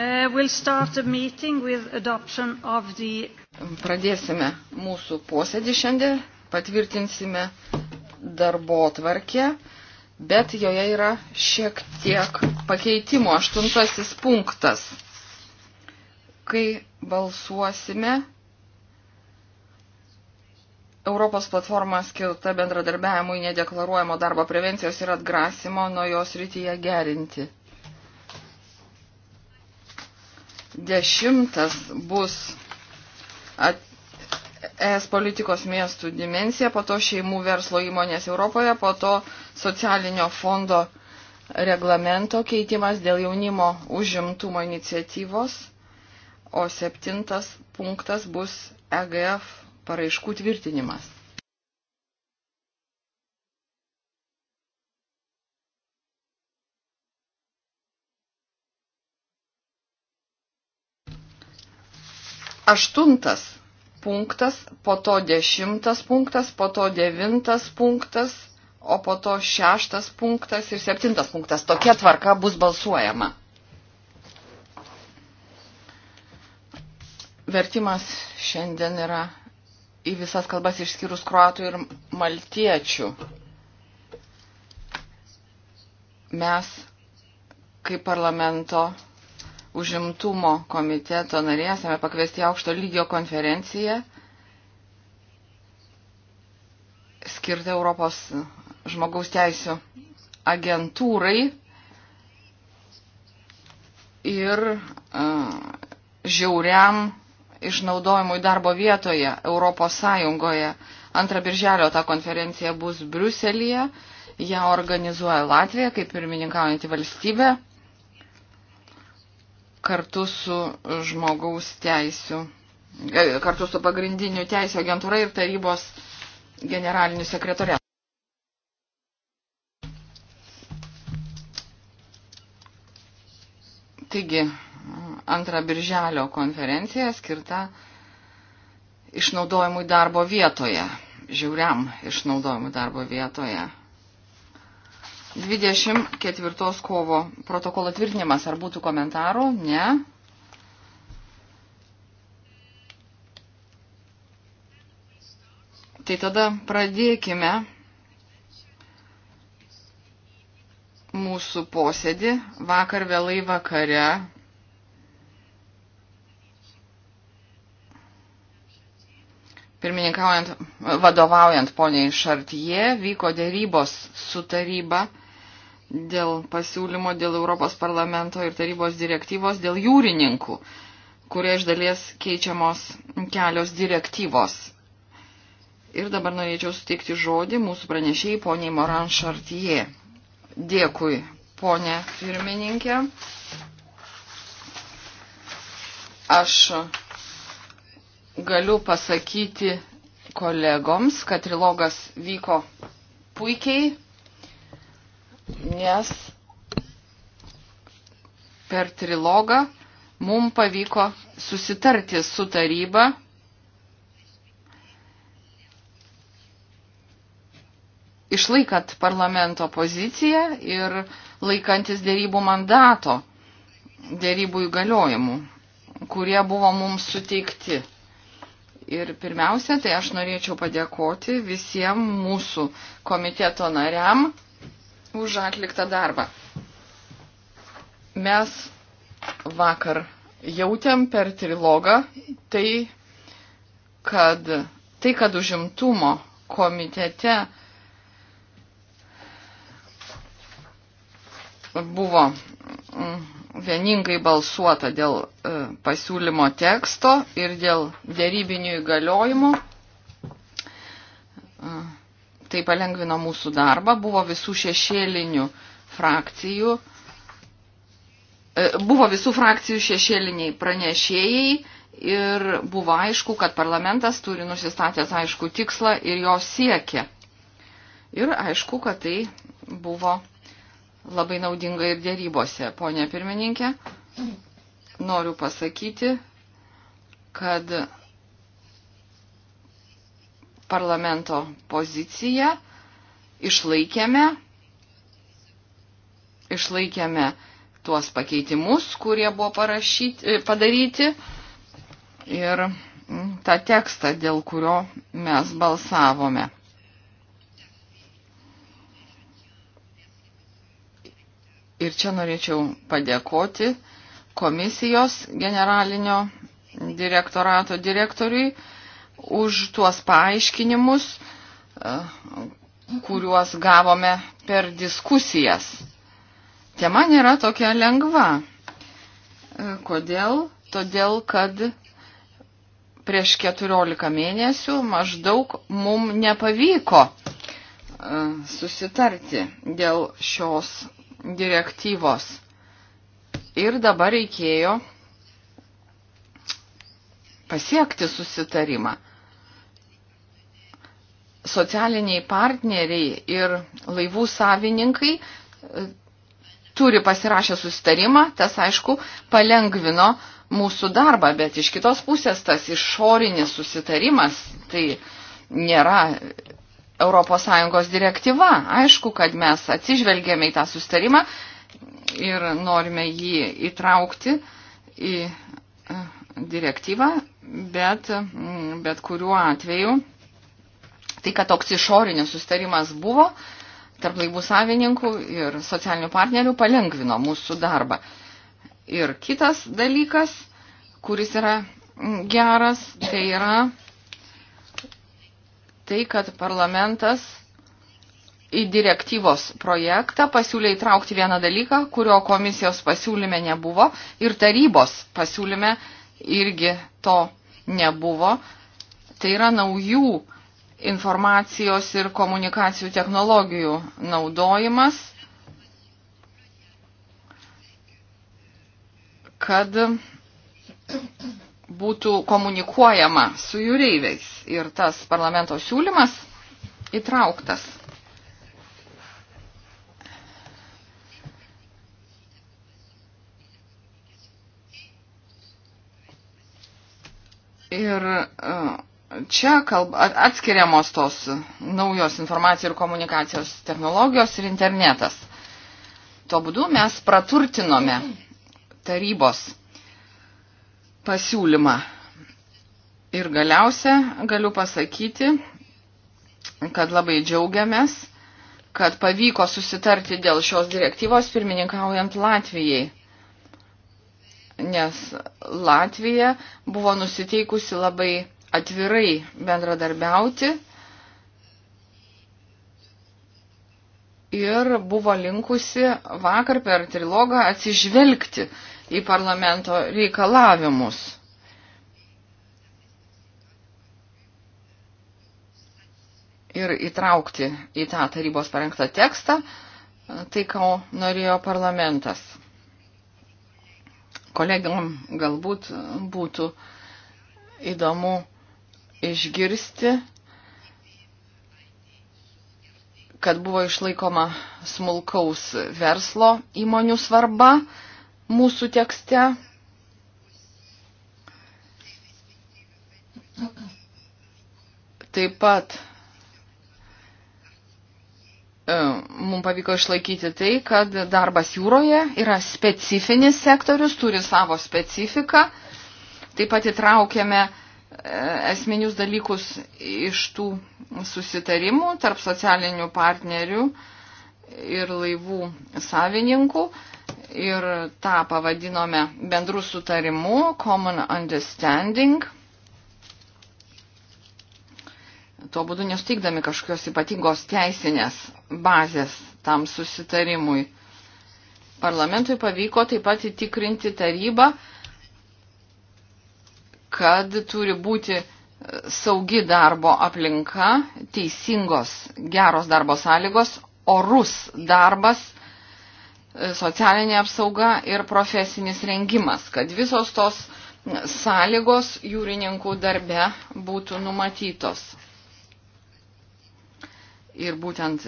Uh, we'll start the meeting with adoption of the... Pradėsime mūsų posėdį šiandien, patvirtinsime darbo tvarkę, bet joje yra šiek tiek pakeitimo aštuntasis punktas. Kai balsuosime, Europos platforma skirta bendradarbiavimui nedeklaruojamo darbo prevencijos ir atgrasimo nuo jos rytyje gerinti. Dešimtas bus at, ES politikos miestų dimensija, po to šeimų verslo įmonės Europoje, po to socialinio fondo reglamento keitimas dėl jaunimo užimtumo iniciatyvos, o septintas punktas bus EGF paraiškų tvirtinimas. aštuntas punktas, po to dešimtas punktas, po to devintas punktas, o po to šeštas punktas ir septintas punktas. Tokia tvarka bus balsuojama. Vertimas šiandien yra į visas kalbas išskyrus kruatų ir maltiečių. Mes, kaip parlamento užimtumo komiteto narė, esame pakviesti aukšto lygio konferenciją skirtą Europos žmogaus teisų agentūrai ir uh, žiauriam išnaudojimui darbo vietoje Europos Sąjungoje. Antrą birželio ta konferencija bus Briuselėje, ją organizuoja Latvija kaip pirmininkaujanti valstybė kartu su žmogaus teisų, e, kartu su pagrindiniu teisų agentūra ir tarybos generaliniu sekretoriu. Taigi, antrą birželio konferenciją skirta išnaudojimui darbo vietoje, žiauriam išnaudojimui darbo vietoje. 24 kovo protokolo tvirtinimas. Ar būtų komentarų? Ne. Tai tada pradėkime mūsų posėdį vakar vėlai vakare pirmininkaujant, vadovaujant poniai Šartie, vyko dėrybos su taryba dėl pasiūlymo dėl Europos parlamento ir tarybos direktyvos dėl jūrininkų, kurie iš dalies keičiamos kelios direktyvos. Ir dabar norėčiau suteikti žodį mūsų pranešėjai poniai Moran Šartie. Dėkui, ponė pirmininkė. Aš galiu pasakyti kolegoms, kad trilogas vyko puikiai, nes per trilogą mums pavyko susitarti su taryba. Išlaikant parlamento poziciją ir laikantis dėrybų mandato, dėrybų įgaliojimų, kurie buvo mums suteikti. Ir pirmiausia, tai aš norėčiau padėkoti visiems mūsų komiteto nariam už atliktą darbą. Mes vakar jautėm per trilogą tai, kad, tai, kad užimtumo komitete buvo mm, vieningai balsuota dėl e, pasiūlymo teksto ir dėl dėrybinių įgaliojimų. E, tai palengvino mūsų darbą, buvo visų šešėlinių frakcijų, e, buvo visų frakcijų šešėliniai pranešėjai ir buvo aišku, kad parlamentas turi nusistatęs aišku tikslą ir jo siekia. Ir aišku, kad tai buvo labai naudinga ir dėrybose. Pone pirmininkė, noriu pasakyti, kad parlamento poziciją išlaikėme, išlaikėme tuos pakeitimus, kurie buvo parašyti, e, padaryti ir mm, tą tekstą, dėl kurio mes balsavome. Ir čia norėčiau padėkoti komisijos generalinio direktorato direktoriui už tuos paaiškinimus, e, kuriuos gavome per diskusijas. Tema nėra tokia lengva. E, kodėl? Todėl, kad prieš 14 mėnesių maždaug mum nepavyko e, susitarti dėl šios direktyvos. Ir dabar reikėjo pasiekti susitarimą. Socialiniai partneriai ir laivų savininkai e, turi pasirašę susitarimą, tas aišku palengvino mūsų darbą, bet iš kitos pusės tas išorinis susitarimas tai nėra ES direktyva. Aišku, kad mes atsižvelgėme į tą sustarimą ir norime jį įtraukti į e, direktyvą, bet, bet kuriuo atveju tai, kad toks išorinis sustarimas buvo tarp laivų savininkų ir socialinių partnerių palengvino mūsų darbą. Ir kitas dalykas, kuris yra geras, tai yra tai, kad parlamentas į direktyvos projektą pasiūlė įtraukti vieną dalyką, kurio komisijos pasiūlyme nebuvo ir tarybos pasiūlyme irgi to nebuvo. Tai yra naujų informacijos ir komunikacijų technologijų naudojimas, kad būtų komunikuojama su jūreiviais ir tas parlamento siūlymas įtrauktas. Ir e, čia kalba, atskiriamos tos naujos informacijos ir komunikacijos technologijos ir internetas. Tuo būdu mes praturtinome tarybos pasiūlymą. Ir galiausia galiu pasakyti, kad labai džiaugiamės, kad pavyko susitarti dėl šios direktyvos pirmininkaujant Latvijai, nes Latvija buvo nusiteikusi labai atvirai bendradarbiauti ir buvo linkusi vakar per trilogą atsižvelgti į parlamento reikalavimus. Ir įtraukti į tą tarybos parengtą tekstą tai, ką norėjo parlamentas. Kolegiam galbūt būtų įdomu išgirsti, kad buvo išlaikoma smulkaus verslo įmonių svarba mūsų tekste. Taip pat e, mums pavyko išlaikyti tai, kad darbas jūroje yra specifinis sektorius, turi savo specifiką. Taip pat įtraukėme e, esminius dalykus iš tų susitarimų tarp socialinių partnerių ir laivų savininkų ir tą pavadinome bendrų sutarimu, common understanding. Tuo būdu nesutikdami kažkokios ypatingos teisinės bazės tam susitarimui. Parlamentui pavyko taip pat įtikrinti tarybą, kad turi būti saugi darbo aplinka, teisingos, geros darbo sąlygos, orus darbas socialinė apsauga ir profesinis rengimas, kad visos tos sąlygos jūrininkų darbe būtų numatytos. Ir būtent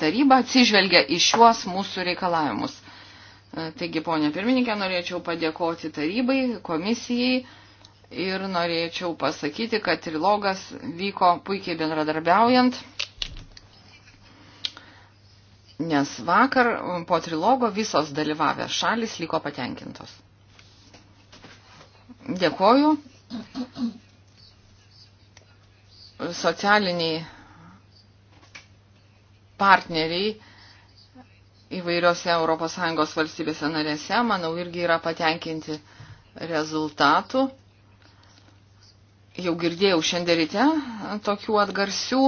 taryba atsižvelgia į šiuos mūsų reikalavimus. Taigi, ponė pirmininkė, norėčiau padėkoti tarybai, komisijai ir norėčiau pasakyti, kad trilogas vyko puikiai bendradarbiaujant nes vakar um, po trilogo visos dalyvavę šalis liko patenkintos. Dėkoju. Socialiniai partneriai įvairiose ES valstybėse narėse, manau, irgi yra patenkinti rezultatų. Jau girdėjau šiandien ryte tokių atgarsių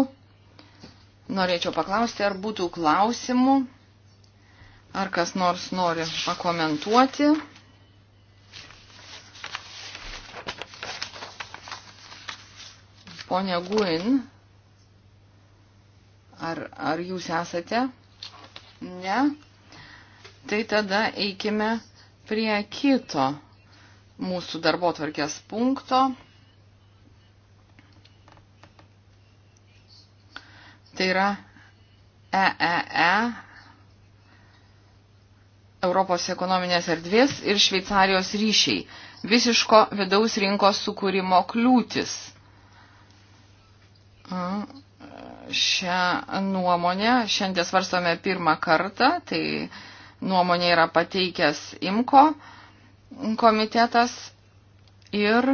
Norėčiau paklausti, ar būtų klausimų, ar kas nors nori pakomentuoti. Pone Guin, ar, ar jūs esate? Ne. Tai tada eikime prie kito mūsų darbo tvarkės punkto. Tai yra EEE e e, Europos ekonominės erdvės ir Šveicarijos ryšiai. Visiško vidaus rinkos sukūrimo kliūtis. Mm, šią nuomonę šiandien svarstome pirmą kartą, tai nuomonė yra pateikęs IMKO komitetas ir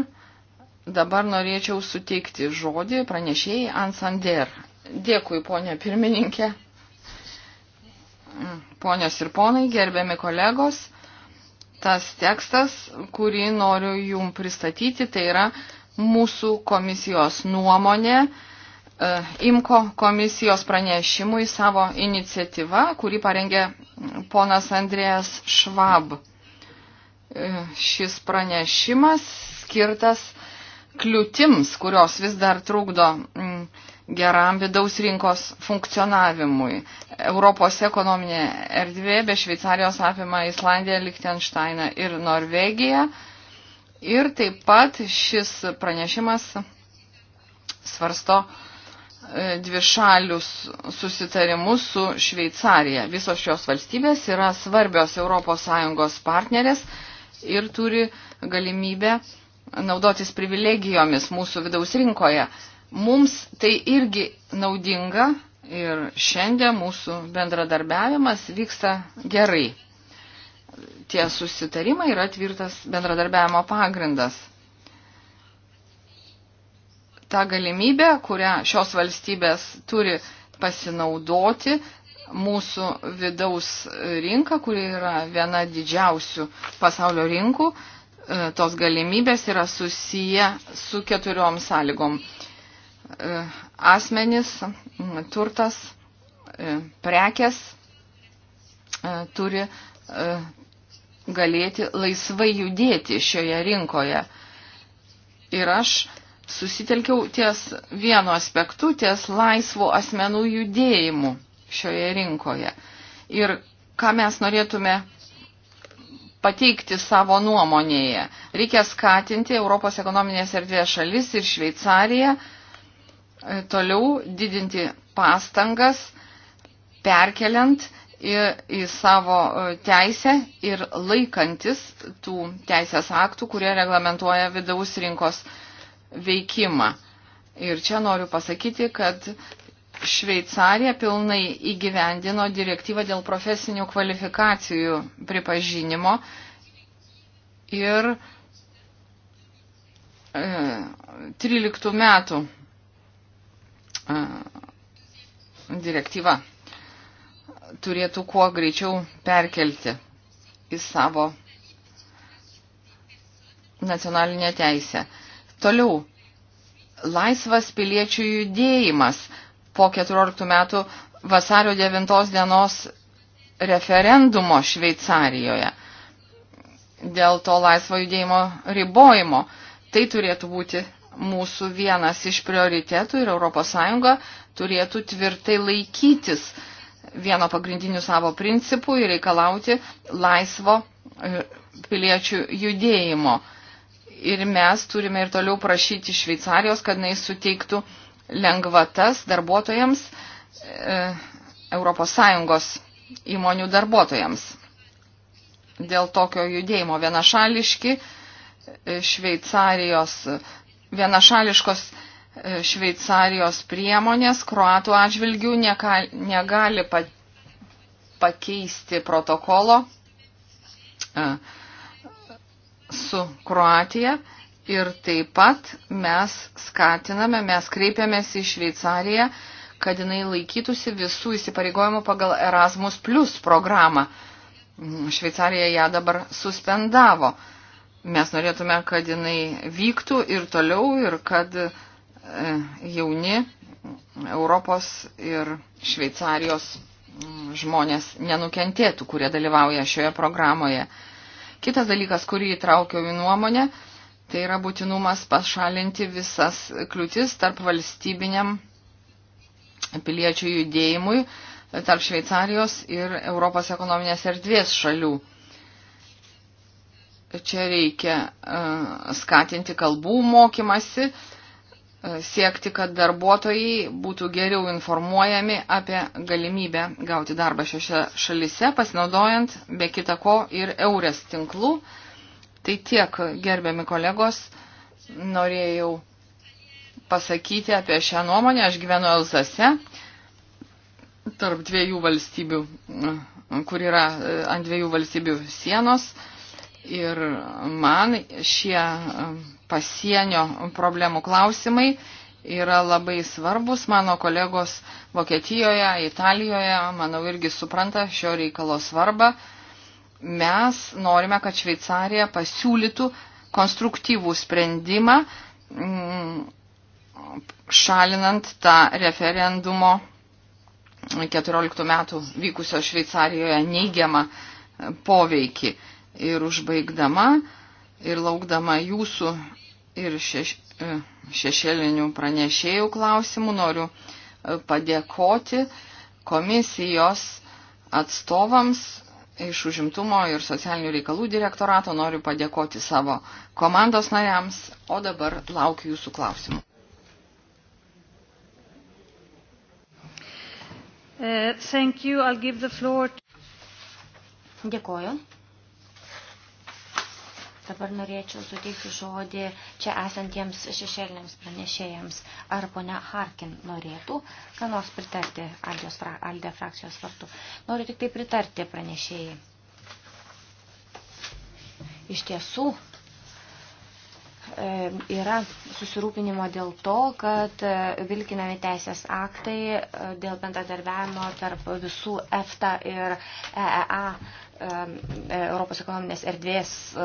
dabar norėčiau suteikti žodį pranešėjai Ansander. Dėkui, ponė pirmininkė. Ponios ir ponai, gerbiami kolegos, tas tekstas, kurį noriu jum pristatyti, tai yra mūsų komisijos nuomonė, e, IMKO komisijos pranešimui savo iniciatyvą, kurį parengė ponas Andrėjas Švab. E, šis pranešimas skirtas kliūtims, kurios vis dar trukdo geram vidaus rinkos funkcionavimui. Europos ekonominė erdvė be Šveicarijos apima Islandiją, Lichtensteiną ir Norvegiją. Ir taip pat šis pranešimas svarsto e, dvišalius susitarimus su Šveicarija. Visos šios valstybės yra svarbios ES partnerės ir turi galimybę naudotis privilegijomis mūsų vidaus rinkoje. Mums tai irgi naudinga ir šiandien mūsų bendradarbiavimas vyksta gerai. Tie susitarimai yra tvirtas bendradarbiavimo pagrindas. Ta galimybė, kurią šios valstybės turi pasinaudoti mūsų vidaus rinka, kuri yra viena didžiausių pasaulio rinkų, e, tos galimybės yra susiję su keturiom sąlygom. E, asmenys, turtas, e, prekes e, turi galėti laisvai judėti šioje rinkoje. Ir aš susitelkiau ties vienu aspektu, ties laisvų asmenų judėjimu šioje rinkoje. Ir ką mes norėtume pateikti savo nuomonėje. Reikia skatinti Europos ekonominės erdvės šalis ir Šveicariją E, toliau didinti pastangas, perkeliant į, į savo e, teisę ir laikantis tų teisės aktų, kurie reglamentuoja vidaus rinkos veikimą. Ir čia noriu pasakyti, kad Šveicarija pilnai įgyvendino direktyvą dėl profesinių kvalifikacijų pripažinimo ir e, 13 metų E, direktyva turėtų kuo greičiau perkelti į savo nacionalinę teisę. Toliau, laisvas piliečių judėjimas po 14 metų vasario 9 dienos referendumo Šveicarijoje dėl to laisvo judėjimo ribojimo. Tai turėtų būti mūsų vienas iš prioritetų ir ES turėtų tvirtai laikytis vieno pagrindinių savo principų ir reikalauti laisvo e, piliečių judėjimo. Ir mes turime ir toliau prašyti Šveicarijos, kad jis suteiktų lengvatas darbuotojams, ES įmonių darbuotojams. Dėl tokio judėjimo vienašališki e, Šveicarijos vienašališkos e, Šveicarijos priemonės kruatų atžvilgių negali pakeisti protokolo e, su Kroatija ir taip pat mes skatiname, mes kreipiamės į Šveicariją, kad jinai laikytųsi visų įsipareigojimų pagal Erasmus Plus programą. Mm, Šveicarija ją dabar suspendavo. Mes norėtume, kad jinai vyktų ir toliau ir kad e, jauni Europos ir Šveicarijos mm, žmonės nenukentėtų, kurie dalyvauja šioje programoje. Kitas dalykas, kurį įtraukiau į nuomonę, tai yra būtinumas pašalinti visas kliūtis tarp valstybiniam piliečių judėjimui tarp Šveicarijos ir Europos ekonominės erdvės šalių. Čia reikia e, skatinti kalbų mokymasi, e, siekti, kad darbuotojai būtų geriau informuojami apie galimybę gauti darbą šiose šalise, pasinaudojant be kita ko ir eurės tinklų. Tai tiek, gerbiami kolegos, norėjau pasakyti apie šią nuomonę. Aš gyvenu Elzase, tarp dviejų valstybių, e, kur yra ant dviejų valstybių sienos. Ir man šie e, pasienio problemų klausimai yra labai svarbus. Mano kolegos Vokietijoje, Italijoje, manau, irgi supranta šio reikalo svarbą. Mes norime, kad Šveicarija pasiūlytų konstruktyvų sprendimą mm, šalinant tą referendumo 14 metų vykusio Šveicarijoje neigiamą poveikį ir užbaigdama ir laukdama jūsų ir šeš, e, šešėlinių pranešėjų klausimų noriu e, padėkoti komisijos atstovams iš užimtumo ir socialinių reikalų direktorato, noriu padėkoti savo komandos nariams, o dabar laukiu jūsų klausimų. Uh, thank you. I'll give the floor. To... Dėkoju. Dabar norėčiau suteikti žodį čia esantiems šešėliniams pranešėjams. Ar ponia Harkin norėtų, ką nors pritarti Aldės, Aldė frakcijos vartų? Noriu tik tai pritarti pranešėjai. Iš tiesų, e, yra susirūpinimo dėl to, kad e, vilkinami teisės aktai e, dėl bendradarbiavimo tarp visų EFTA ir EEA Um, e, Europos ekonominės erdvės e,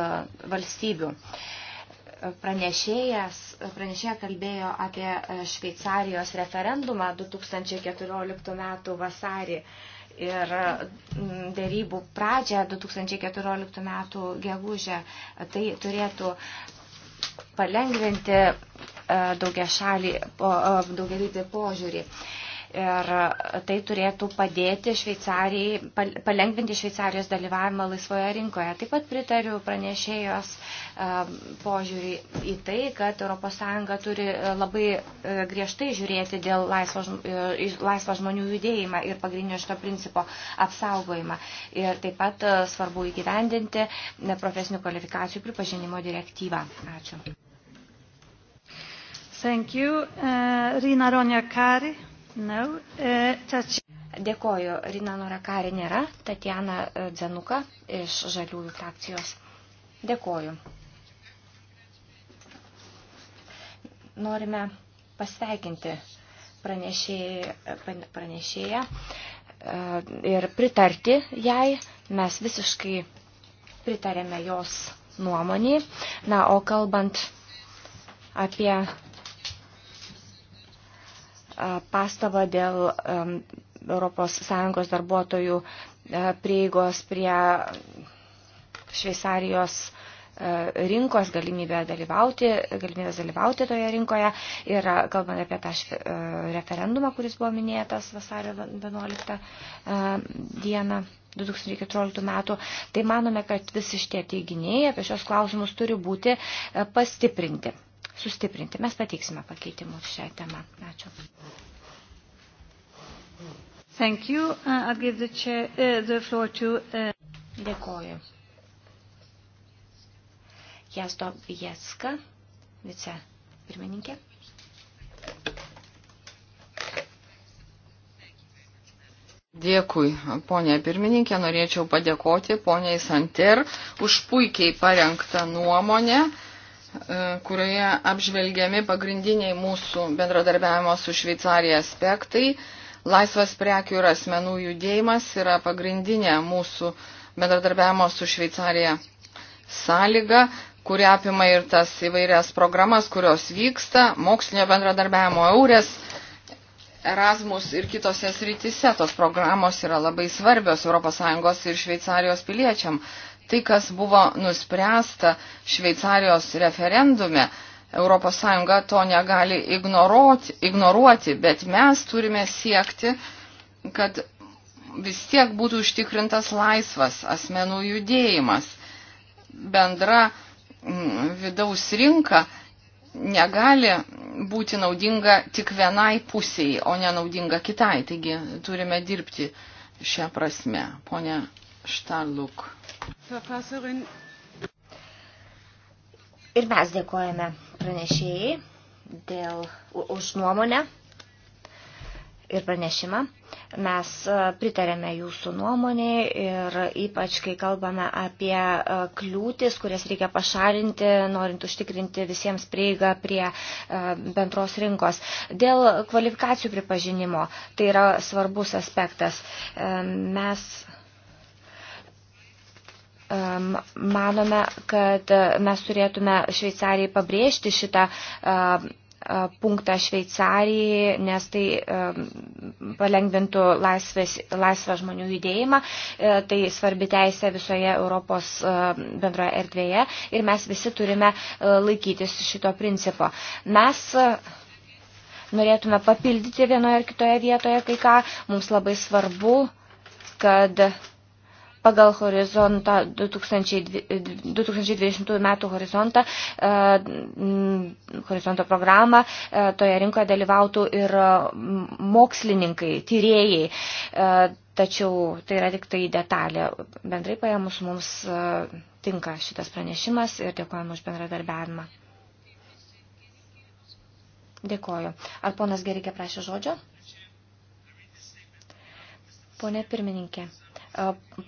valstybių. Pranešėjas, pranešėja kalbėjo apie e, Šveicarijos referendumą 2014 m. vasarį ir dėrybų pradžią 2014 m. gegužę. Tai turėtų palengventi daugia šalį, daugia požiūrį. Ir tai turėtų padėti Šveicarijai, palengvinti Šveicarijos dalyvavimą laisvoje rinkoje. Taip pat pritariu pranešėjos um, požiūrį į tai, kad ES turi e, labai e, griežtai žiūrėti dėl laisvo, e, laisvo žmonių judėjimą ir pagrindinio šito principo apsaugojimą. Ir taip pat svarbu įgyvendinti profesinių kvalifikacijų pripažinimo direktyvą. Ačiū. Thank you. Uh, Rina Ronja Kari. No, uh, touch... Dėkoju, Rina Norakari nėra, Tatjana e, Dzenuka iš Žaliųjų frakcijos. Dėkoju. Norime pasveikinti pranešėją e, ir pritarti jai. Mes visiškai pritarėme jos nuomonį. Na, o kalbant apie pastabą dėl ES darbuotojų e, prieigos prie Šveicarijos e, rinkos galimybę dalyvauti, galimybės dalyvauti toje rinkoje ir kalbant apie tą e, referendumą, kuris buvo minėtas vasario 11 dieną 2014 metų, tai manome, kad visi šitie teiginiai apie šios klausimus turi būti pastiprinti sustiprinti. Mes pateiksime pakeitimus šią temą. Ačiū. Thank you. Uh, I'll give the, chair, uh, the floor to... Uh... Dėkoju. Jasdo Vieska, vice pirmininkė. Dėkui, ponė pirmininkė, norėčiau padėkoti poniai Santer už puikiai parengtą nuomonę. E, kurioje apžvelgiami pagrindiniai mūsų bendradarbiavimo su Šveicarija aspektai. Laisvas prekių ir asmenų judėjimas yra pagrindinė mūsų bendradarbiavimo su Šveicarija sąlyga, kuri apima ir tas įvairias programas, kurios vyksta, mokslinio bendradarbiavimo eurės, Erasmus ir kitose srityse. Tos programos yra labai svarbios ES ir Šveicarijos piliečiam tai, kas buvo nuspręsta Šveicarijos referendume, ES to negali ignoruoti, ignoruoti, bet mes turime siekti, kad vis tiek būtų užtikrintas laisvas asmenų judėjimas. Bendra mm, vidaus rinka negali būti naudinga tik vienai pusiai, o nenaudinga kitai. Taigi turime dirbti šią prasme. Pone Štarluk. Ir mes dėkojame pranešėjai dėl, už nuomonę ir pranešimą. Mes e, pritarėme jūsų nuomonį ir ypač, kai kalbame apie e, kliūtis, kurias reikia pašalinti, norint užtikrinti visiems prieigą prie e, bendros rinkos. Dėl kvalifikacijų pripažinimo tai yra svarbus aspektas. Mes Manome, kad mes turėtume Šveicarijai pabrėžti šitą e, punktą Šveicarijai, nes tai palengvintų laisvės, laisvą žmonių judėjimą. E, tai svarbi teisė visoje Europos bendroje erdvėje ir mes visi turime e, laikytis šito principo. Mes norėtume papildyti vienoje ar kitoje vietoje kai ką. Mums labai svarbu, kad pagal horizontą 2020 metų horizontą, e, horizonto programą, e, toje rinkoje dalyvautų ir e, mokslininkai, tyrėjai. Tačiau tai yra tik tai detalė. Bendrai paėmus mums tinka šitas pranešimas ir dėkojame už bendradarbiavimą. Dėkoju. Ar ponas Gerikė prašė žodžio? Pone pirmininkė.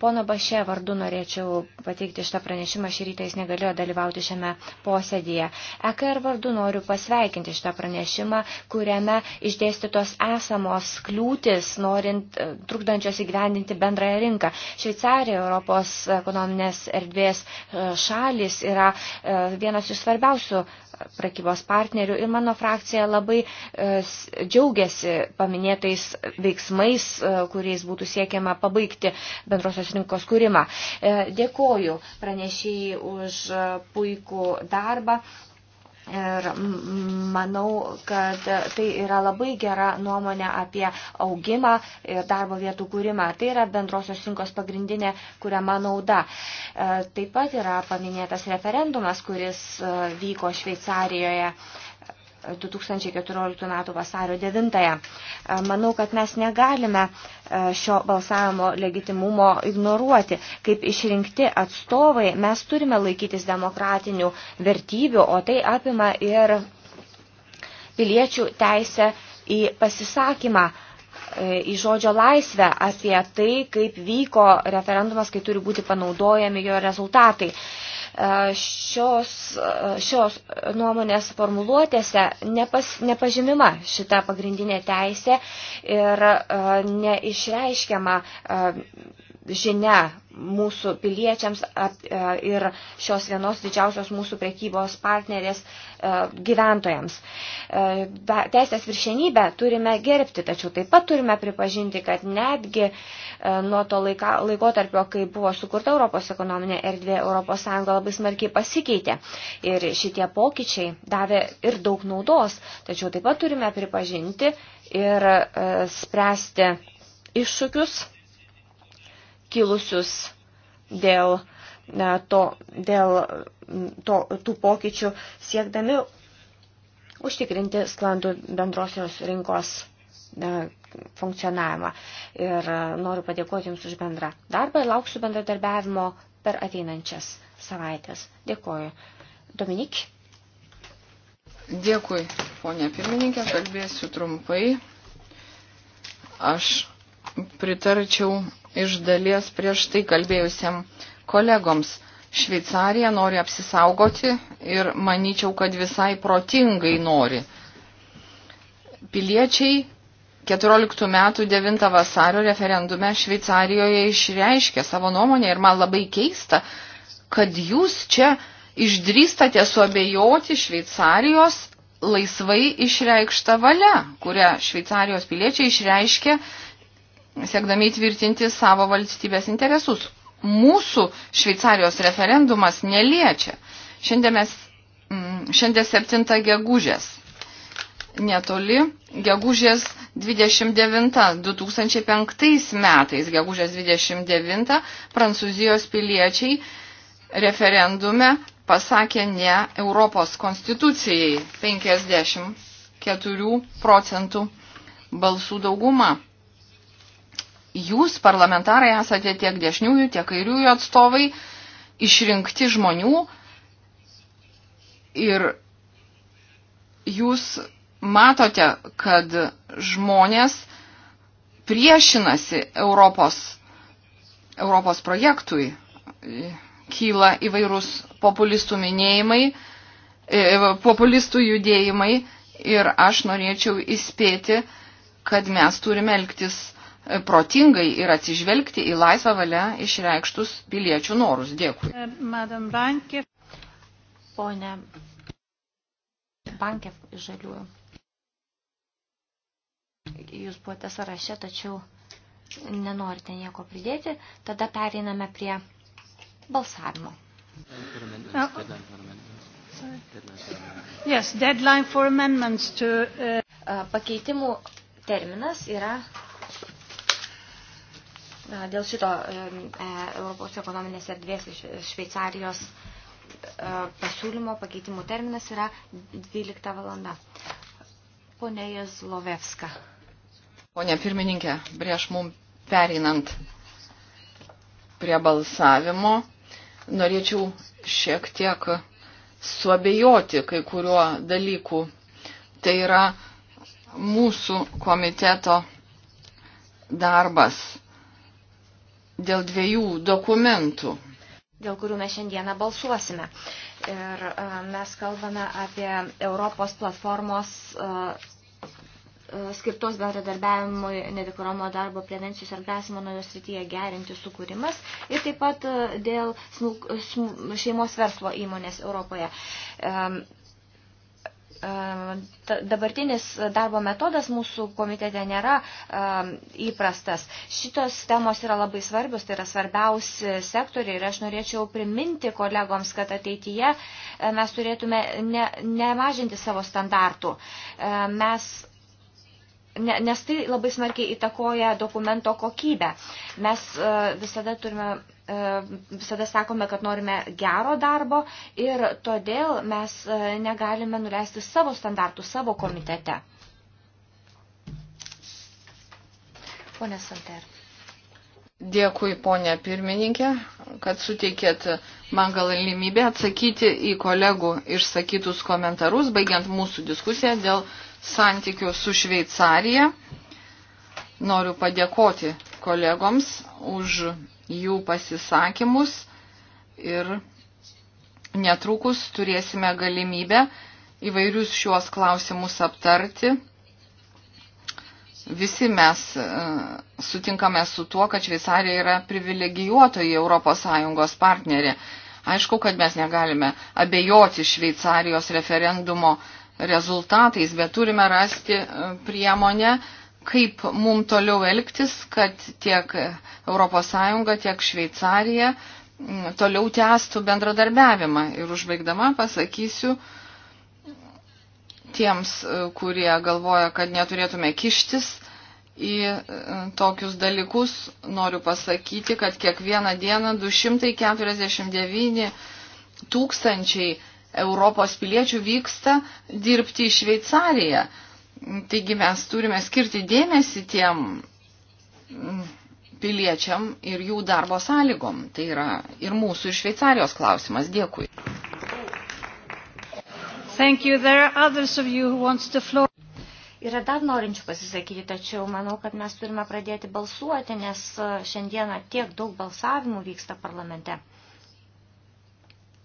Pono Baše vardu norėčiau pateikti šitą pranešimą, šį rytą jis negalėjo dalyvauti šiame posėdėje. EKR er vardu noriu pasveikinti šitą pranešimą, kuriame išdėstytos esamos kliūtis, norint e, trukdančios įgyvendinti bendrąją rinką. Šveicarija, Europos ekonominės erdvės e, šalis yra e, vienas iš svarbiausių prekybos partnerių ir mano frakcija labai e, džiaugiasi paminėtais veiksmais, e, kuriais būtų siekiama pabaigti bendrosios rinkos kūrimą. E, dėkoju pranešėjai už puikų darbą Ir manau, kad tai yra labai gera nuomonė apie augimą ir darbo vietų kūrimą. Tai yra bendrosios rinkos pagrindinė kuriama nauda. E, taip pat yra paminėtas referendumas, kuris e, vyko Šveicarijoje 2014 m. vasario 9. Manau, kad mes negalime e, šio balsavimo legitimumo ignoruoti. Kaip išrinkti atstovai, mes turime laikytis demokratinių vertybių, o tai apima ir piliečių teisę į pasisakymą e, į žodžio laisvę apie tai, kaip vyko referendumas, kai turi būti panaudojami jo rezultatai šios, šios nuomonės formuluotėse nepas, nepažymima šita pagrindinė teisė ir neišreiškiama žinia mūsų piliečiams e, ir šios vienos didžiausios mūsų prekybos partnerės e, gyventojams. E, teisės viršenybę turime gerbti, tačiau taip pat turime pripažinti, kad netgi nuo to laika, laikotarpio, kai buvo sukurta Europos ekonominė erdvė, Europos Sąjunga labai smarkiai pasikeitė. Ir šitie pokyčiai davė ir daug naudos, tačiau taip pat turime pripažinti ir spręsti iššūkius kilusius dėl, ne, to, dėl to, tų pokyčių, siekdami užtikrinti sklandų bendrosios rinkos ne, funkcionavimą. Ir e, noriu padėkoti Jums už bendrą darbą ir lauksiu bendradarbiavimo per ateinančias savaitės. Dėkoju. Dominik. Dėkui, ponė pirmininkė, kalbėsiu trumpai. Aš pritarčiau iš dalies prieš tai kalbėjusiam kolegoms. Šveicarija nori apsisaugoti ir manyčiau, kad visai protingai nori. Piliečiai 14 metų 9 vasario referendume Šveicarijoje išreiškė savo nuomonę ir man labai keista, kad jūs čia išdrįstate suabejoti Šveicarijos laisvai išreikštą valią, kurią Šveicarijos piliečiai išreiškė siekdami įtvirtinti savo valstybės interesus. Mūsų Šveicarijos referendumas neliečia. Šiandien, mes, mm, šiandien 7 gegužės. Netoli gegužės 29 2005 metais, gegužės 29 prancūzijos piliečiai referendume pasakė ne Europos konstitucijai 54 procentų balsų dauguma jūs, parlamentarai, esate tiek dešiniųjų, tiek kairiųjų atstovai, išrinkti žmonių ir jūs matote, kad žmonės priešinasi Europos, Europos projektui. Kyla įvairūs populistų minėjimai, e, e, populistų judėjimai ir aš norėčiau įspėti, kad mes turime elgtis protingai ir atsižvelgti į laisvą valią išreikštus piliečių norus. Dėkui. E, Madam Bankė. Pone Bankė žaliųjų. Jūs buvote sąraše, tačiau nenorite nieko pridėti. Tada pereiname prie balsavimo. No. Yes, deadline for amendments to... Uh... Pakeitimų terminas yra Dėl šito e, Europos ekonominės erdvės Šveicarijos e, pasiūlymo pakeitimų terminas yra 12 valanda. Pone Jezlovevska. Pone pirmininkė, prieš mum pereinant prie balsavimo, norėčiau šiek tiek suabejoti kai kuriuo dalyku. Tai yra mūsų komiteto darbas dėl dviejų dokumentų, dėl kurių mes šiandieną balsuosime. Ir e, mes kalbame apie Europos platformos e, e, skirtos bendradarbiavimui nedekoromo darbo prevencijos ir grasimo nuo jos rytyje gerinti sukūrimas ir taip pat dėl smulk, smulk, šeimos verslo įmonės Europoje dabartinis darbo metodas mūsų komitete nėra įprastas. Šitos temos yra labai svarbios, tai yra svarbiausi sektoriai ir aš norėčiau priminti kolegoms, kad ateityje mes turėtume ne, nemažinti savo standartų. Mes Nes tai labai smarkiai įtakoja dokumento kokybę. Mes visada turime visada sakome, kad norime gero darbo ir todėl mes e, negalime nuleisti savo standartų savo komitete. Pone Santer. Dėkui, ponė pirmininkė, kad suteikėt man galimybę atsakyti į kolegų išsakytus komentarus, baigiant mūsų diskusiją dėl santykių su Šveicarija. Noriu padėkoti kolegoms už jų pasisakymus ir netrukus turėsime galimybę įvairius šiuos klausimus aptarti. Visi mes e, sutinkame su tuo, kad Šveicarija yra privilegijuotoji ES partnerė. Aišku, kad mes negalime abejoti Šveicarijos referendumo rezultatais, bet turime rasti e, priemonę, kaip mum toliau elgtis, kad tiek ES, tiek Šveicarija toliau tęstų bendradarbiavimą. Ir užbaigdama pasakysiu tiems, kurie galvoja, kad neturėtume kištis į tokius dalykus, noriu pasakyti, kad kiekvieną dieną 249 tūkstančiai Europos piliečių vyksta dirbti į Šveicariją. Taigi mes turime skirti dėmesį tiem piliečiam ir jų darbo sąlygom. Tai yra ir mūsų, ir Šveicarijos klausimas. Dėkui. Yra dar norinčių pasisakyti, tačiau manau, kad mes turime pradėti balsuoti, nes šiandieną tiek daug balsavimų vyksta parlamente.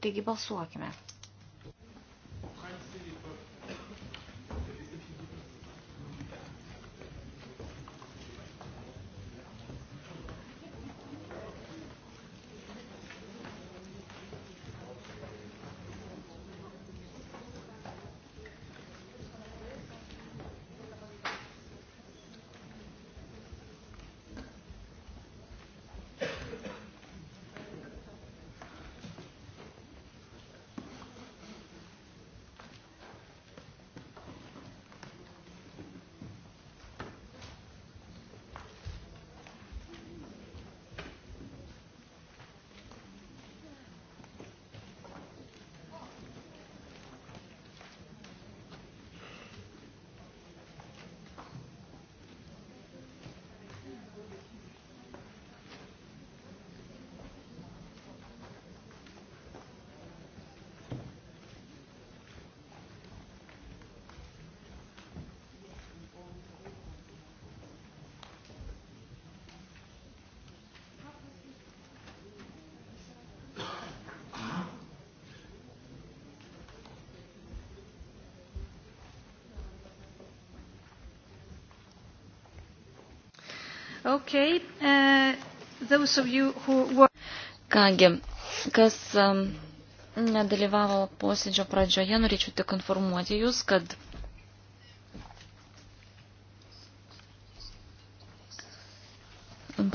Taigi balsuokime. Okay. Uh, who... Kągi, kas um, nedalyvavo posėdžio pradžioje, norėčiau tik informuoti Jūs, kad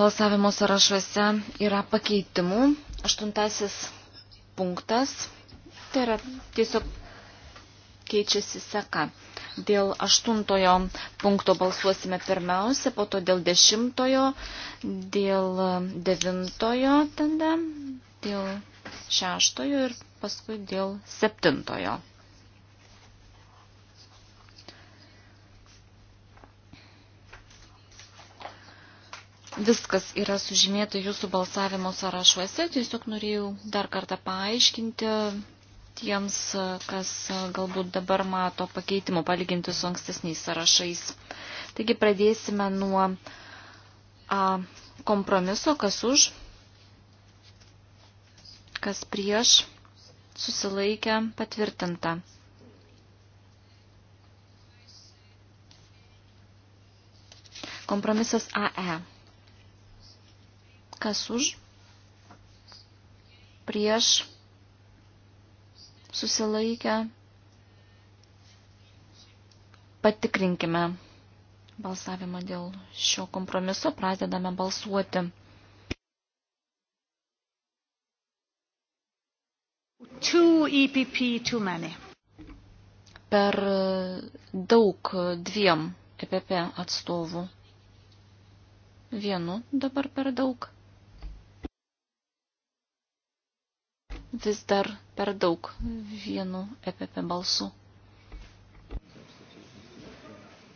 balsavimo sąrašuose yra pakeitimų. Aštuntasis punktas, tai yra tiesiog keičiasi seka. Dėl aštuntojo punkto balsuosime pirmiausia, po to dėl dešimtojo, dėl devintojo tada, dėl šeštojo ir paskui dėl septintojo. Viskas yra sužymėta jūsų balsavimo sąrašuose, tiesiog norėjau dar kartą paaiškinti tiems, kas galbūt dabar mato pakeitimų palyginti su ankstesniais sąrašais. Taigi pradėsime nuo a, kompromiso, kas už, kas prieš, susilaikę, patvirtinta. Kompromisas AE. Kas už, prieš, susilaikę. Patikrinkime balsavimą dėl šio kompromiso, pradedame balsuoti. Two EPP too many. Per daug dviem EPP atstovų. Vienu dabar per daug. vis dar per daug vienu EPP balsu.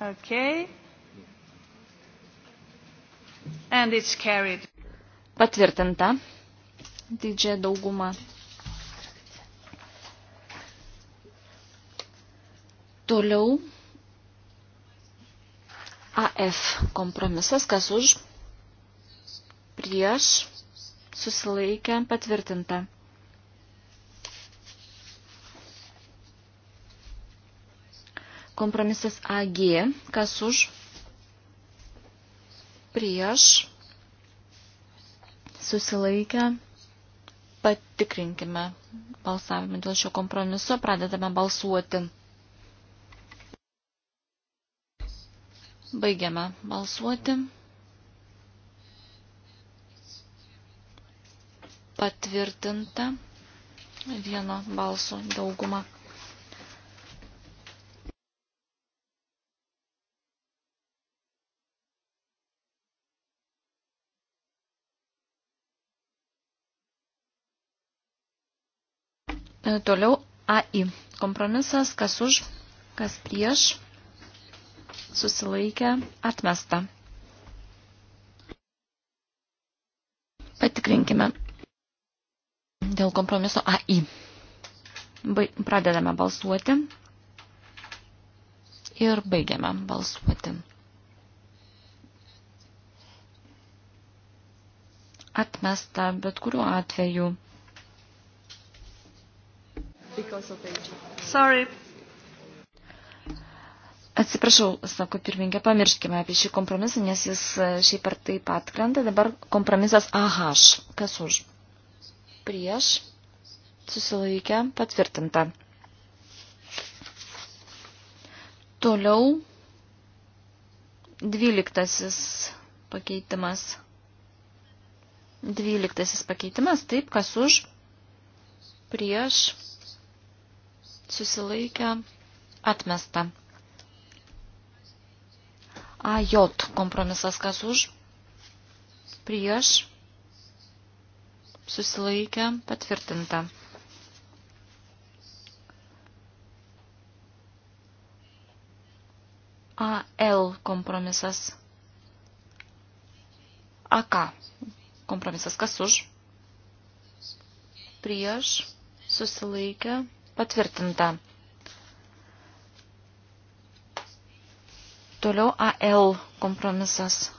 Okay. And it's carried. Patvirtinta didžiąją daugumą. Toliau AF kompromisas, kas už, prieš, susilaikę, patvirtinta. Kompromisas AG, kas už, prieš, susilaikę, patikrinkime balsavimą dėl šio kompromiso, pradedame balsuoti. Baigiame balsuoti. Patvirtinta vieno balso dauguma. E, toliau AI. Kompromisas, kas už, kas prieš, susilaikė, atmesta. Patikrinkime dėl kompromiso AI. Pradedame balsuoti ir baigiame balsuoti. Atmesta bet kuriuo atveju because of aging. Sorry. Atsiprašau, sako pirmininkė, pamirškime apie šį kompromisą, nes jis e, šiaip ar taip atkrenta. Dabar kompromisas AH. Kas už? Prieš. Susilaikę. Patvirtinta. Toliau. Dvyliktasis pakeitimas. Dvyliktasis pakeitimas. Taip, kas už? Prieš susilaikę, atmesta. AJ kompromisas kas už, prieš, susilaikę, patvirtinta. AL kompromisas. AK kompromisas kas už, prieš, susilaikę, Patvirtinta. Toliau AL kompromisas.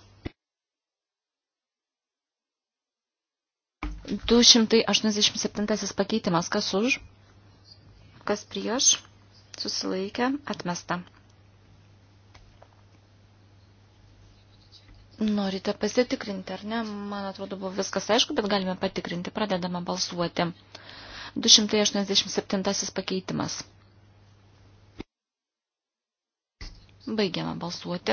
287 pakeitimas. Kas už? Kas prieš? Susilaikė. Atmesta. Norite pasitikrinti, ar ne? Man atrodo, buvo viskas aišku, bet galime patikrinti. Pradedame balsuoti. 287 pakeitimas. Baigiame balsuoti.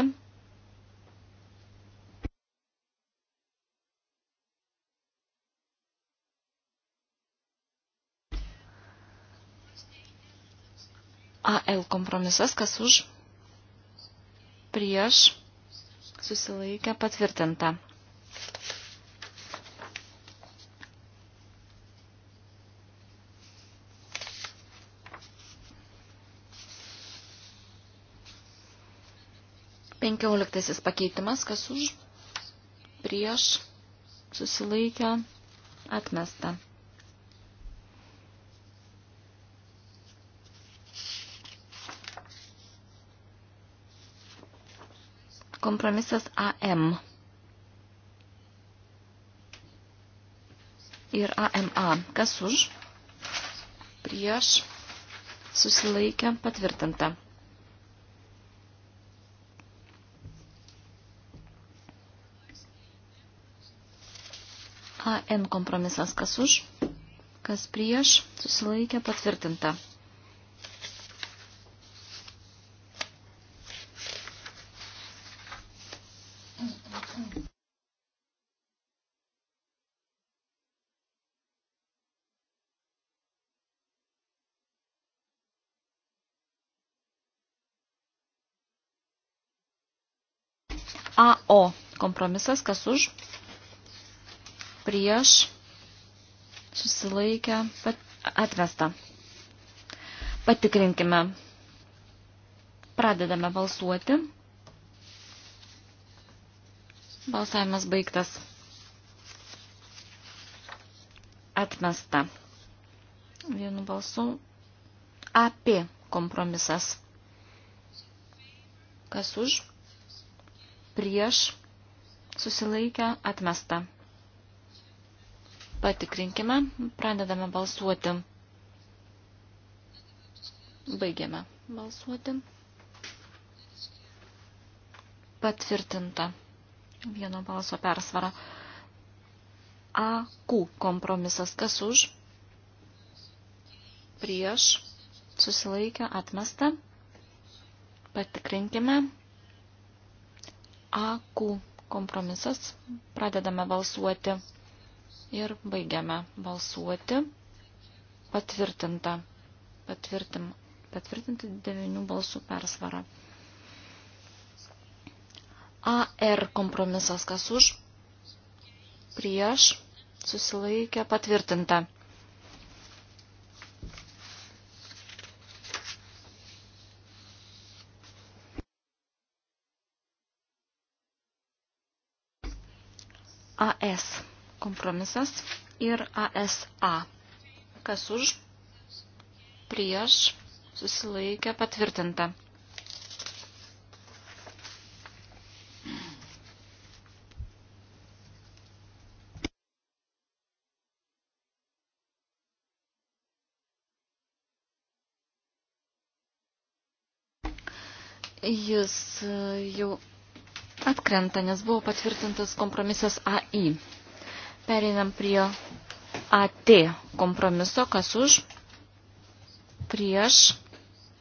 AL kompromisas, kas už, prieš, susilaikę, patvirtinta. Penkioliktasis pakeitimas, kas už, prieš, susilaikę, atmesta. Kompromisas AM ir AMA. Kas už? Prieš susilaikę patvirtinta. N kompromisas kas už, kas prieš, susilaikė patvirtinta. AO kompromisas, kas už, prieš, susilaikę, pat, atvesta. Patikrinkime. Pradedame balsuoti. Balsavimas baigtas. Atmesta. Vienu balsu. AP kompromisas. Kas už? Prieš. Susilaikę. Atmesta. Patikrinkime, pradedame balsuoti. Baigiame balsuoti. Patvirtinta vieno balso persvara. AQ kompromisas kas už, prieš, susilaikę, atmesta. Patikrinkime. AQ kompromisas. Pradedame balsuoti. Ir baigiame balsuoti. Patvirtinta. Patvirtim. Patvirtinti devinių balsų persvarą. AR kompromisas kas už, prieš, susilaikė, patvirtinta. kompromisas ir ASA. Kas už, prieš, susilaikė, patvirtinta. Jis e, jau atkrenta, nes buvo patvirtintas kompromisas AI. Pereinam prie AT kompromiso, kas už, prieš,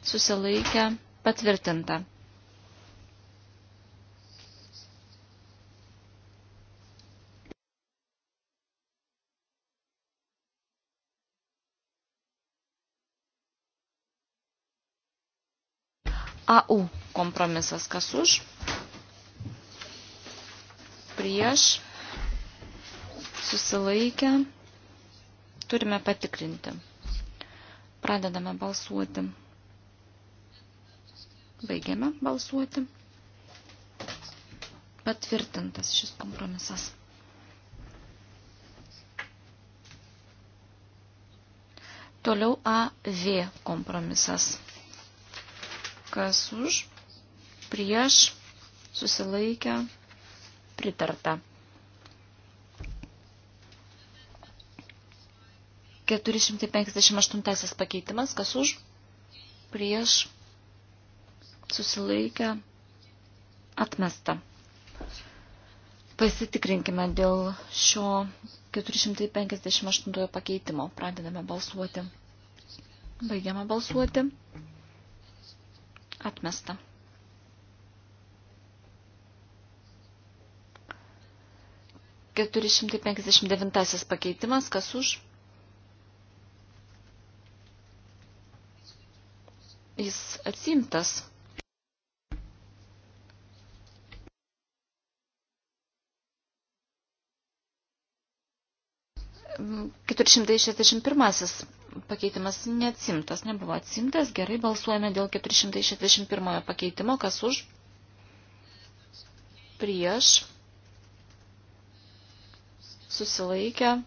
susilaikę, patvirtinta. AU kompromisas kas už, prieš, susilaikę, turime patikrinti. Pradedame balsuoti. Baigiame balsuoti. Patvirtintas šis kompromisas. Toliau AV kompromisas. Kas už, prieš, susilaikę, pritarta. 458 pakeitimas, kas už, prieš, susilaikę, atmesta. Pasitikrinkime dėl šio 458 pakeitimo. Pradedame balsuoti. Baigiame balsuoti. Atmesta. Keturi šimtai penkisdešimt devintasis pakeitimas, kas už? jis atsimtas. Keturišimtai šešdešimt pirmasis pakeitimas neatsimtas, nebuvo atsimtas. Gerai, balsuojame dėl 461 pakeitimo. Kas už? Prieš. Susilaikę.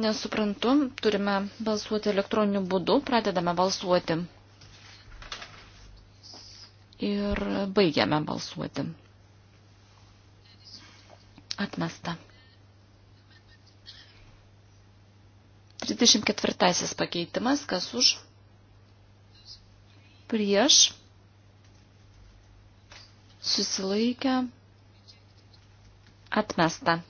Nesuprantu, turime balsuoti elektroniniu būdu, pradedame balsuoti. Ir baigiame balsuoti. Atmesta. 34 pakeitimas, kas už? Prieš. Susilaikę. Atmesta.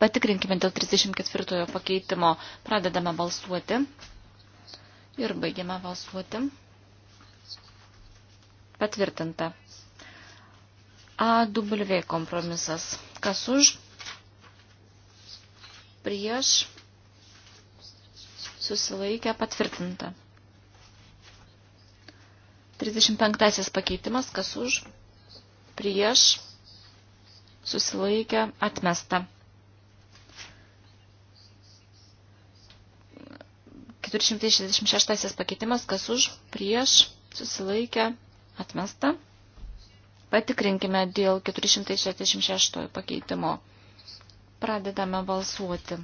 Patikrinkime dėl 34 pakeitimo. Pradedame balsuoti ir baigiame balsuoti. Patvirtinta. AW kompromisas. Kas už? Prieš. Susilaikę patvirtinta. 35 pakeitimas. Kas už? Prieš. Susilaikę atmesta. 466 pakeitimas, kas už, prieš, susilaikę, atmesta. Patikrinkime dėl 466 pakeitimo. Pradedame balsuoti.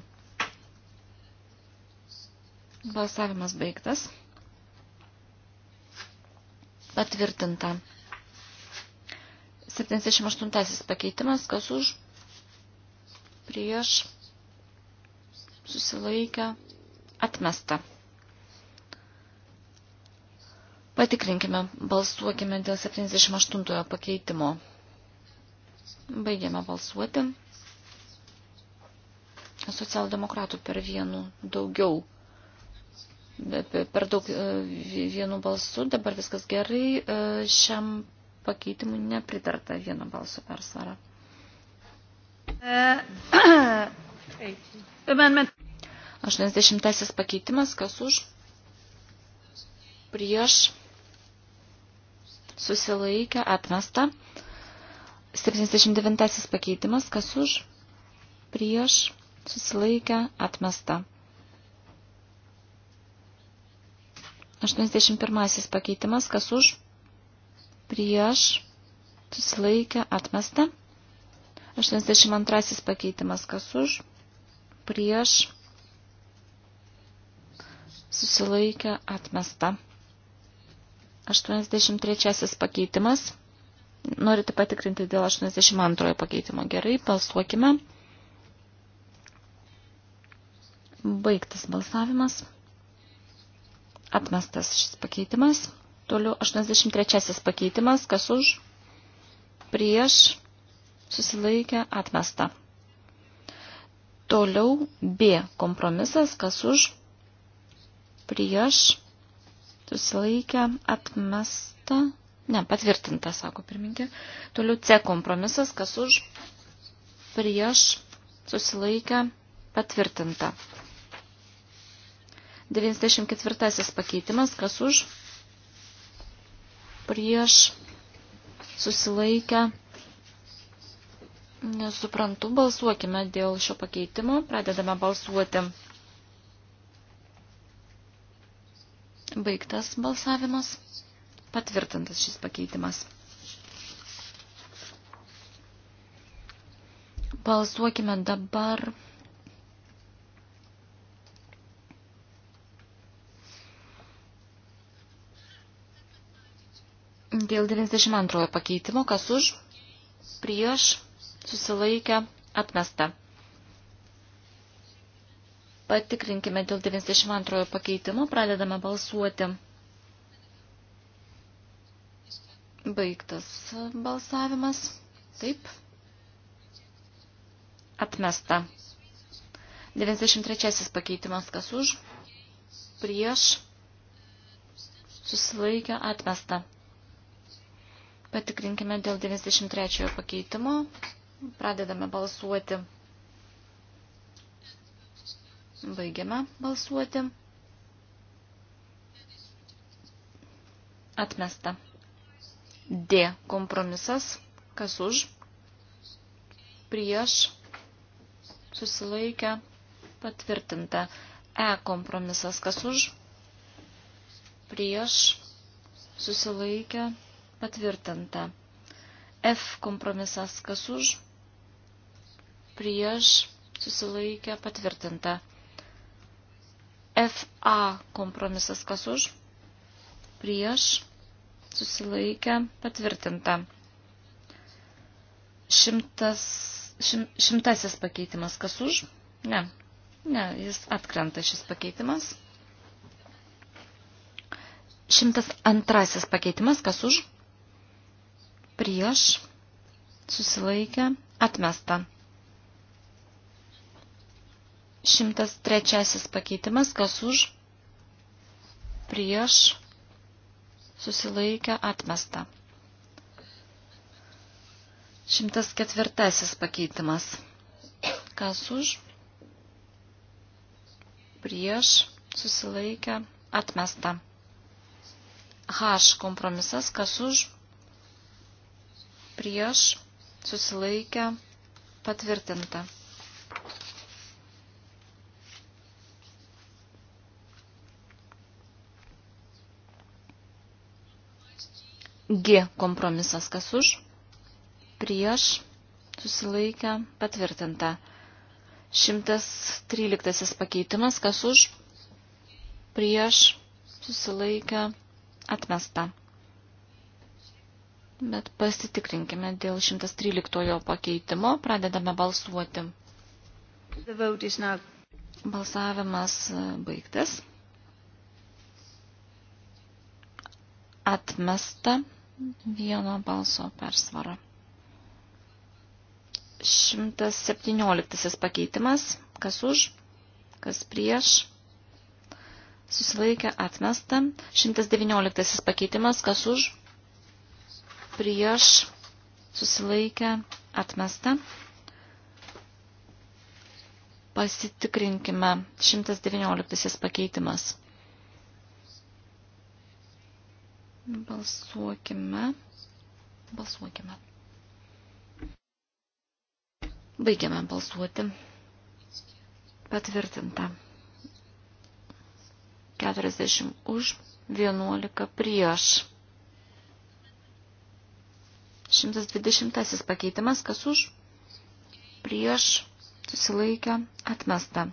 Balsavimas baigtas. Patvirtinta. 78 pakeitimas, kas už, prieš, susilaikę, atmesta. Patikrinkime, balsuokime dėl 78 pakeitimo. Baigėme balsuoti. Socialdemokratų per vienu daugiau, per daug e, vienu balsu, dabar viskas gerai, e, šiam pakeitimui nepritarta vienu balsu persvara. E, amendment. 80 pakeitimas, kas už? Prieš susilaikė, atmesta. 79 pakeitimas, kas už, prieš, susilaikė, atmesta. 81 pakeitimas, kas už, prieš, susilaikė, atmesta. 82 pakeitimas, kas už, prieš, susilaikė, atmesta. 83 pakeitimas. Norite patikrinti dėl 82 pakeitimo. Gerai, balsuokime. Baigtas balsavimas. Atmestas šis pakeitimas. Toliau 83 pakeitimas. Kas už? Prieš. Susilaikę. Atmesta. Toliau B kompromisas. Kas už? Prieš susilaikę, atmesta, ne, patvirtinta, sako pirminkė. Toliau C kompromisas, kas už, prieš, susilaikę, patvirtinta. 94 pakeitimas, kas už, prieš, susilaikę, nesuprantu, balsuokime dėl šio pakeitimo, pradedame balsuoti. Baigtas balsavimas. Patvirtintas šis pakeitimas. Balsuokime dabar. Dėl 92 pakeitimo, kas už, prieš, susilaikę, atmesta. Patikrinkime dėl 92 pakeitimo, pradedame balsuoti. Baigtas balsavimas. Taip. Atmesta. 93 pakeitimas kas už, prieš, susilaikę, atmesta. Patikrinkime dėl 93 pakeitimo. Pradedame balsuoti. Baigiame balsuoti. Atmesta. D. Kompromisas. Kas už? Prieš. Susilaikę. Patvirtinta. E. Kompromisas. Kas už? Prieš. Susilaikę. Patvirtinta. F. Kompromisas. Kas už? Prieš. Susilaikę. Patvirtinta. FA kompromisas kas už, prieš, susilaikę, patvirtinta. Šimtas, šim, šimtasis pakeitimas kas už, ne, ne, jis atkrenta šis pakeitimas. Šimtas antrasis pakeitimas kas už, prieš, susilaikę, atmesta. 103 pakeitimas, kas už, prieš, susilaikę, atmesta. 104 pakeitimas, kas už, prieš, susilaikę, atmesta. H kompromisas, kas už, prieš, susilaikę, patvirtinta. G kompromisas kas už, prieš, susilaikę, patvirtinta. 113 pakeitimas kas už, prieš, susilaikę, atmesta. Bet pasitikrinkime dėl 113 pakeitimo, pradedame balsuoti. Balsavimas e, baigtas. Atmesta vieno balso persvara. 117 pakeitimas, kas už, kas prieš, susilaikė atmesta. 119 pakeitimas, kas už, prieš, susilaikė atmesta. Pasitikrinkime 119 pakeitimas. Balsuokime. Balsuokime. Baigiame balsuoti. Patvirtinta. 40 už, 11 prieš. 120 pakeitimas, kas už, prieš, susilaikę, atmesta.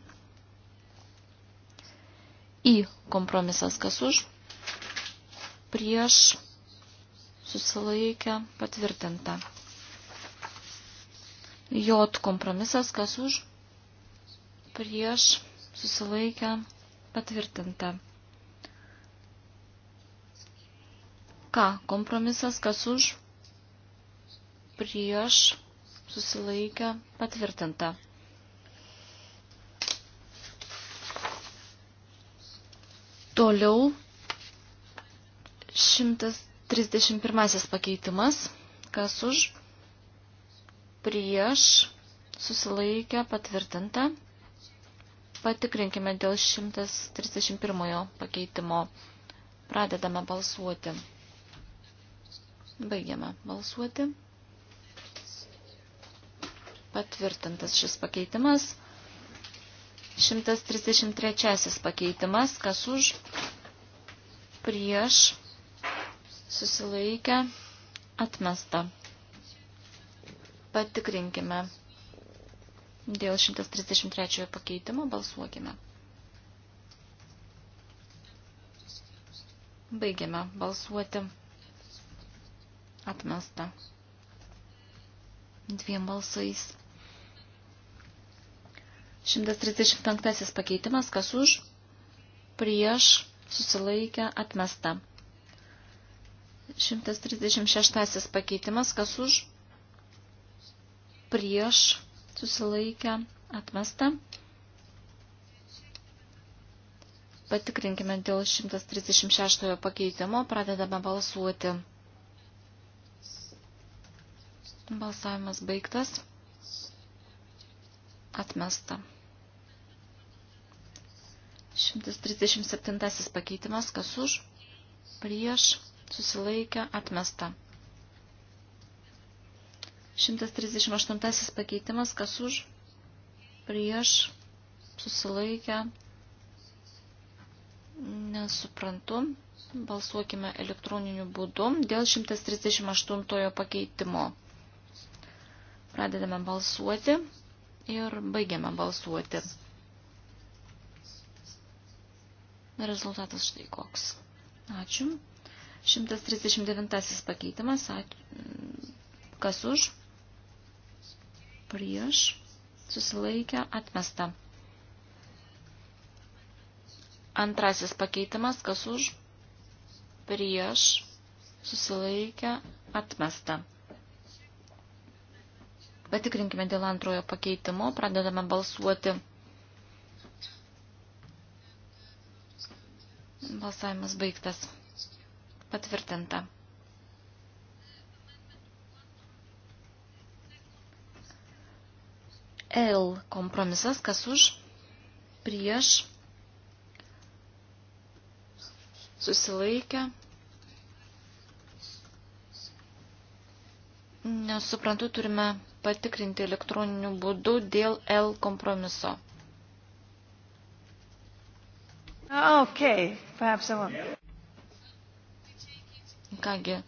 Į kompromisas, kas už, prieš susilaikę patvirtinta. J kompromisas, kas už, prieš susilaikę patvirtinta. K kompromisas, kas už, prieš susilaikę patvirtinta. Toliau 131 pakeitimas. Kas už? Prieš susilaikę patvirtinta. Patikrinkime dėl 131 pakeitimo. Pradedame balsuoti. Baigiame balsuoti. Patvirtintas šis pakeitimas. 133 pakeitimas. Kas už? Prieš susilaikę, atmesta. Patikrinkime. Dėl 133 pakeitimo balsuokime. Baigiame balsuoti. Atmesta. Dviem balsais. 135 pakeitimas, kas už, prieš, susilaikę, atmesta. 136 pakeitimas, kas už, prieš, susilaikę, atmesta. Patikrinkime dėl 136 pakeitimo, pradedame balsuoti. Balsavimas baigtas. Atmesta. 137 pakeitimas, kas už, prieš, susilaikė, atmesta. 138 pakeitimas, kas už, prieš, susilaikė, nesuprantu. Balsuokime elektroniniu būdu dėl 138 pakeitimo. Pradedame balsuoti ir baigiame balsuoti. Rezultatas štai koks. Ačiū. 139 pakeitimas, kas už, prieš, susilaikę, atmesta. Antrasis pakeitimas, kas už, prieš, susilaikę, atmesta. Patikrinkime dėl antrojo pakeitimo, pradedame balsuoti. Balsavimas baigtas. Patvirtinta. L kompromisas, kas už, prieš, susilaikę. Nesuprantu, turime patikrinti elektroniniu būdu dėl L kompromiso. Okay, perhaps I want. Kągi,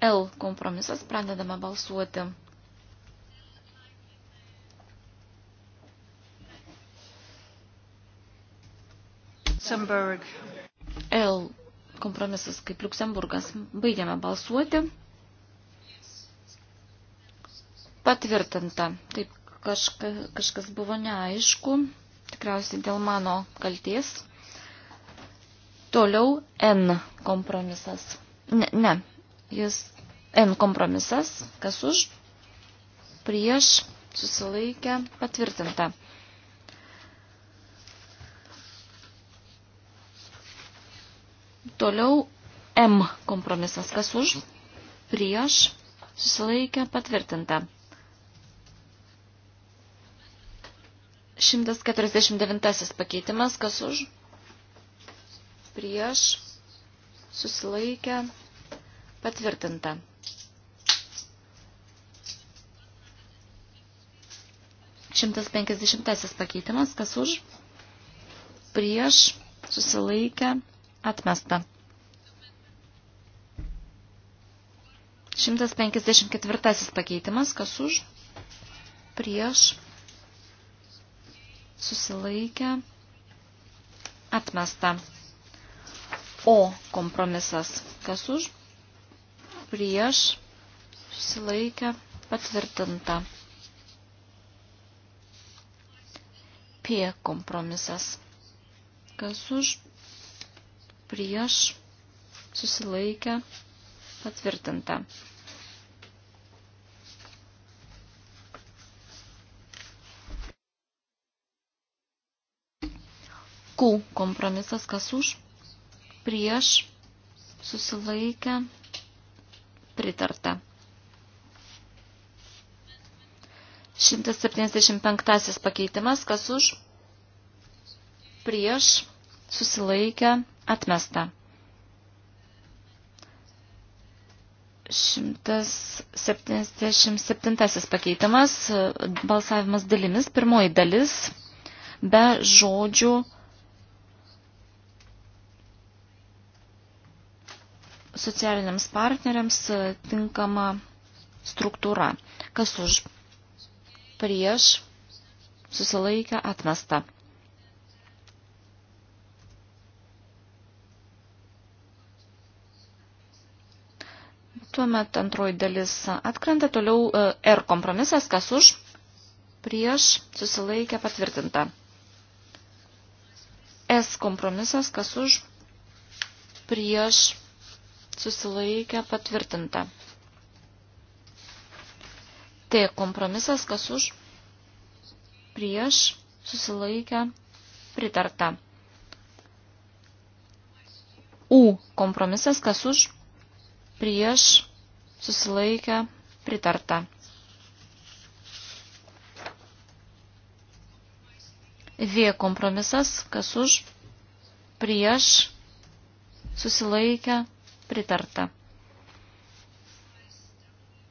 L kompromisas pradedame balsuoti. Luxemburg. L kompromisas kaip Luxemburgas. Baigiame balsuoti. Patvirtinta. Taip kažka, kažkas buvo neaišku. Tikriausiai dėl mano kalties. Toliau N kompromisas. Ne, ne. Jis N kompromisas. Kas už? Prieš susilaikę patvirtinta. Toliau M kompromisas. Kas už? Prieš susilaikę patvirtinta. 149 pakeitimas. Kas už? prieš, susilaikę, patvirtinta. Šimtas penkisdešimtasis pakeitimas, kas už, prieš, susilaikę, atmesta. Šimtas penkisdešimt ketvirtasis pakeitimas, kas už, prieš, susilaikę, atmesta. O kompromisas. Kas už? Prieš. Susilaikę. Patvirtinta. P kompromisas. Kas už? Prieš. Susilaikę. Patvirtinta. Q kompromisas. Kas už? prieš, susilaikę, pritarta. 175 pakeitimas, kas už, prieš, susilaikę, atmesta. 177 pakeitimas, balsavimas dalimis, pirmoji dalis, be žodžių socialiniams partneriams e, tinkama struktūra. Kas už? Prieš susilaikę atmesta. Tuomet antroji dalis atkrenta, toliau e, R kompromisas, kas už, prieš, susilaikę patvirtinta. S kompromisas, kas už, prieš, susilaikė patvirtinta. T kompromisas, kas už, prieš, susilaikė pritarta. U kompromisas, kas už, prieš, susilaikė pritarta. V kompromisas, kas už, prieš, susilaikę, pritarta.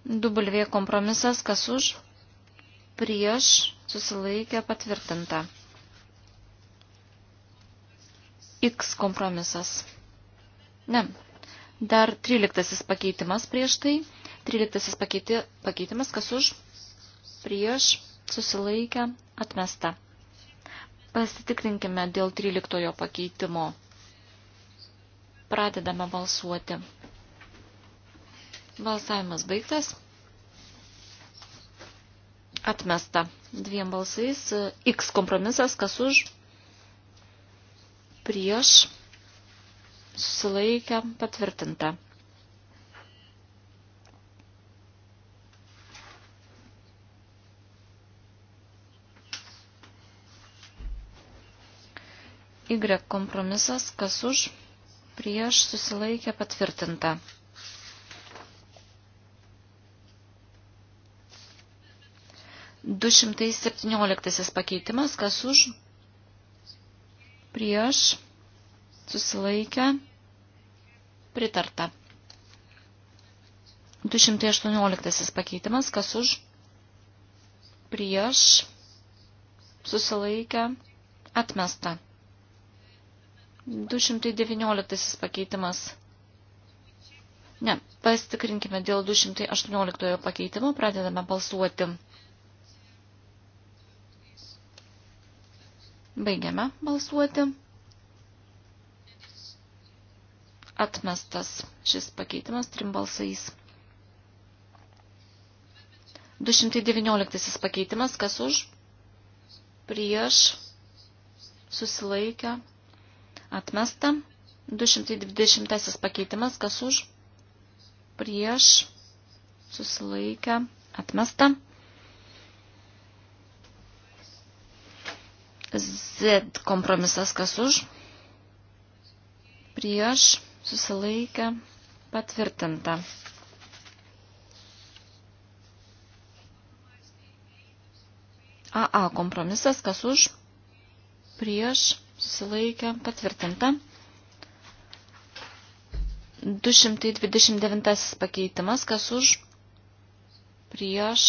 W kompromisas, kas už, prieš, susilaikė patvirtinta. X kompromisas. Ne. Dar 13 pakeitimas prieš tai. 13 pakeiti, pakeitimas, kas už, prieš, susilaikė, atmesta. Pasitikrinkime dėl 13 pakeitimo. Pradedame balsuoti. Balsavimas baigtas. Atmesta. Dviem balsais. X kompromisas, kas už, prieš, susilaikę, patvirtinta. Y kompromisas, kas už, prieš susilaikė patvirtinta. Du šimtai septynioliktasis pakeitimas, kas už, prieš, susilaikę, pritarta. Du šimtai aštuonioliktasis pakeitimas, kas už, prieš, susilaikę, atmesta. 219 pakeitimas. Ne, pasitikrinkime dėl 218 pakeitimo, pradedame balsuoti. Baigiame balsuoti. Atmestas šis pakeitimas trim balsais. 219 pakeitimas, kas už, prieš, susilaikę, Atmesta. 220 pakeitimas, kas už, prieš, susilaikę, atmesta. Z kompromisas, kas už, prieš, susilaikę, patvirtinta. AA kompromisas, kas už, prieš, susilaikė, patvirtinta. 229 pakeitimas, kas už, prieš,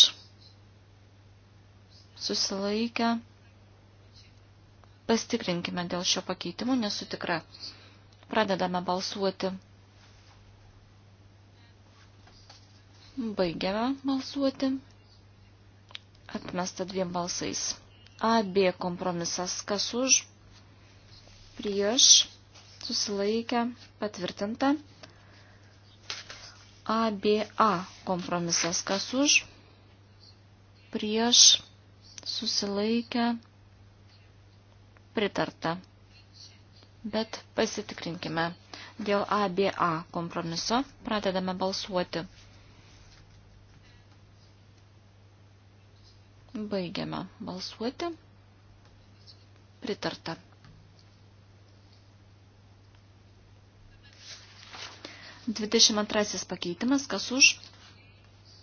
susilaikę. Pastikrinkime dėl šio pakeitimo, nesu tikra. Pradedame balsuoti. Baigiame balsuoti. Atmesta dviem balsais. A, B kompromisas, kas už, prieš, susilaikę, patvirtinta. ABA kompromisas, kas už, prieš, susilaikę, pritarta. Bet pasitikrinkime. Dėl ABA kompromiso pradedame balsuoti. Baigiame balsuoti. Pritarta. 22 pakeitimas, kas už,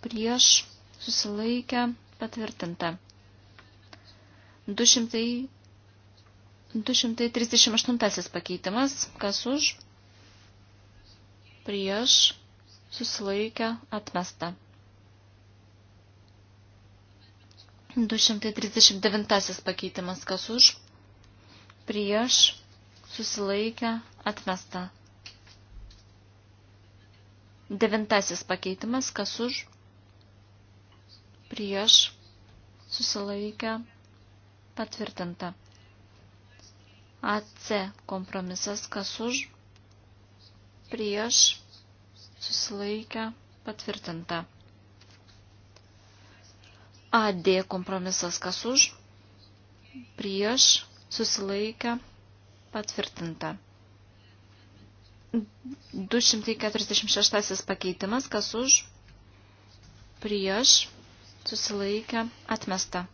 prieš, susilaikę, patvirtinta. 200, 238 pakeitimas, kas už, prieš, susilaikę, atmesta. 239 pakeitimas, kas už, prieš, susilaikę, atmesta. Devintasis pakeitimas, kas už, prieš, susilaikę, patvirtinta. AC kompromisas, kas už, prieš, susilaikę, patvirtinta. AD kompromisas, kas už, prieš, susilaikę, patvirtinta. 246 pakeitimas, kas už, prieš, susilaikę, atmesta.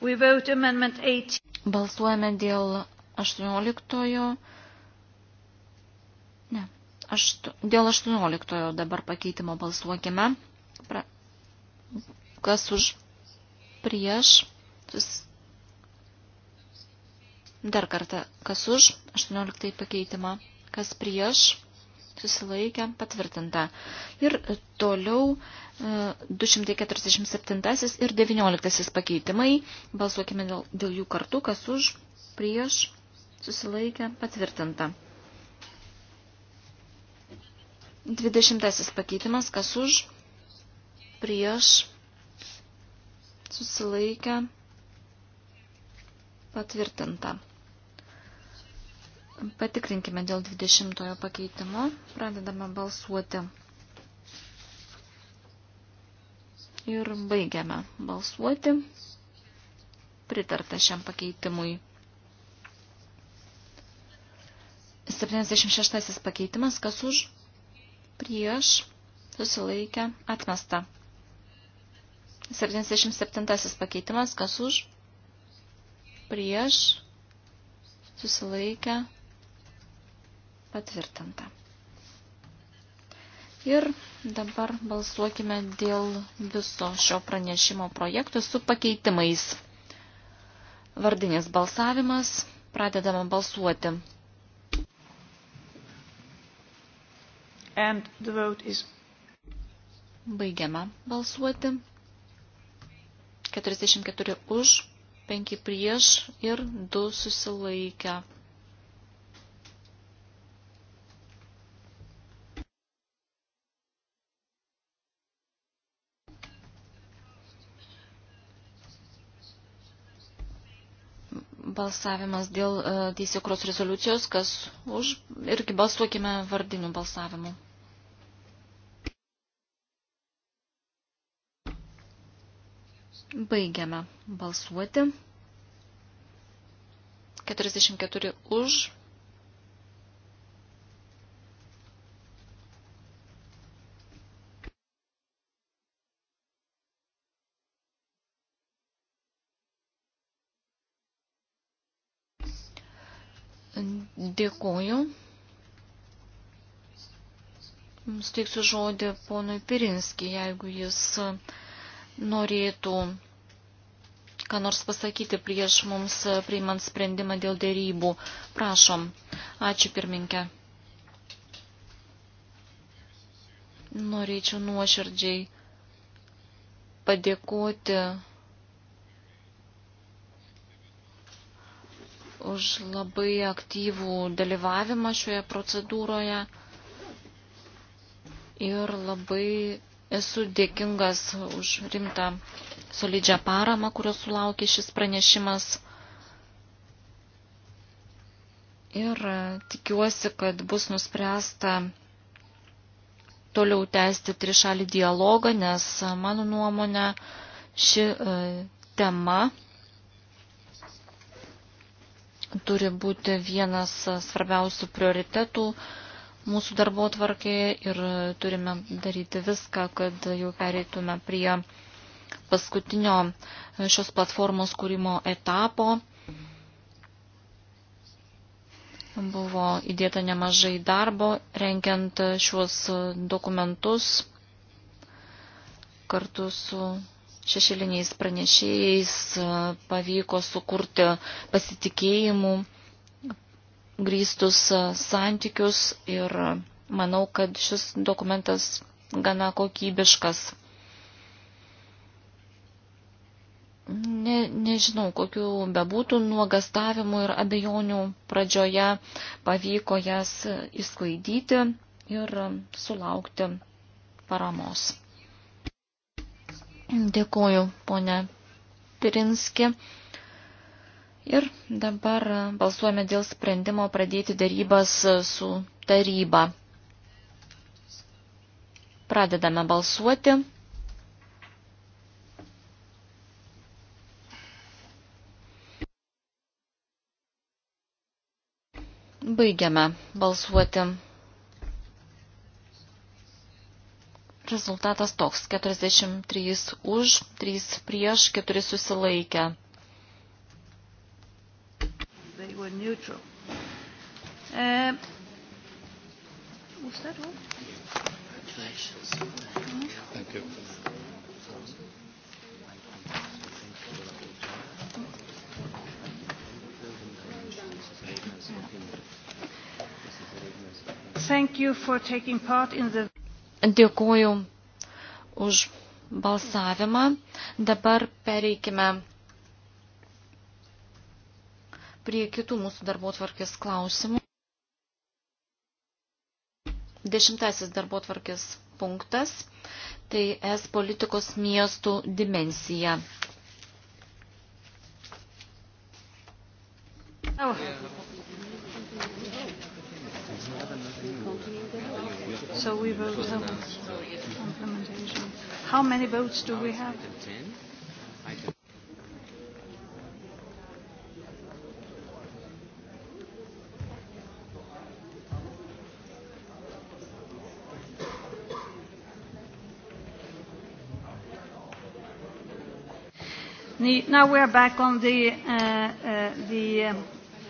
We vote amendment 8. Balsuojame dėl 18. Ne, aš, dėl 18 dabar pakeitimo balsuokime. Pra, kas už prieš, sus... dar kartą, kas už 18 pakeitimą, kas prieš, susilaikė, patvirtinta. Ir toliau 247 e, ir 19 pakeitimai, balsuokime dėl, dėl jų kartu, kas už prieš, susilaikė, patvirtinta. 20 pakeitimas, kas už, prieš, susilaikę, patvirtinta. Patikrinkime dėl 20 pakeitimo. Pradedame balsuoti. Ir baigiame balsuoti. Pritarta šiam pakeitimui. 76 pakeitimas. Kas už? Prieš. Susilaikę. Atmesta. 77 pakeitimas, kas už, prieš, susilaikę, patvirtinta. Ir dabar balsuokime dėl viso šio pranešimo projekto su pakeitimais. Vardinis balsavimas, pradedame balsuoti. And the vote is... Baigiame balsuoti. 44 už, 5 prieš ir 2 susilaikę. balsavimas dėl e, teisėkros rezoliucijos, kas už, irgi balsuokime vardiniu balsavimu. Baigiame balsuoti. 44 už. Dėkuoju. Steiksiu žodį ponui Pirinskį, jeigu jis uh, norėtų ką nors pasakyti prieš mums priimant sprendimą dėl dėrybų. Prašom. Ačiū pirminkę. Norėčiau nuoširdžiai padėkoti už labai aktyvų dalyvavimą šioje procedūroje ir labai Esu dėkingas už rimtą solidžią paramą, kurios sulaukė šis pranešimas. Ir e, tikiuosi, kad bus nuspręsta toliau tęsti trišalį dialogą, nes e, mano nuomonė ši e, tema turi būti vienas svarbiausių prioritetų mūsų darbo tvarkėje ir turime daryti viską, kad jau pereitume prie paskutinio šios platformos kūrimo etapo. Buvo įdėta nemažai darbo renkiant šiuos dokumentus kartu su šešėliniais pranešėjais pavyko sukurti pasitikėjimų grįstus e, santykius ir e, manau, kad šis dokumentas gana kokybiškas. Ne, nežinau, kokiu bebūtų nuogastavimų ir abejonių pradžioje pavyko jas įsklaidyti ir e, sulaukti paramos. Dėkuoju, ponė Pirinski. Ir dabar balsuojame dėl sprendimo pradėti darybas su taryba. Pradedame balsuoti. Baigiame balsuoti. Rezultatas toks. 43 už, 3 prieš, 4 susilaikę. carbon neutral. Uh, was that all? Congratulations. Thank you. Thank you for taking part in the... Dėkuoju už balsavimą. Dabar pereikime prie kitų mūsų darbo tvarkės klausimų. Dešimtasis darbo tvarkės punktas – tai es politikos miestų dimensija. Oh. So we vote on implementation. How many votes do we have? Ten. Now we are back on the, uh, uh, the, uh,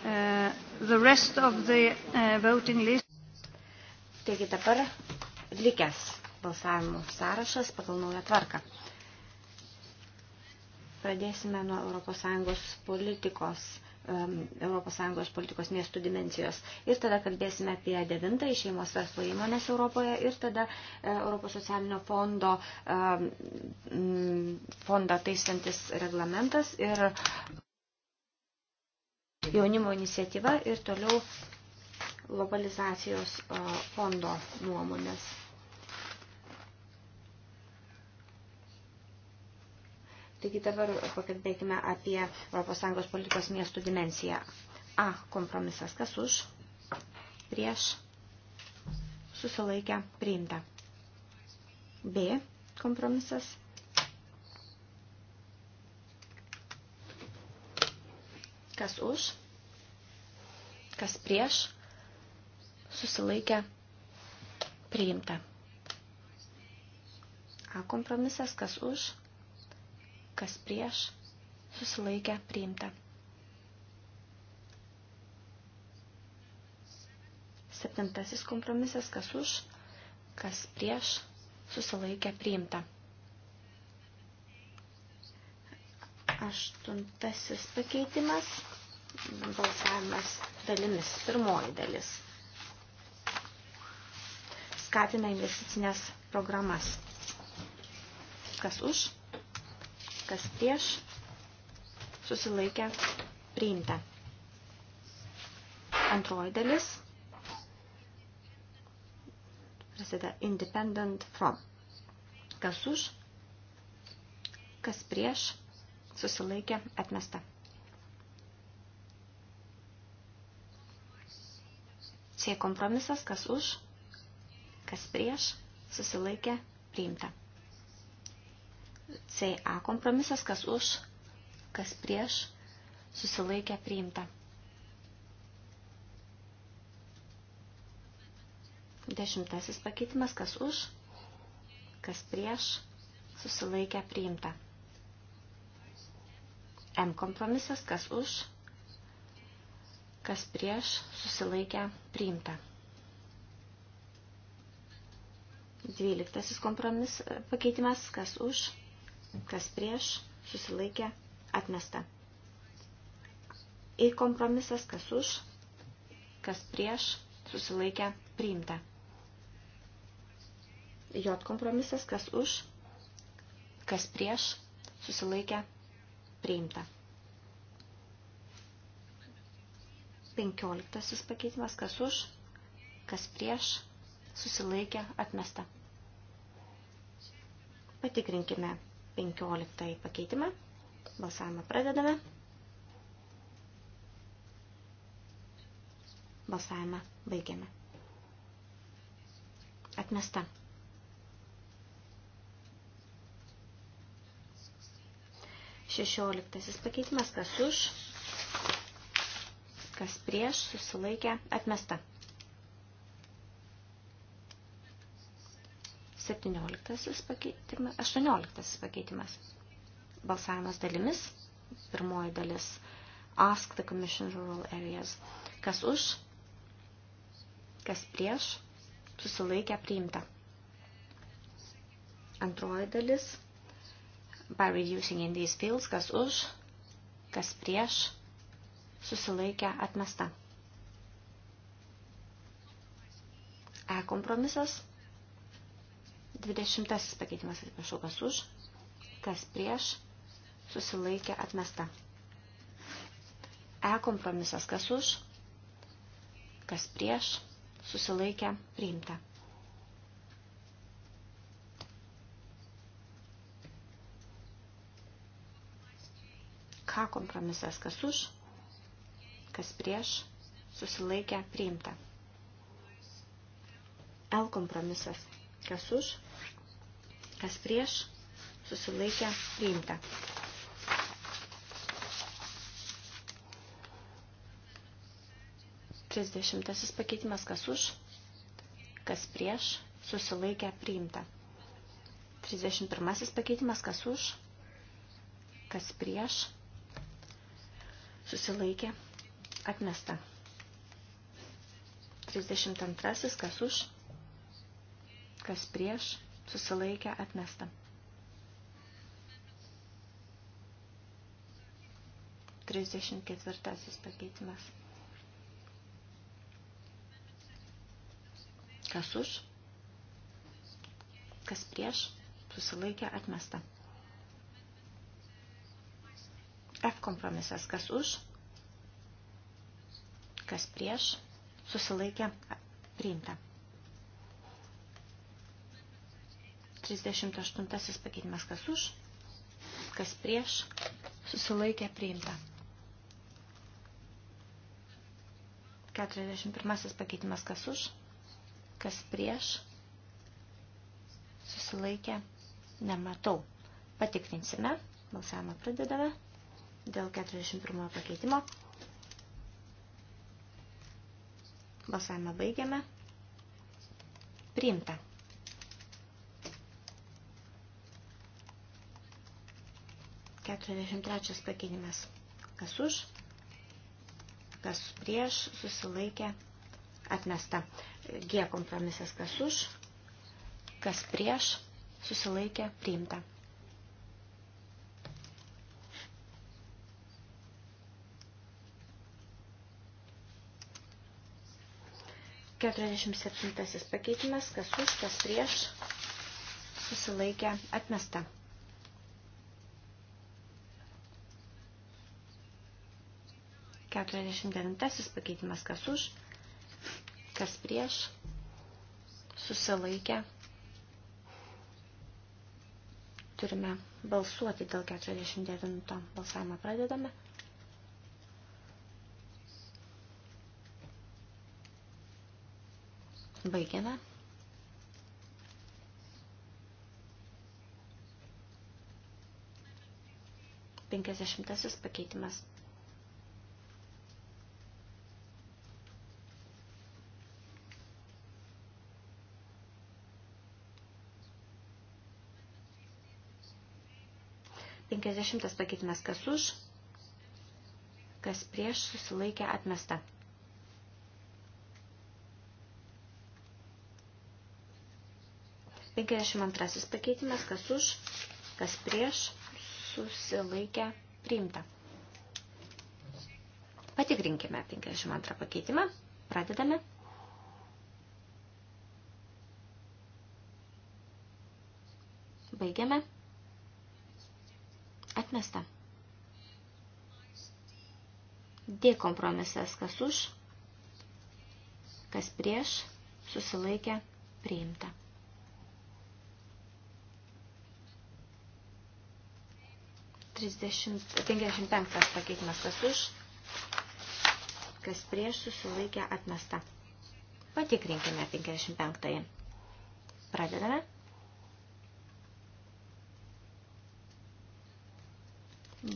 uh, the rest of the uh, voting list. Taigi dabar likęs balsavimo sąrašas pagal naują tvarką. Pradėsime nuo ES politikos Um, ES politikos miestų dimensijos. Ir tada kalbėsime apie devintą šeimos verslo įmonės Europoje ir tada e, Europos socialinio fondo um, mm, fondą taisantis reglamentas ir jaunimo iniciatyva ir toliau globalizacijos e, fondo nuomonės. Taigi dabar pakalbėkime apie ES politikos miestų dimensiją. A kompromisas. Kas už? Prieš. Susilaikę. Priimta. B kompromisas. Kas už? Kas prieš? Susilaikę. Priimta. A kompromisas. Kas už? kas prieš, susilaikę priimta. Septintasis kompromisas, kas už, kas prieš, susilaikę priimta. Aštuntasis pakeitimas, balsavimas dalimis, pirmoji dalis. Skatina investicinės programas. Kas už, kas prieš, susilaikė, priimta. Antroji dalis prasideda independent from. Kas už, kas prieš, susilaikė, atmesta. C kompromisas, kas už, kas prieš, susilaikė, priimta. CA kompromisas, kas už, kas prieš, susilaikė priimta. Dešimtasis pakeitimas, kas už, kas prieš, susilaikė priimta. M kompromisas, kas už, kas prieš, susilaikė priimta. Dvyliktasis kompromis pakeitimas, kas už, kas prieš, susilaikė, atmesta. Į kompromisas, kas už, kas prieš, susilaikė, priimta. J kompromisas, kas už, kas prieš, susilaikė, priimta. 15 pakeitimas, kas už, kas prieš, susilaikė, atmesta. Patikrinkime 15 pakeitimą. Balsavimą pradedame. Balsavimą baigiame. Atmesta. Šešioliktasis pakeitimas, kas už, kas prieš, susilaikė, atmesta. 17 pakeitimas, 18 pakeitimas. Balsavimas dalimis. Pirmoji dalis. Ask the Commission Rural Areas. Kas už, kas prieš, susilaikę priimta. Antroji dalis. By reducing in these fields. Kas už, kas prieš, susilaikę atmesta. E kompromisas. Dvidešimtasis pakeitimas, atsiprašau, kas už, kas prieš, susilaikė atmesta. E kompromisas, kas už, kas prieš, susilaikė priimta. K kompromisas, kas už, kas prieš, susilaikė priimta. L kompromisas, kas už, Kas prieš? Susilaikė priimta. Trisdešimtasis pakeitimas kas už, kas prieš, susilaikė priimta. Trisdešimt pirmasis pakeitimas kas už, kas prieš, susilaikė atmesta. 32. Kas už, kas prieš, susilaikę atmesta. 34 pakeitimas. Kas už, kas prieš, susilaikė atmesta. F kompromisas, kas už, kas prieš, susilaikė priimta. 38 pakeitimas kas už, kas prieš, susilaikė priimta. 41 pakeitimas kas už, kas prieš, susilaikė, nematau. Patikrinsime, balsavimą pradedame dėl 41 pakeitimo. Balsavimą baigiame. Priimta. 43 pakeitimas. Kas už, kas prieš, susilaikė, atmesta. G kompromisas kas už, kas prieš, susilaikė, priimta. Keturiasdešimt septintasis pakeitimas, kas už, kas prieš, susilaikė, atmesta. 49 pakeitimas kas už, kas prieš, susilaikę. Turime balsuoti dėl 49 balsavimą pradedame. Baigiame. Penkiasdešimtasis pakeitimas 50 pakeitimas kas už, kas prieš susilaikė atmesta. Penkiasdešimt antrasis pakeitimas, kas už, kas prieš, susilaikę priimta. Patikrinkime 52 pakeitimą, pradedame. Baigiame atmesta. D kompromisas, kas už, kas prieš, susilaikė, priimta. Trisdešimt, penkiasdešimt penktas pakeitimas, kas už, kas prieš, susilaikė, atmesta. Patikrinkime 55. Pradedame.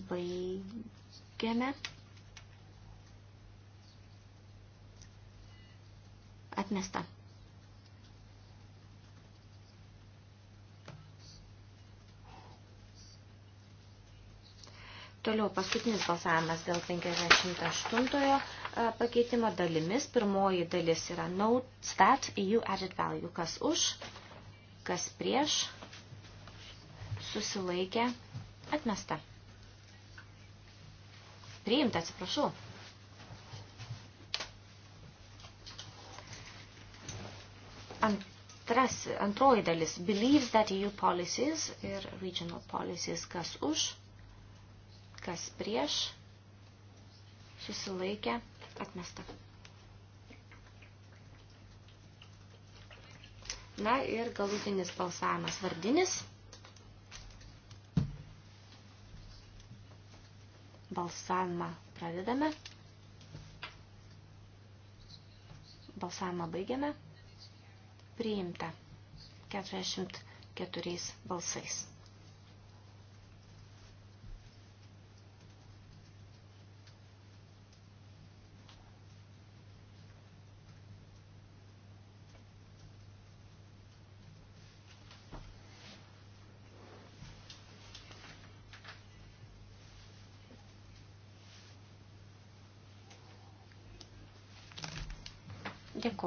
Baigiame. Atmesta. Toliau paskutinis balsavimas dėl 58 e, pakeitimo dalimis. Pirmoji dalis yra Note Stat EU Added Value. Kas už, kas prieš, susilaikė, atmesta. Priimta, atsiprašau. Antras, antroji dalis. Believes that EU policies ir regional policies. Kas už, kas prieš, susilaikė, atmesta. Na ir galutinis balsavimas vardinis. Balsavimą pradedame. Balsavimą baigiame. Priimta 44 balsais.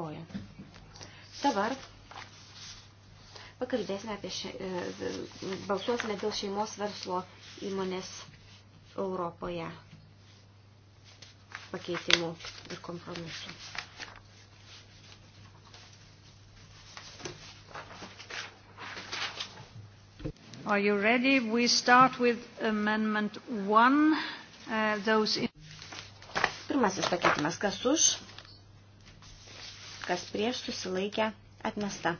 Dėkoju. Dabar pakalbėsime apie še... E, balsuosime dėl šeimos verslo įmonės Europoje pakeitimų ir kompromisų. Are you ready? We start with amendment 1. Uh, those in... Pirmasis pakeitimas, kas už, kas prieš susilaikė atmesta.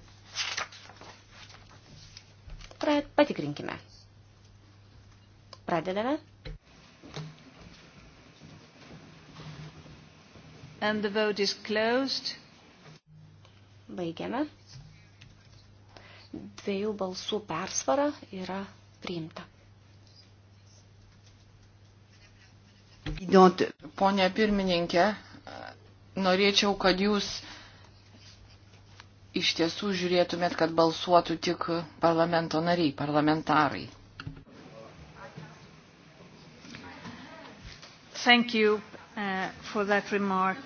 Patikrinkime. Pradedame. And the vote is closed. Baigiame. Dviejų balsų persvara yra priimta. Pone pirmininkė, norėčiau, kad jūs iš tiesų žiūrėtumėt, kad balsuotų tik parlamento nariai, parlamentarai. Thank you uh, for that remark.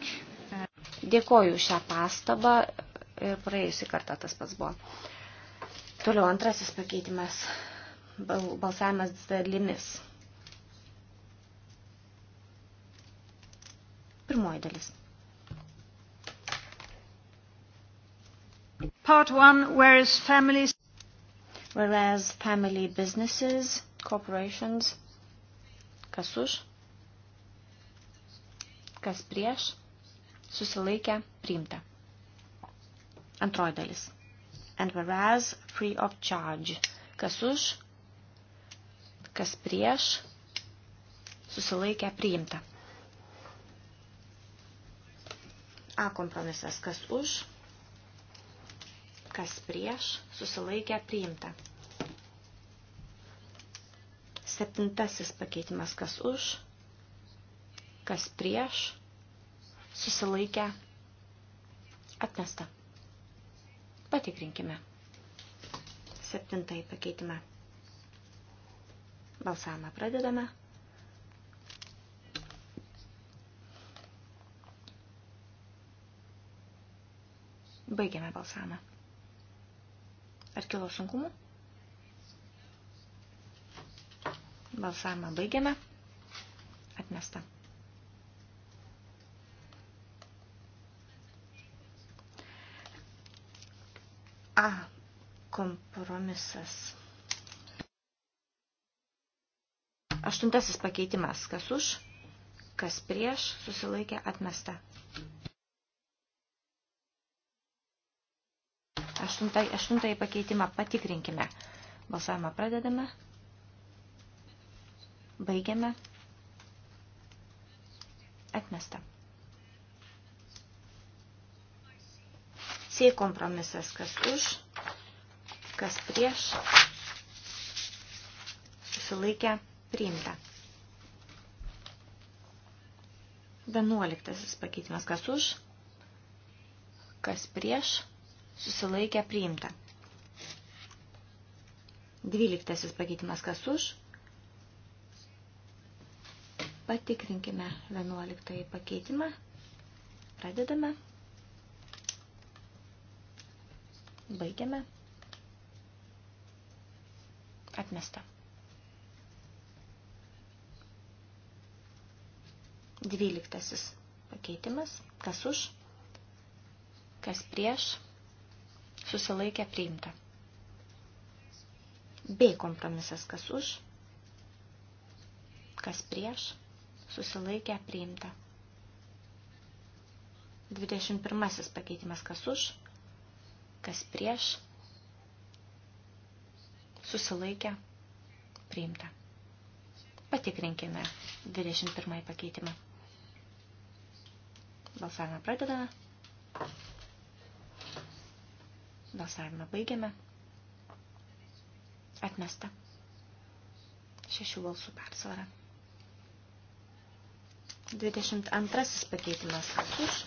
Uh... Dėkoju šią pastabą ir praėjusį kartą tas pats buvo. Toliau antrasis pakeitimas - balsavimas dalimis. Pirmoji dalis. Part one, whereas families... Whereas family businesses, corporations, kas už, kas prieš, susilaikę, priimta. Antroji dalis. And whereas free of charge, kas už, kas prieš, susilaikę, priimta. A kompromisas, kas už, kas prieš, susilaikė priimta. Septintasis pakeitimas, kas už, kas prieš, susilaikė atmesta. Patikrinkime. Septintai pakeitimą. Balsavimą pradedame. Baigiame balsavimą. Ar kilo sunkumų? Balsavimą baigiame. Atmesta. A. Kompromisas. Aštuntasis pakeitimas. Kas už, kas prieš, susilaikė atmesta. Aštuntąjį aštuntai pakeitimą patikrinkime. Balsavimą pradedame. Baigiame. Atmesta. C kompromisas, kas už, kas prieš, susilaikę, priimta. Vienuoliktasis pakeitimas, kas už, kas prieš, susilaikė priimta. Dvyliktasis pakeitimas kas už. Patikrinkime vienuoliktąjį pakeitimą. Pradedame. Baigiame. Atmesta. Dvyliktasis pakeitimas. Kas už, kas prieš, susilaikė priimta. B kompromisas kas už, kas prieš, susilaikė priimta. 21 pakeitimas kas už, kas prieš, susilaikė priimta. Patikrinkime 21 pakeitimą. Balsavimą pradedame. Balsavimą baigiame. Atmesta. Šešių balsų persvara. 22 pakeitimas kas už,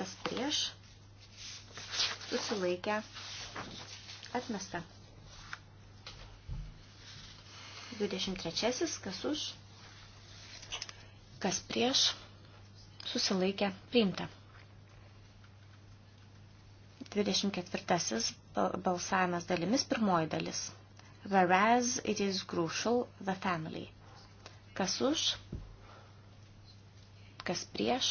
kas prieš, susilaikę, atmesta. 23 kas už, kas prieš, susilaikę, priimta. 24 balsavimas dalimis pirmoji dalis. Whereas it is crucial the family. Kas už, kas prieš,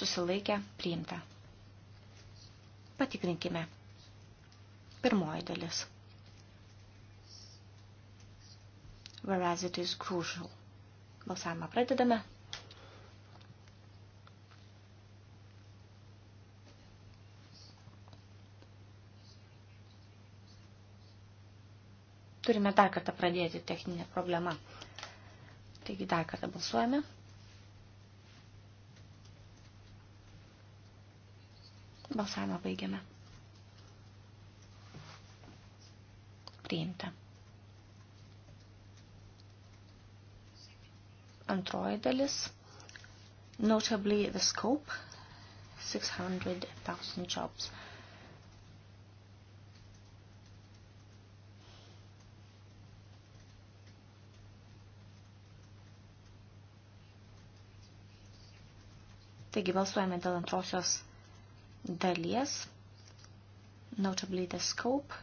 susilaikę priimta. Patikrinkime. Pirmoji dalis. Whereas it is crucial. Balsavimą pradedame. turime dar kartą pradėti techninę problemą. Taigi dar kartą balsuojame. Balsavimą baigiame. Priimta. Antroji dalis. Notably the scope 600,000 jobs. Taigi balsuojame dėl antrosios dalies, notably the scope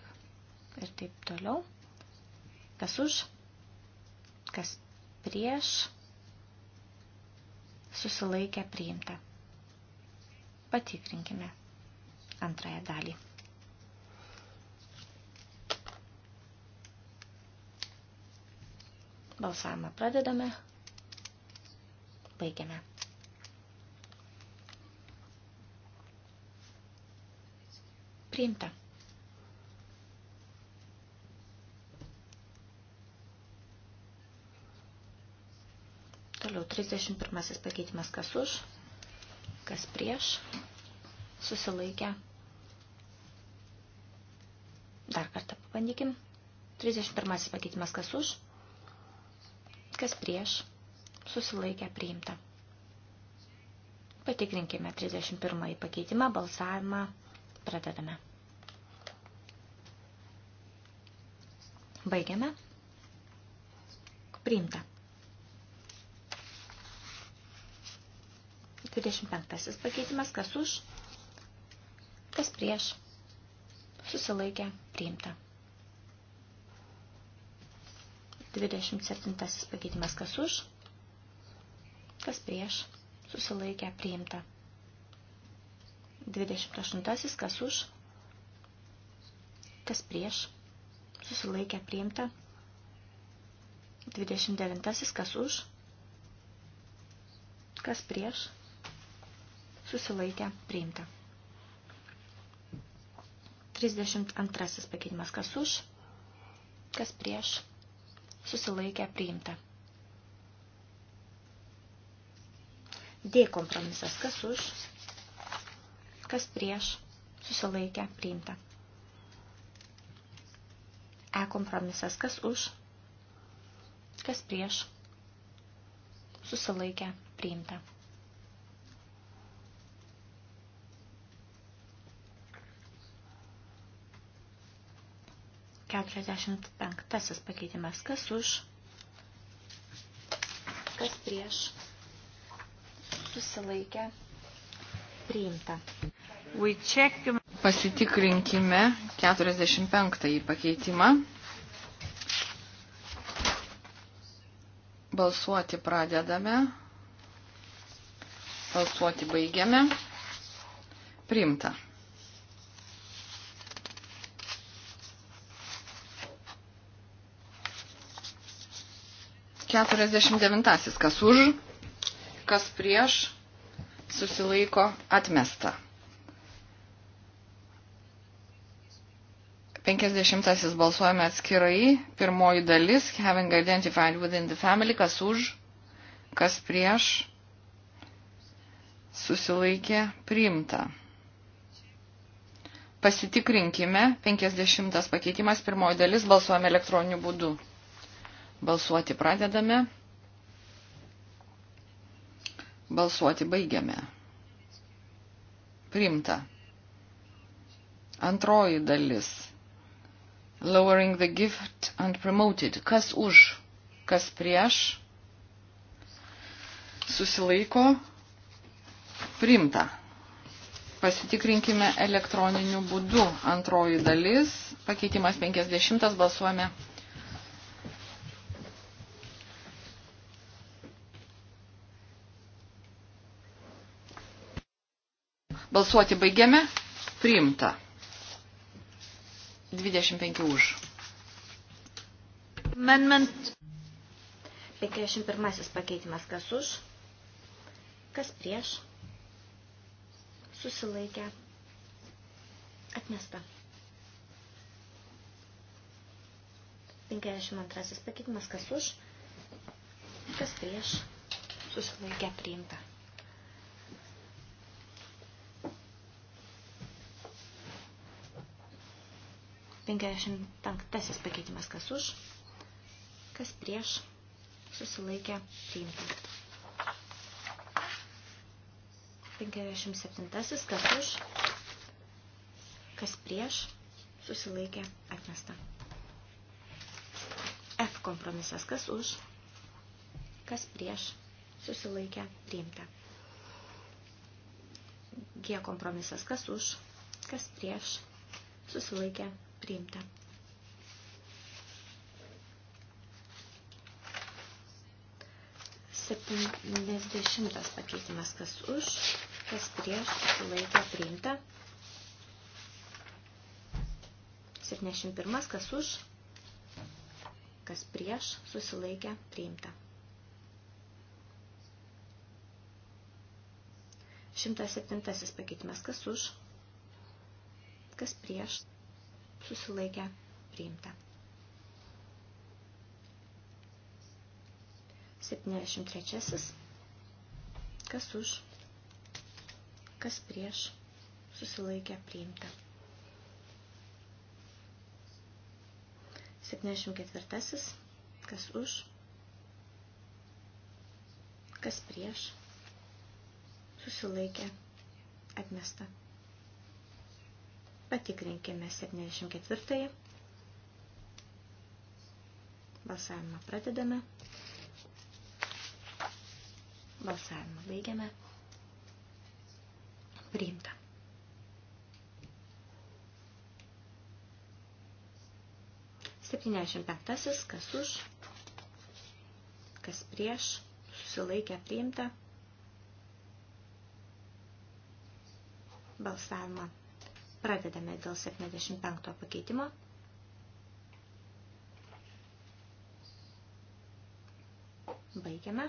ir taip toliau. Kas už, kas prieš, susilaikę priimta. Patikrinkime antrąją dalį. Balsavimą pradedame, baigiame. Priimta. Toliau 31 pakeitimas kas už, kas prieš, susilaikę. Dar kartą pabandykim. 31 pakeitimas kas už, kas prieš, susilaikę priimta. Patikrinkime 31 pakeitimą, balsavimą pradedame. Baigiame. Priimta. 25 pakeitimas, kas už, kas prieš, susilaikė, priimta. 27 pakeitimas, kas už, kas prieš, susilaikė, priimta. 28 kas už, kas prieš, susilaikė priimta. 29. Kas už, kas prieš, susilaikė priimta. 32. Pakeitimas kas už, kas prieš, susilaikė priimta. D kompromisas kas už, kas prieš, susilaikė priimta. E kompromisas. Kas už? Kas prieš? Susilaikę. Priimta. Keturiasdešimt penktasis pakeitimas. Kas už? Kas prieš? Susilaikę. Priimta. We check Pasitikrinkime 45 pakeitimą. Balsuoti pradedame. Balsuoti baigiame. Primta. Keturiasdešimt devintasis. Kas už, kas prieš, susilaiko atmesta. 50 balsuojame atskirai. Pirmoji dalis, having identified within the family, kas už, kas prieš, susilaikė priimta. Pasitikrinkime, 50 pakeitimas, pirmoji dalis, balsuojame elektroniniu būdu. Balsuoti pradedame. Balsuoti baigiame. Primta. Antroji dalis. Lowering the gift and promoted. Kas už, kas prieš, susilaiko, primta. Pasitikrinkime elektroniniu būdu. Antroji dalis, pakeitimas 50, balsuojame. Balsuoti baigiame. Priimta. 25 už. Amendment. 51 pakeitimas kas už, kas prieš, susilaikę, atmesta. 52 pakeitimas kas už, kas prieš, susilaikę, priimta. 55 pakeitimas kas už, kas prieš, susilaikė priimta. 57 kas už, kas prieš, susilaikė atmesta. F kompromisas kas už, kas prieš, susilaikė priimta. G kompromisas kas už, kas prieš, susilaikė Priimta. Septynesdešimtas pakeitimas, kas už, kas prieš, laikė priimta. 71. Kas už, kas prieš, susilaikė, priimta. 107. Pakeitimas. Kas už, kas prieš, susilaikę priimta. 73. Kas už, kas prieš, susilaikę priimta. 74. Kas už, kas prieš, susilaikę atmesta. Patikrinkime 74. Balsavimą pradedame. Balsavimą baigiame. Priimta. Septyniasdešimt penktasis, kas už, kas prieš, susilaikę priimta. Balsavimą Pradedame dėl 75 pakeitimo. Baigiame.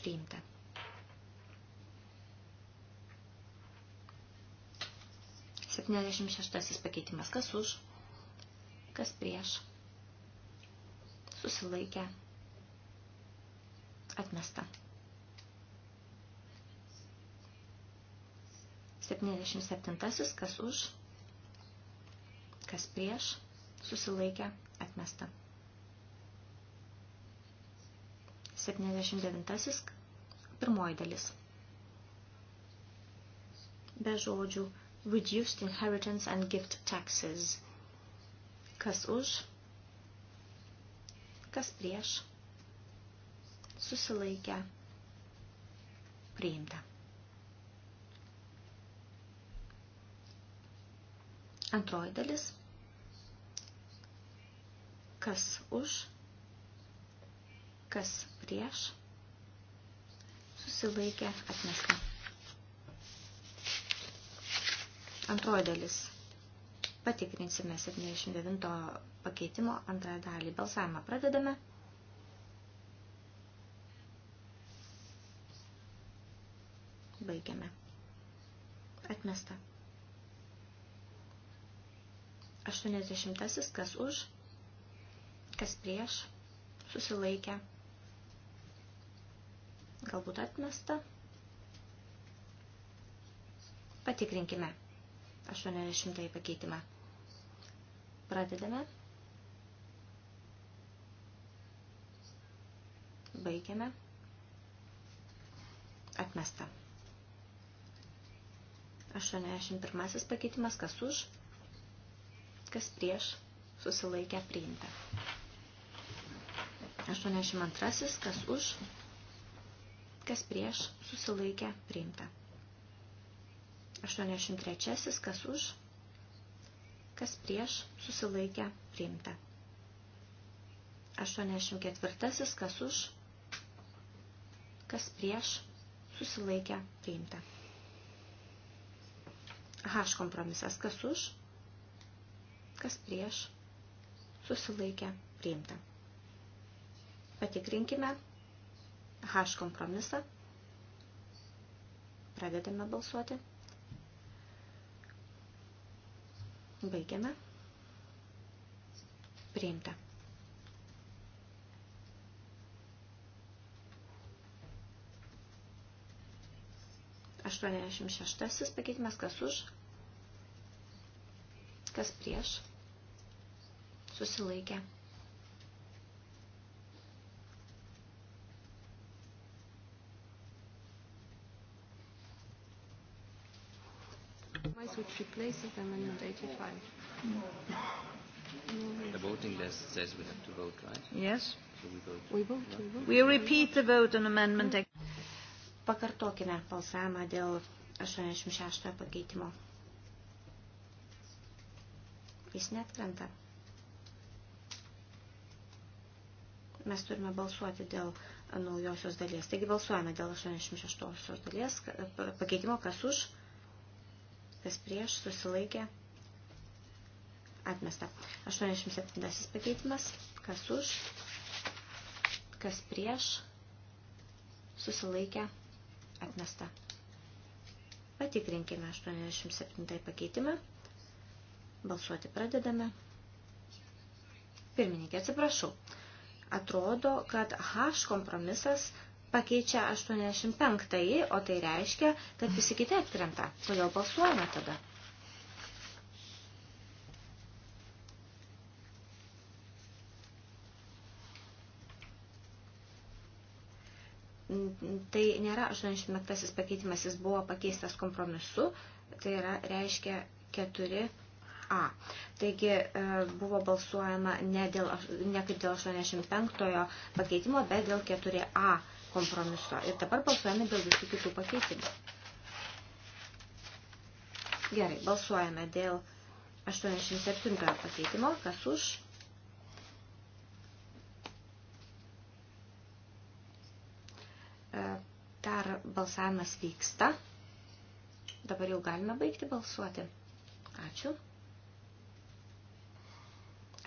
Priimta. Septyniasdešimt šeštasis pakeitimas. Kas už? Kas prieš? Susilaikę. Atmesta. 77. Kas už, kas prieš, susilaikė, atmesta. 79. Pirmoji dalis. Be žodžių Reduced Inheritance and Gift Taxes. Kas už, kas prieš, susilaikę, priimta. Antroji dalis. Kas už, kas prieš, susilaikė atmesta. Antroji dalis. Patikrinsime 79 pakeitimo antrąją dalį. Balsavimą pradedame. Baigiame. Atmesta. 80. Kas už, kas prieš, susilaikę. Galbūt atmesta. Patikrinkime 80 pakeitimą. Pradedame. Baigiame. Atmesta. 81 pakeitimas, kas už, kas prieš susilaikę priimta. 82. Kas už, kas prieš susilaikę priimta. 83. Kas už, kas prieš susilaikę priimta. 84. Kas už, kas prieš susilaikę priimta. H kompromisas. Kas už, kas prieš, susilaikė, priimta. Patikrinkime H kompromisą. Pradedame balsuoti. Baigiame. Priimta. Aštuoniasdešimt šeštasis pakeitimas kas už, kas prieš susilaikė. which replaces Amendment 85. The voting list says we have to vote, right? Yes. So we vote. We vote. We, vote. we repeat the vote on Amendment. Pakartokime balsavimą dėl 86 pakeitimo. Jis net krenta. mes turime balsuoti dėl naujosios dalies. Taigi balsuojame dėl 86 dalies pakeitimo, kas už, kas prieš, susilaikė, atmesta. 87 pakeitimas, kas už, kas prieš, susilaikė, atmesta. Patikrinkime 87 pakeitimą. Balsuoti pradedame. Pirmininkė, atsiprašau atrodo, kad H kompromisas pakeičia 85, o tai reiškia, kad visi kiti atkrenta. Todėl balsuojame tada. Tai nėra 85 pakeitimas, jis buvo pakeistas kompromisu, tai yra, reiškia 4 A. Taigi e, buvo balsuojama ne, dėl, ne kaip dėl 85 pakeitimo, bet dėl 4A kompromiso. Ir dabar balsuojame dėl visų kitų pakeitimų. Gerai, balsuojame dėl 87 pakeitimo. Kas už? E, dar balsavimas vyksta. Dabar jau galime baigti balsuoti. Ačiū.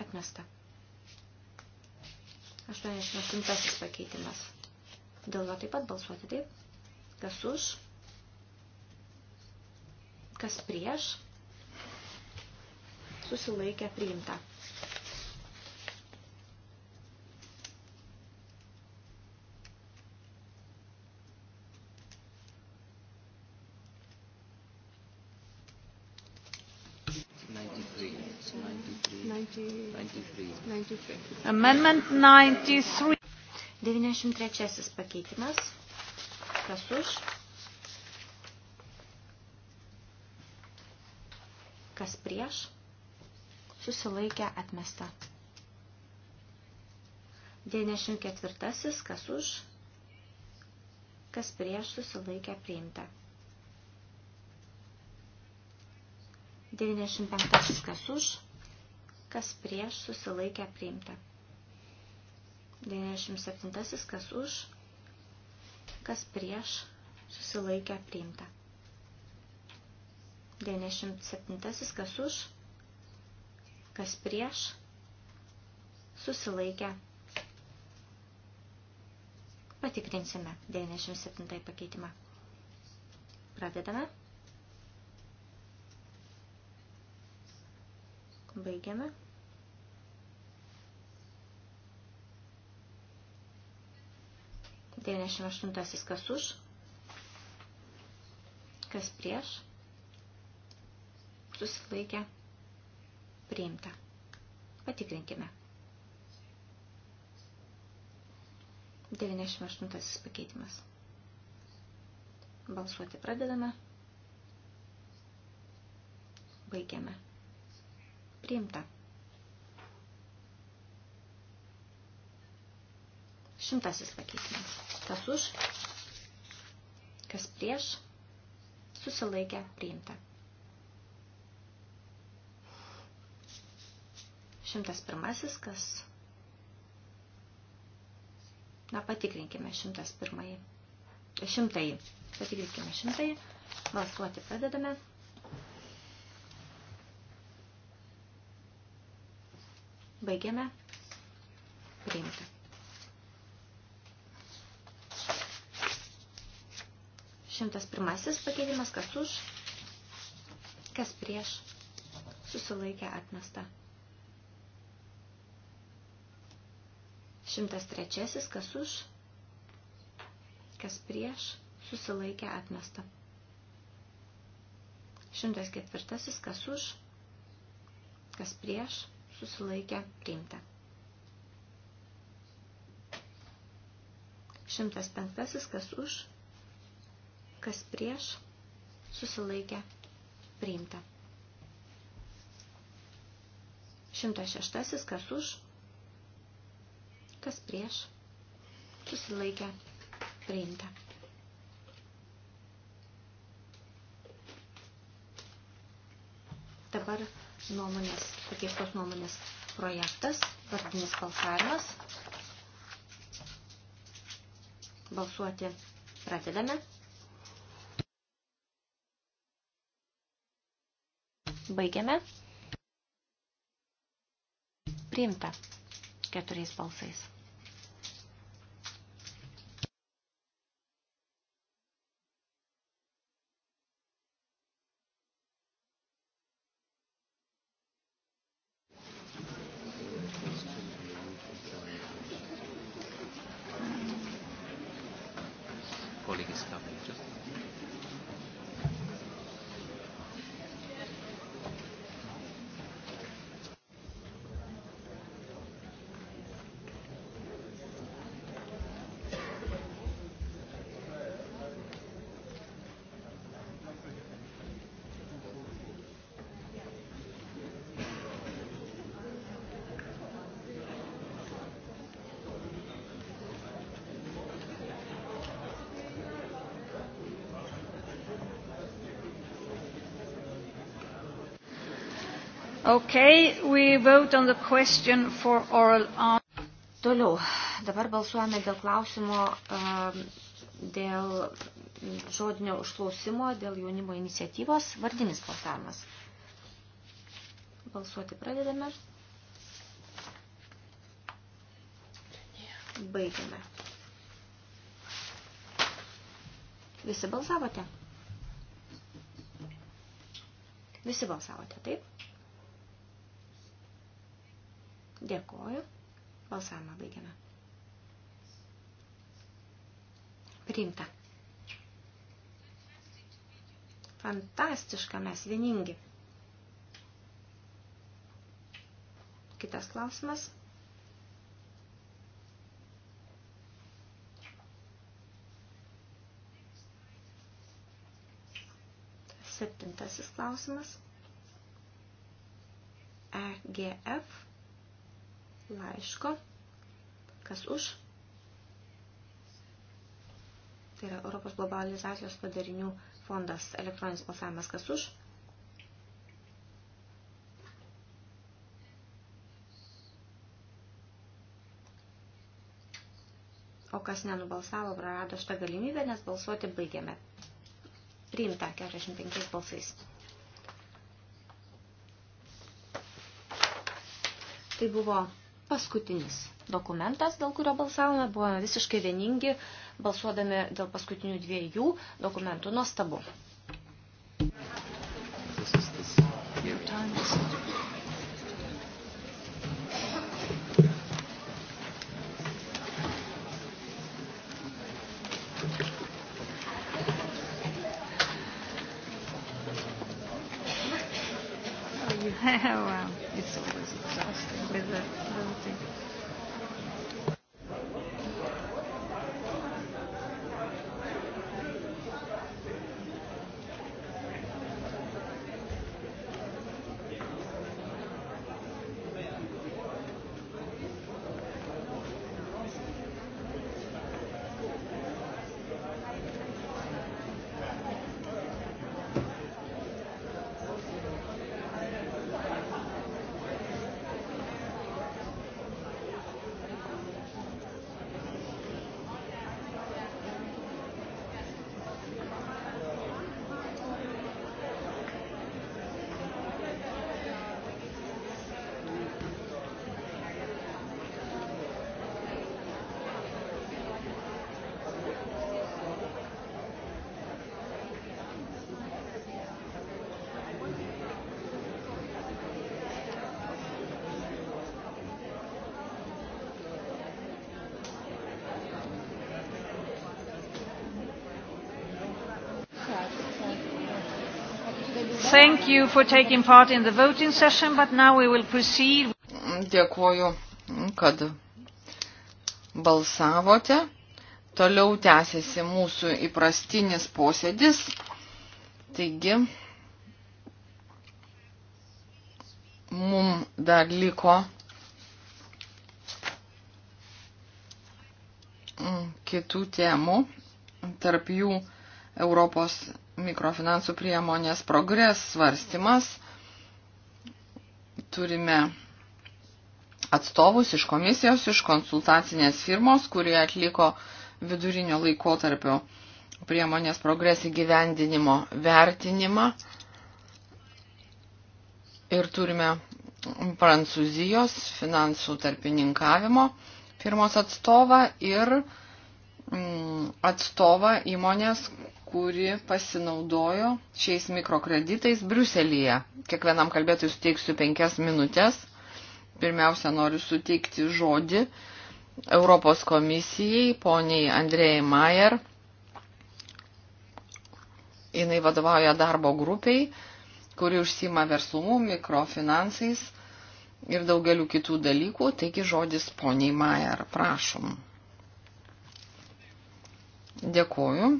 Atmesta. 88 pakeitimas. Dėl jo taip pat balsuoti taip. Kas už? Kas prieš? Susilaikę priimta. 90, 93. 93. Amendment 93. 93 pakeitimas. Kas už? Kas prieš? Susilaikę atmesta. 94. Kas už? Kas prieš susilaikę priimta. 95. Kas už? kas prieš susilaikę priimta. 97. kas už, kas prieš susilaikę priimta. 97. kas už, kas prieš susilaikę priimta. Patikrinsime 97 pakeitimą. Pradedame. Baigiame. 98 kas už, kas prieš, susilaikė, priimta. Patikrinkime. 98 pakeitimas. Balsuoti pradedame. Baigiame. Priimta. Šimtasis pakeitimas. Kas už, kas prieš, susilaikę priimta. Šimtas pirmasis, kas... Na, patikrinkime šimtas pirmąjį. Šimtąjį. Patikrinkime šimtąjį. Balsuoti pradedame. Baigiame. Priimta. 101 pakeitimas, kas už, kas prieš, susilaikė atmesta. 103 kas už, kas prieš, susilaikė atmesta. 104 kas už, kas prieš, susilaikė priimta. 105 kas už, kas prieš, susilaikė, priimta. 106. Kas už, kas prieš, susilaikė, priimta. Dabar nuomonės, pakeistos nuomonės projektas, vardinis balsavimas. Balsuoti pradedame. Baigiame. Priimta keturiais balsais. Okay, we vote on the question for oral Toliau, dabar balsuojame dėl klausimo, ehm, dėl žodinio užklausimo, dėl jaunimo iniciatyvos, vardinis balsavimas. Balsuoti pradedame. Baigiame. Visi balsavote? Visi balsavote, taip? Dėkoju. Balsavimą baigiame. Priimta. Fantastiška, mes vieningi. Kitas klausimas. Septintasis klausimas. EGF laiško, kas už, tai yra Europos globalizacijos padarinių fondas elektroninis balsavimas, kas už. O kas nenubalsavo, prarado šitą galimybę, nes balsuoti baigiame. Priimta 45 balsais. Tai buvo paskutinis dokumentas, dėl kurio balsavome, buvome visiškai vieningi, balsuodami dėl paskutinių dviejų dokumentų nuostabu. Thank you for taking part in the voting session, but now we will proceed. Dėkuoju, kad balsavote. Toliau tęsiasi mūsų įprastinis posėdis. Taigi, mum dar liko kitų temų, tarp jų Europos mikrofinansų priemonės progres svarstymas. Turime atstovus iš komisijos, iš konsultacinės firmos, kurie atliko vidurinio laikotarpio priemonės progres įgyvendinimo vertinimą. Ir turime Prancūzijos finansų tarpininkavimo firmos atstovą ir mm, atstovą įmonės, kuri pasinaudojo šiais mikrokreditais Briuselyje. Kiekvienam kalbėtojui suteiksiu penkias minutės. Pirmiausia, noriu suteikti žodį Europos komisijai, poniai Andrėjai Mayer. Jis vadovauja darbo grupiai, kuri užsima verslumu, mikrofinansais ir daugeliu kitų dalykų. Taigi žodis poniai Mayer, prašom. Dėkuoju.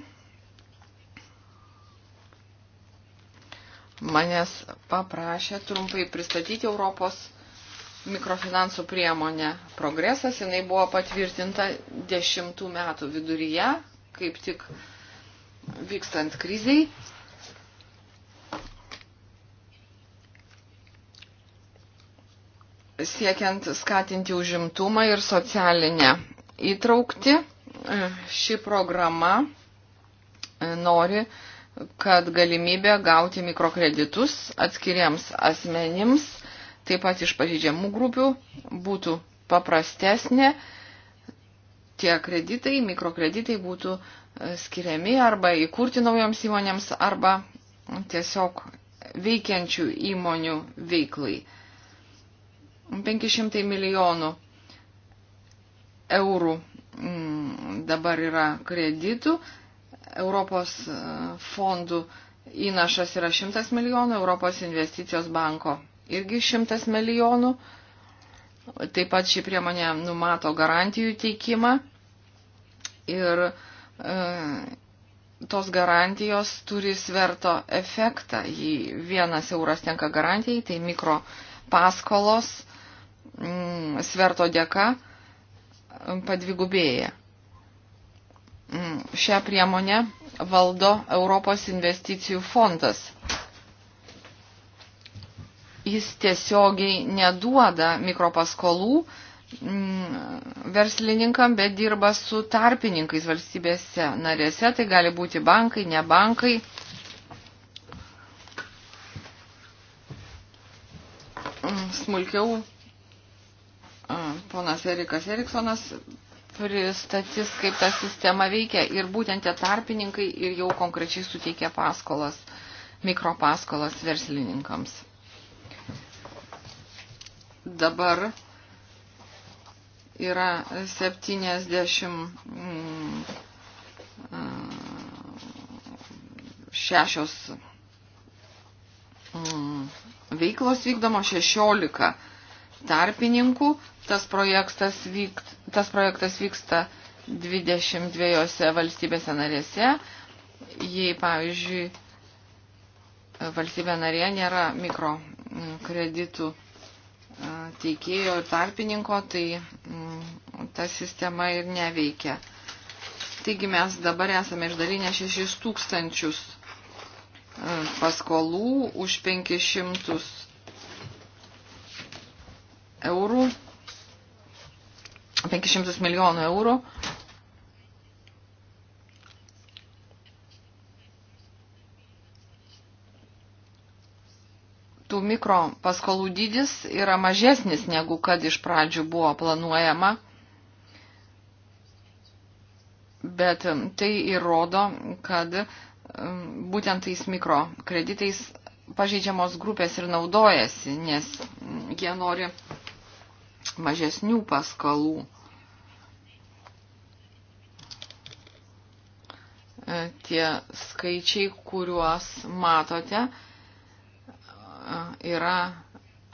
manęs paprašė trumpai pristatyti Europos mikrofinansų priemonę progresas. Jinai buvo patvirtinta dešimtų metų viduryje, kaip tik vykstant kriziai. Siekiant skatinti užimtumą ir socialinę įtraukti, ši programa nori kad galimybė gauti mikrokreditus atskiriems asmenims, taip pat iš pažydžiamų grupių, būtų paprastesnė. Tie kreditai, mikrokreditai būtų e, skiriami arba įkurti naujoms įmonėms, arba tiesiog veikiančių įmonių veiklai. 500 milijonų eurų mm, dabar yra kreditų Europos e, fondų įnašas yra 100 milijonų, Europos investicijos banko irgi 100 milijonų. Taip pat ši priemonė numato garantijų teikimą ir e, tos garantijos turi sverto efektą. Jei vienas euras tenka garantijai, tai mikro paskolos m, mm, sverto dėka e, padvigubėja. Mm, šią priemonę valdo Europos investicijų fondas. Jis tiesiogiai neduoda mikropaskolų mm, verslininkam, bet dirba su tarpininkais valstybėse narėse. Tai gali būti bankai, ne bankai. Mm, smulkiau ponas Erikas Eriksonas pristatys, kaip ta sistema veikia ir būtent tie tarpininkai ir jau konkrečiai suteikia paskolas, mikropaskolas verslininkams. Dabar yra 76 mm, mm, veiklos vykdomo 16 tarpininkų. Tas projektas vykt, Tas projektas vyksta 22 valstybėse narėse. Jei, pavyzdžiui, valstybė narė nėra mikrokreditų mm, teikėjo ir tarpininko, tai mm, ta sistema ir neveikia. Taigi mes dabar esame išdalinę 6 tūkstančius paskolų už 500 eurų 500 milijonų eurų. Tų mikro paskolų dydis yra mažesnis negu kad iš pradžių buvo planuojama, bet um, tai įrodo, kad um, būtent tais mikro kreditais pažeidžiamos grupės ir naudojasi, nes mm, jie nori mažesnių paskalų. E, tie skaičiai, kuriuos matote, e, yra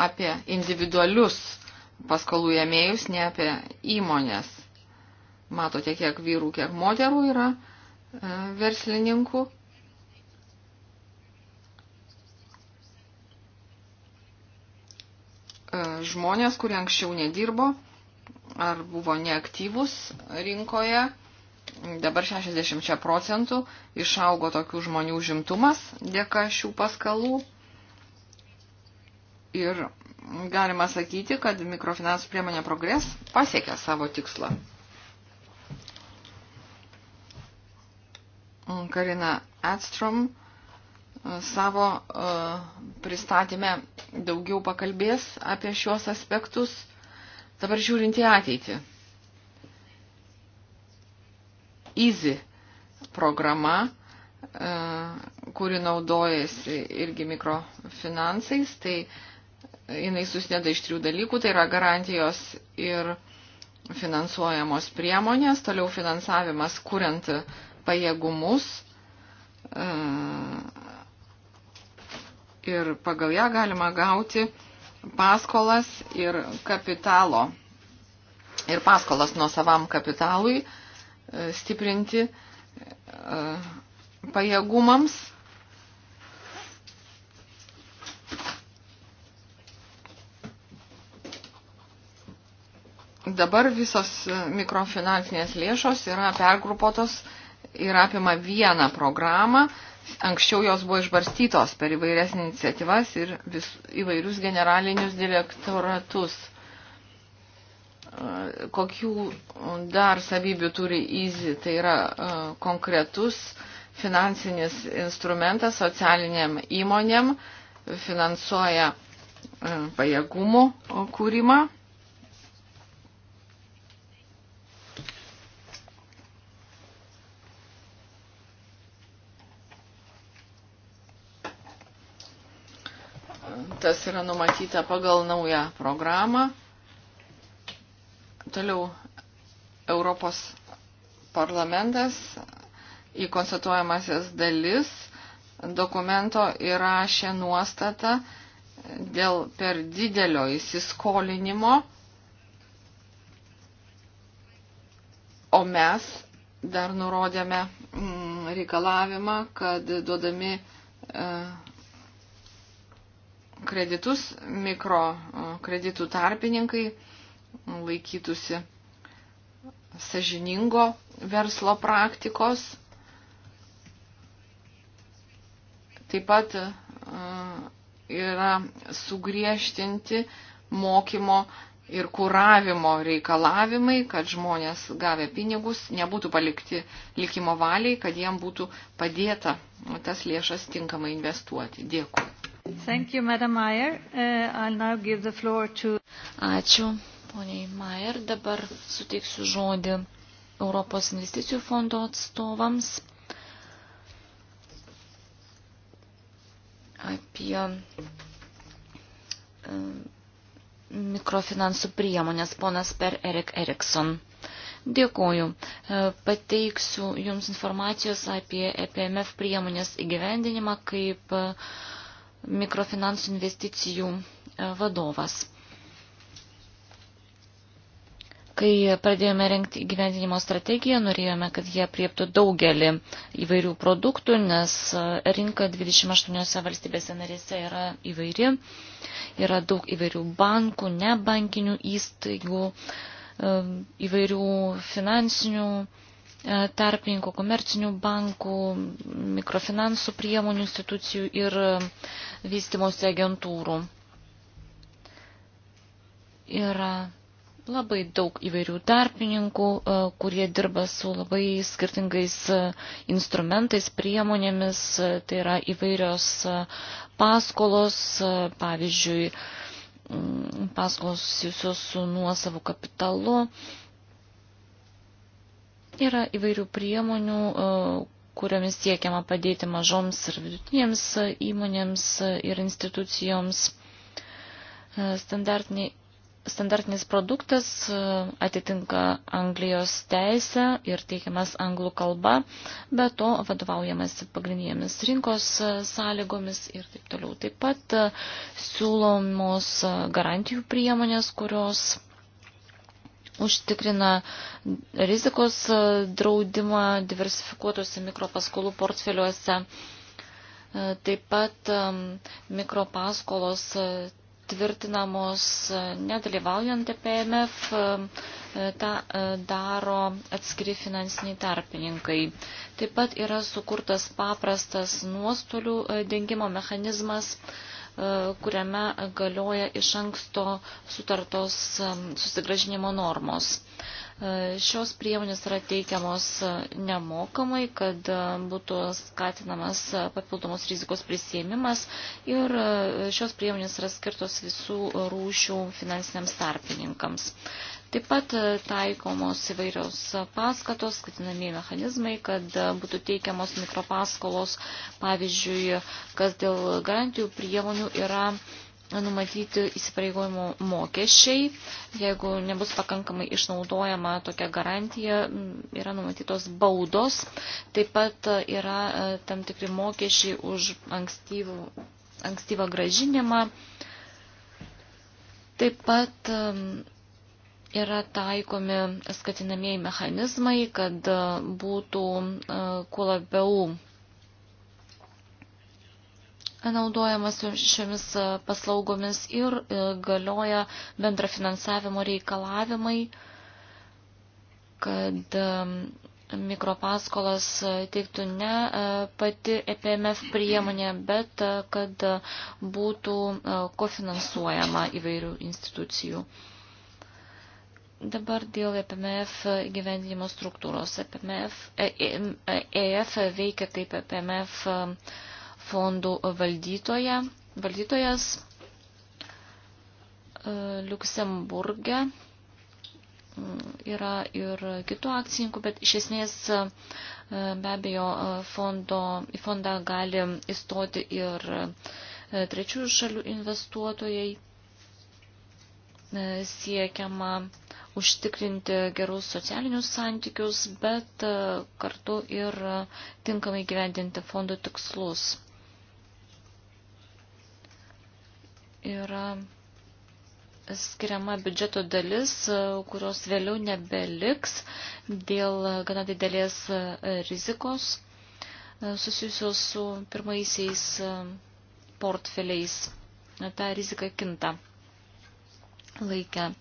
apie individualius paskolų ėmėjus, ne apie įmonės. Matote, kiek vyrų, kiek moterų yra e, verslininkų. E, žmonės, kurie anksčiau nedirbo ar buvo neaktyvus rinkoje, dabar 60 procentų išaugo tokių žmonių žimtumas dėka šių paskalų. Ir galima sakyti, kad mikrofinansų priemonė progres pasiekė savo tikslą. Karina Atstrom savo e, pristatymę daugiau pakalbės apie šios aspektus, dabar žiūrint į ateitį. Easy programa, e, kuri naudojasi irgi mikrofinansais, tai jinai susideda iš trijų dalykų, tai yra garantijos ir finansuojamos priemonės, toliau finansavimas kuriant pajėgumus e, ir pagal ją galima gauti paskolas ir kapitalo ir paskolas nuo savam kapitalui e, stiprinti e, pajėgumams. Dabar visos mikrofinansinės lėšos yra pergrupotos ir apima vieną programą, Anksčiau jos buvo išbarstytos per įvairias iniciatyvas ir vis, įvairius generalinius direktoratus. Kokių dar savybių turi EASY? Tai yra konkretus finansinis instrumentas socialiniam įmonėm, finansuoja pajėgumų kūrimą tas yra numatyta pagal naują programą. Toliau Europos parlamentas į konstatuojamasias dalis dokumento įrašė nuostatą dėl per didelio įsiskolinimo, o mes dar nurodėme mm, reikalavimą, kad duodami e, kreditus, mikro kreditų tarpininkai laikytųsi sažiningo verslo praktikos. Taip pat yra sugriežtinti mokymo ir kuravimo reikalavimai, kad žmonės gavę pinigus nebūtų palikti likimo valiai, kad jiem būtų padėta tas lėšas tinkamai investuoti. Dėkui. Thank you, Madam Mayer. Uh, I'll now give the floor to... Ačiū, poniai Mayer. Dabar suteiksiu žodį Europos investicijų fondo atstovams apie uh, mikrofinansų priemonės ponas per Erik Erikson. Dėkuoju. Uh, pateiksiu Jums informacijos apie EPMF priemonės įgyvendinimą kaip uh, mikrofinansų investicijų e, vadovas. Kai pradėjome renkti įgyvendinimo strategiją, norėjome, kad jie prieptų daugelį įvairių produktų, nes e, rinka 28 valstybėse narėse yra įvairi. Yra daug įvairių bankų, nebankinių įstaigų, e, įvairių finansinių E, tarpininkų, komercinių bankų, mikrofinansų priemonių institucijų ir e, vystimosi agentūrų. Yra labai daug įvairių tarpininkų, e, kurie dirba su labai skirtingais instrumentais, priemonėmis, tai yra įvairios paskolos, pavyzdžiui, paskolos susijusios su nuosavu kapitalu, Yra įvairių priemonių, e, kuriomis siekiama padėti mažoms ir vidutinėms e, įmonėms e, ir institucijoms. Standartiniai standartinis produktas atitinka Anglijos teisę ir teikiamas anglų kalba, be to vadovaujamas pagrindinėmis rinkos sąlygomis ir taip toliau. Taip pat siūlomos garantijų priemonės, kurios užtikrina rizikos e, draudimą diversifikuotose mikropaskolų portfeliuose. E, taip pat e, mikropaskolos tvirtinamos nedalyvaujant PMF, tą daro atskiri finansiniai tarpininkai. Taip pat yra sukurtas paprastas nuostolių dengimo mechanizmas, E, kuriame galioja iš anksto sutartos e, susigražinimo normos. E, šios priemonės yra teikiamos nemokamai, kad būtų skatinamas papildomos rizikos prisėmimas ir šios priemonės yra skirtos visų rūšių finansiniams tarpininkams. Taip pat e, taikomos įvairios paskatos, skatinamieji mechanizmai, kad e, būtų teikiamos mikropaskolos, pavyzdžiui, kas dėl garantijų priemonių yra numatyti įsipareigojimų mokesčiai. Jeigu nebus pakankamai išnaudojama tokia garantija, yra numatytos baudos. Taip pat e, yra tam tikri mokesčiai už ankstyvų, ankstyvą gražinimą. Taip pat yra taikomi skatinamieji mechanizmai, kad e, būtų e, kuo labiau e, naudojamas šiomis paslaugomis ir galioja bendra finansavimo reikalavimai, kad mikropaskolas teiktų ne pati EPMF priemonė, bet kad būtų kofinansuojama įvairių institucijų. Dabar dėl EPMF gyvendinimo struktūros. EPMF, EF e, e, e veikia kaip EPMF um, fondų valdytoja, valdytojas uh, Luksemburge mm, yra ir kitų akcininkų, bet iš esmės uh, be abejo uh, fondo, į fondą gali įstoti ir trečiųjų šalių investuotojai siekiama užtikrinti gerus socialinius santykius, bet e, kartu ir e, tinkamai gyvendinti fondų tikslus. Yra skiriama biudžeto dalis, e, kurios vėliau nebeliks dėl gana didelės rizikos susijusios su pirmaisiais portfeliais. Ta rizika kinta laikę.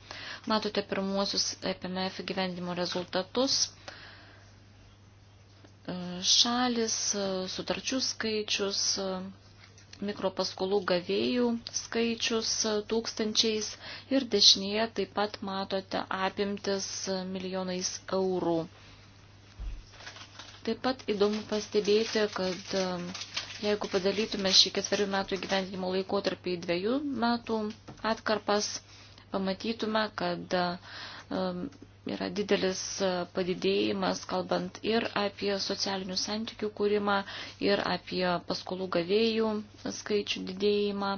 Matote pirmuosius EPMF gyvendimo rezultatus. E, šalis, e, sutarčių skaičius, e, mikropaskolų gavėjų skaičius tūkstančiais ir dešinėje taip pat matote apimtis milijonais eurų. Taip pat įdomu pastebėti, kad jeigu padalytume šį ketverių metų gyvendinimo laikotarpį į dviejų metų atkarpas, pamatytume, kad um, yra didelis padidėjimas, kalbant ir apie socialinių santykių kūrimą, ir apie paskolų gavėjų skaičių didėjimą,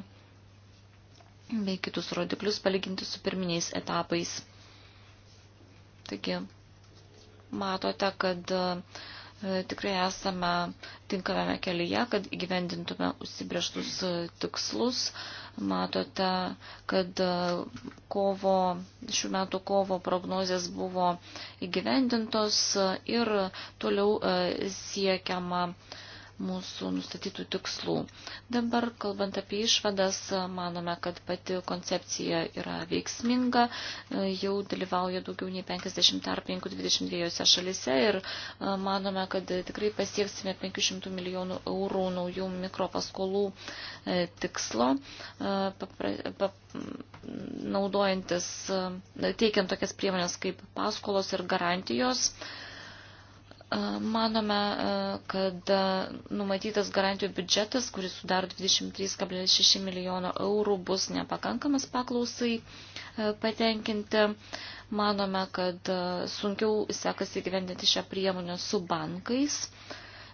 bei kitus rodiklius palyginti su pirminiais etapais. Taigi, matote, kad uh, E, tikrai esame tinkamame kelyje, kad įgyvendintume užsibrieštus e, tikslus. Matote, kad e, kovo, šių metų kovo prognozijas buvo įgyvendintos ir toliau siekiama mūsų nustatytų tikslų. Dabar, kalbant apie išvadas, manome, kad pati koncepcija yra veiksminga, jau dalyvauja daugiau nei 50 tarpininkų 22 šalise ir e, manome, kad tikrai pasieksime 500 milijonų eurų naujų mikropaskolų e, tikslo, e, naudojantis, teikiant tokias priemonės kaip paskolos ir garantijos. Uh, Manome, kad numatytas garantijų biudžetas, kuris sudaro 23,6 milijono eurų, bus nepakankamas paklausai patenkinti. Manome, kad sunkiau sekasi gyvendinti šią priemonę su bankais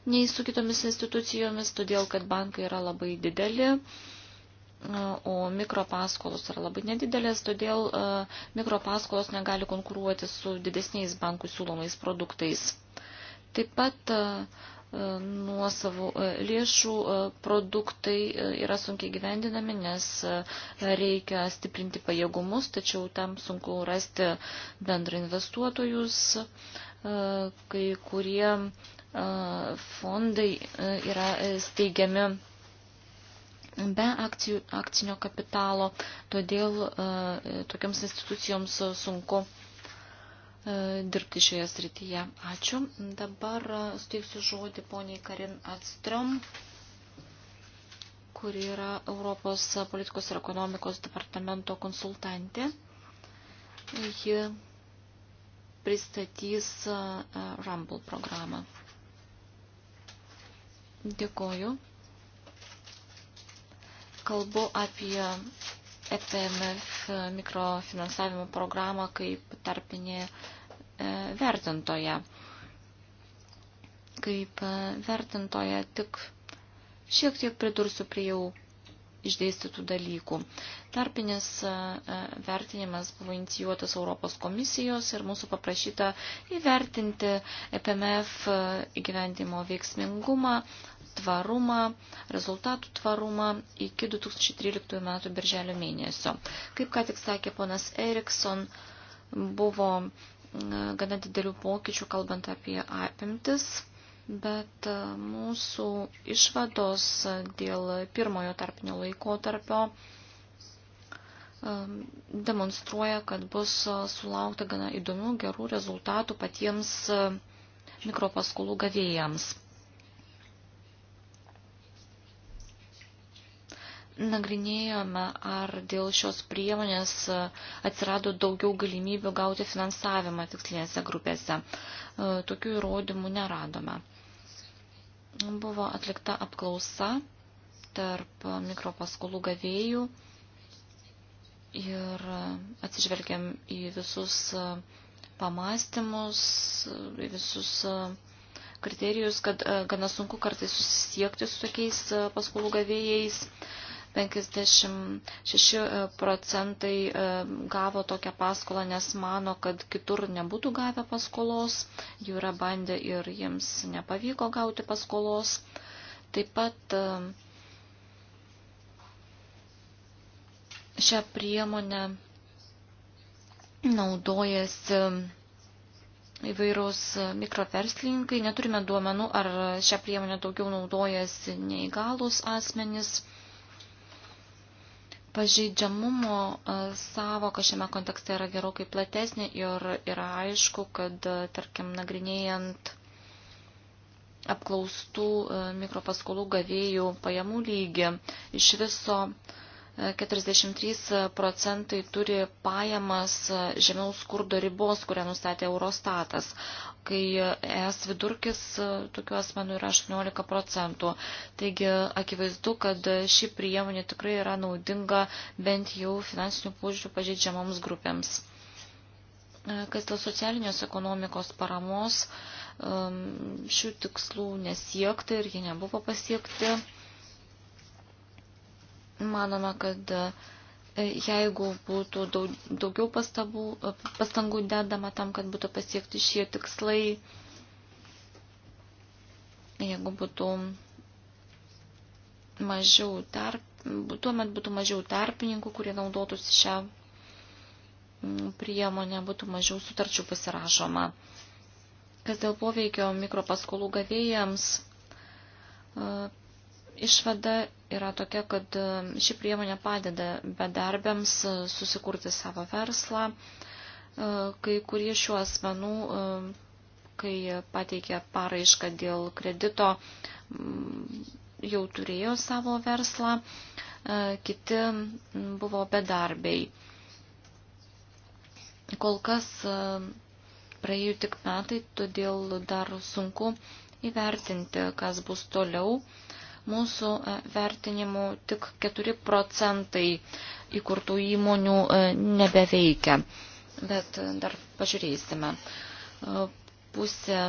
nei su kitomis institucijomis, todėl kad bankai yra labai dideli, o mikropaskolos yra labai nedidelės, todėl mikropaskolos negali konkuruoti su didesniais bankų siūlomais produktais. Taip pat e, e, nuosavų e, lėšų produktai yra sunkiai gyvendinami, nes reikia stiprinti pajėgumus, tačiau tam sunku rasti bendrą investuotojus, kai kurie fondai yra steigiami be akcijų, akcinio kapitalo, todėl tokiams institucijoms sunku E, dirbti šioje srityje. Ačiū. Dabar e, steiksiu žodį poniai Karin Atstrom, kuri yra Europos politikos ir ekonomikos departamento konsultantė. Ji pristatys e, Rumble programą. Dėkoju. Kalbu apie ETMF mikrofinansavimo programą kaip tarpinį e, vertintoje. Kaip e, vertintoje tik šiek tiek pridursiu prie jau išdėstytų dalykų. Tarpinis e, e, vertinimas buvo inicijuotas Europos komisijos ir mūsų paprašyta įvertinti EPMF e, įgyvendimo veiksmingumą, tvarumą, rezultatų tvarumą iki 2013 metų birželio mėnesio. Kaip ką tik sakė ponas Erikson, buvo gana didelių pokyčių, kalbant apie apimtis Bet e, mūsų išvados dėl pirmojo tarpinio laikotarpio e, demonstruoja, kad bus e, sulaukta gana įdomių gerų rezultatų patiems mikropaskolų gavėjams. Nagrinėjome, ar dėl šios priemonės atsirado daugiau galimybių gauti finansavimą tikslinėse grupėse. Tokių įrodymų neradome buvo atlikta apklausa tarp mikropaskolų gavėjų ir atsižvelgiam į visus pamastymus, į visus kriterijus, kad gana sunku kartais susisiekti su tokiais paskolų gavėjais. 56 e, procentai e, gavo tokią paskolą, nes mano, kad kitur nebūtų gavę paskolos, jų yra bandę ir jiems nepavyko gauti paskolos. Taip pat e, šią priemonę naudojasi įvairūs mikroverslininkai. Neturime duomenų, ar šią priemonę daugiau naudojasi neįgalus asmenys. Pažeidžiamumo e, savoka šiame kontekste yra gerokai platesnė ir yra aišku, kad, e, tarkim, nagrinėjant apklaustų e, mikropaskolų gavėjų pajamų lygį, iš viso 43 procentai turi pajamas žemiau skurdo ribos, kurią nustatė Eurostatas, kai ES vidurkis tokių asmenų yra 18 procentų. Taigi akivaizdu, kad ši priemonė tikrai yra naudinga bent jau finansinių požiūrių pažeidžiamoms grupėms. Kas dėl socialinės ekonomikos paramos, šių tikslų nesiekti ir jie nebuvo pasiekti Manome, kad e, jeigu būtų daug, daugiau pastabų, e, pastangų dedama tam, kad būtų pasiekti šie tikslai, jeigu būtų mažiau tarp, tuomet būtų mažiau tarpininkų, kurie naudotųsi šią mm, priemonę, būtų mažiau sutarčių pasirašoma. Kas dėl poveikio mikropaskolų gavėjams, e, išvada yra tokia, kad e, ši priemonė padeda bedarbiams e, susikurti savo verslą. E, kai kurie šių asmenų, kai pateikė paraišką dėl kredito, jau turėjo savo verslą, kiti buvo bedarbiai. Kol kas praėjo tik metai, todėl dar sunku įvertinti, kas bus toliau Mūsų e, vertinimu tik 4 procentai įkurtų įmonių e, nebeveikia, bet e, dar pažiūrėsime. Pusė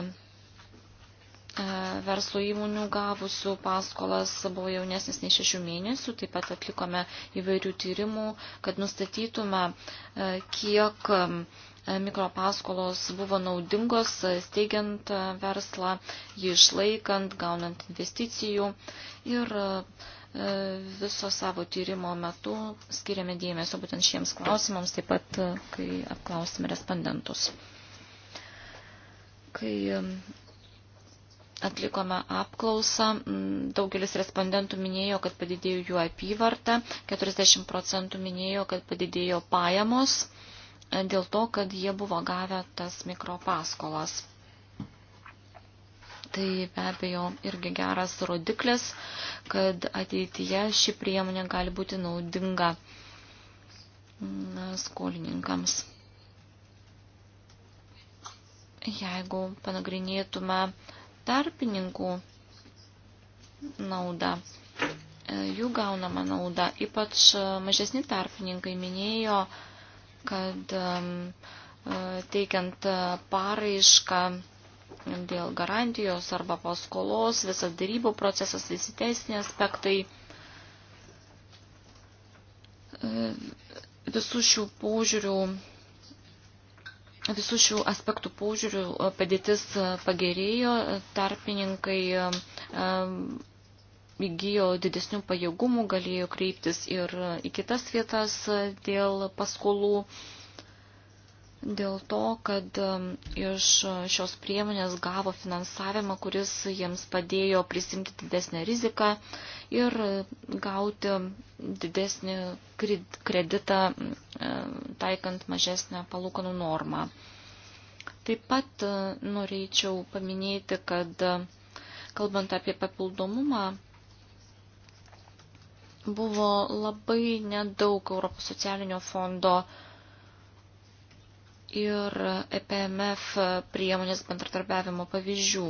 verslo įmonių gavusių paskolas buvo jaunesnis nei šešių mėnesių, taip pat atlikome įvairių tyrimų, kad nustatytume, kiek E, mikropaskolos buvo naudingos e, steigiant e, verslą, jį išlaikant, gaunant investicijų ir viso savo tyrimo metu skiriame dėmesio būtent šiems klausimams, taip pat, kai apklausime respondentus. Kai atlikome apklausą, daugelis respondentų minėjo, kad padidėjo jų apyvarta, 40 procentų minėjo, kad padidėjo pajamos dėl to, kad jie buvo gavę tas mikropaskolas. Tai be abejo irgi geras rodiklis, kad ateityje ši priemonė gali būti naudinga skolininkams. Jeigu panagrinėtume tarpininkų naudą, jų gaunama nauda, ypač mažesni tarpininkai minėjo, kad e, teikiant e, paraišką dėl garantijos arba paskolos, visas dėrybų procesas, visi teisiniai aspektai, e, visų šių požiūrių, visų šių aspektų požiūrių padėtis pagerėjo, tarpininkai įgyjo didesnių pajėgumų, galėjo kreiptis ir į kitas vietas dėl paskolų. Dėl to, kad um, iš šios priemonės gavo finansavimą, kuris jiems padėjo prisimti didesnę riziką ir gauti didesnį kreditą um, taikant mažesnę palūkanų normą. Taip pat uh, norėčiau paminėti, kad um, kalbant apie papildomumą, buvo labai nedaug Europos socialinio fondo ir EPMF priemonės bendradarbiavimo pavyzdžių.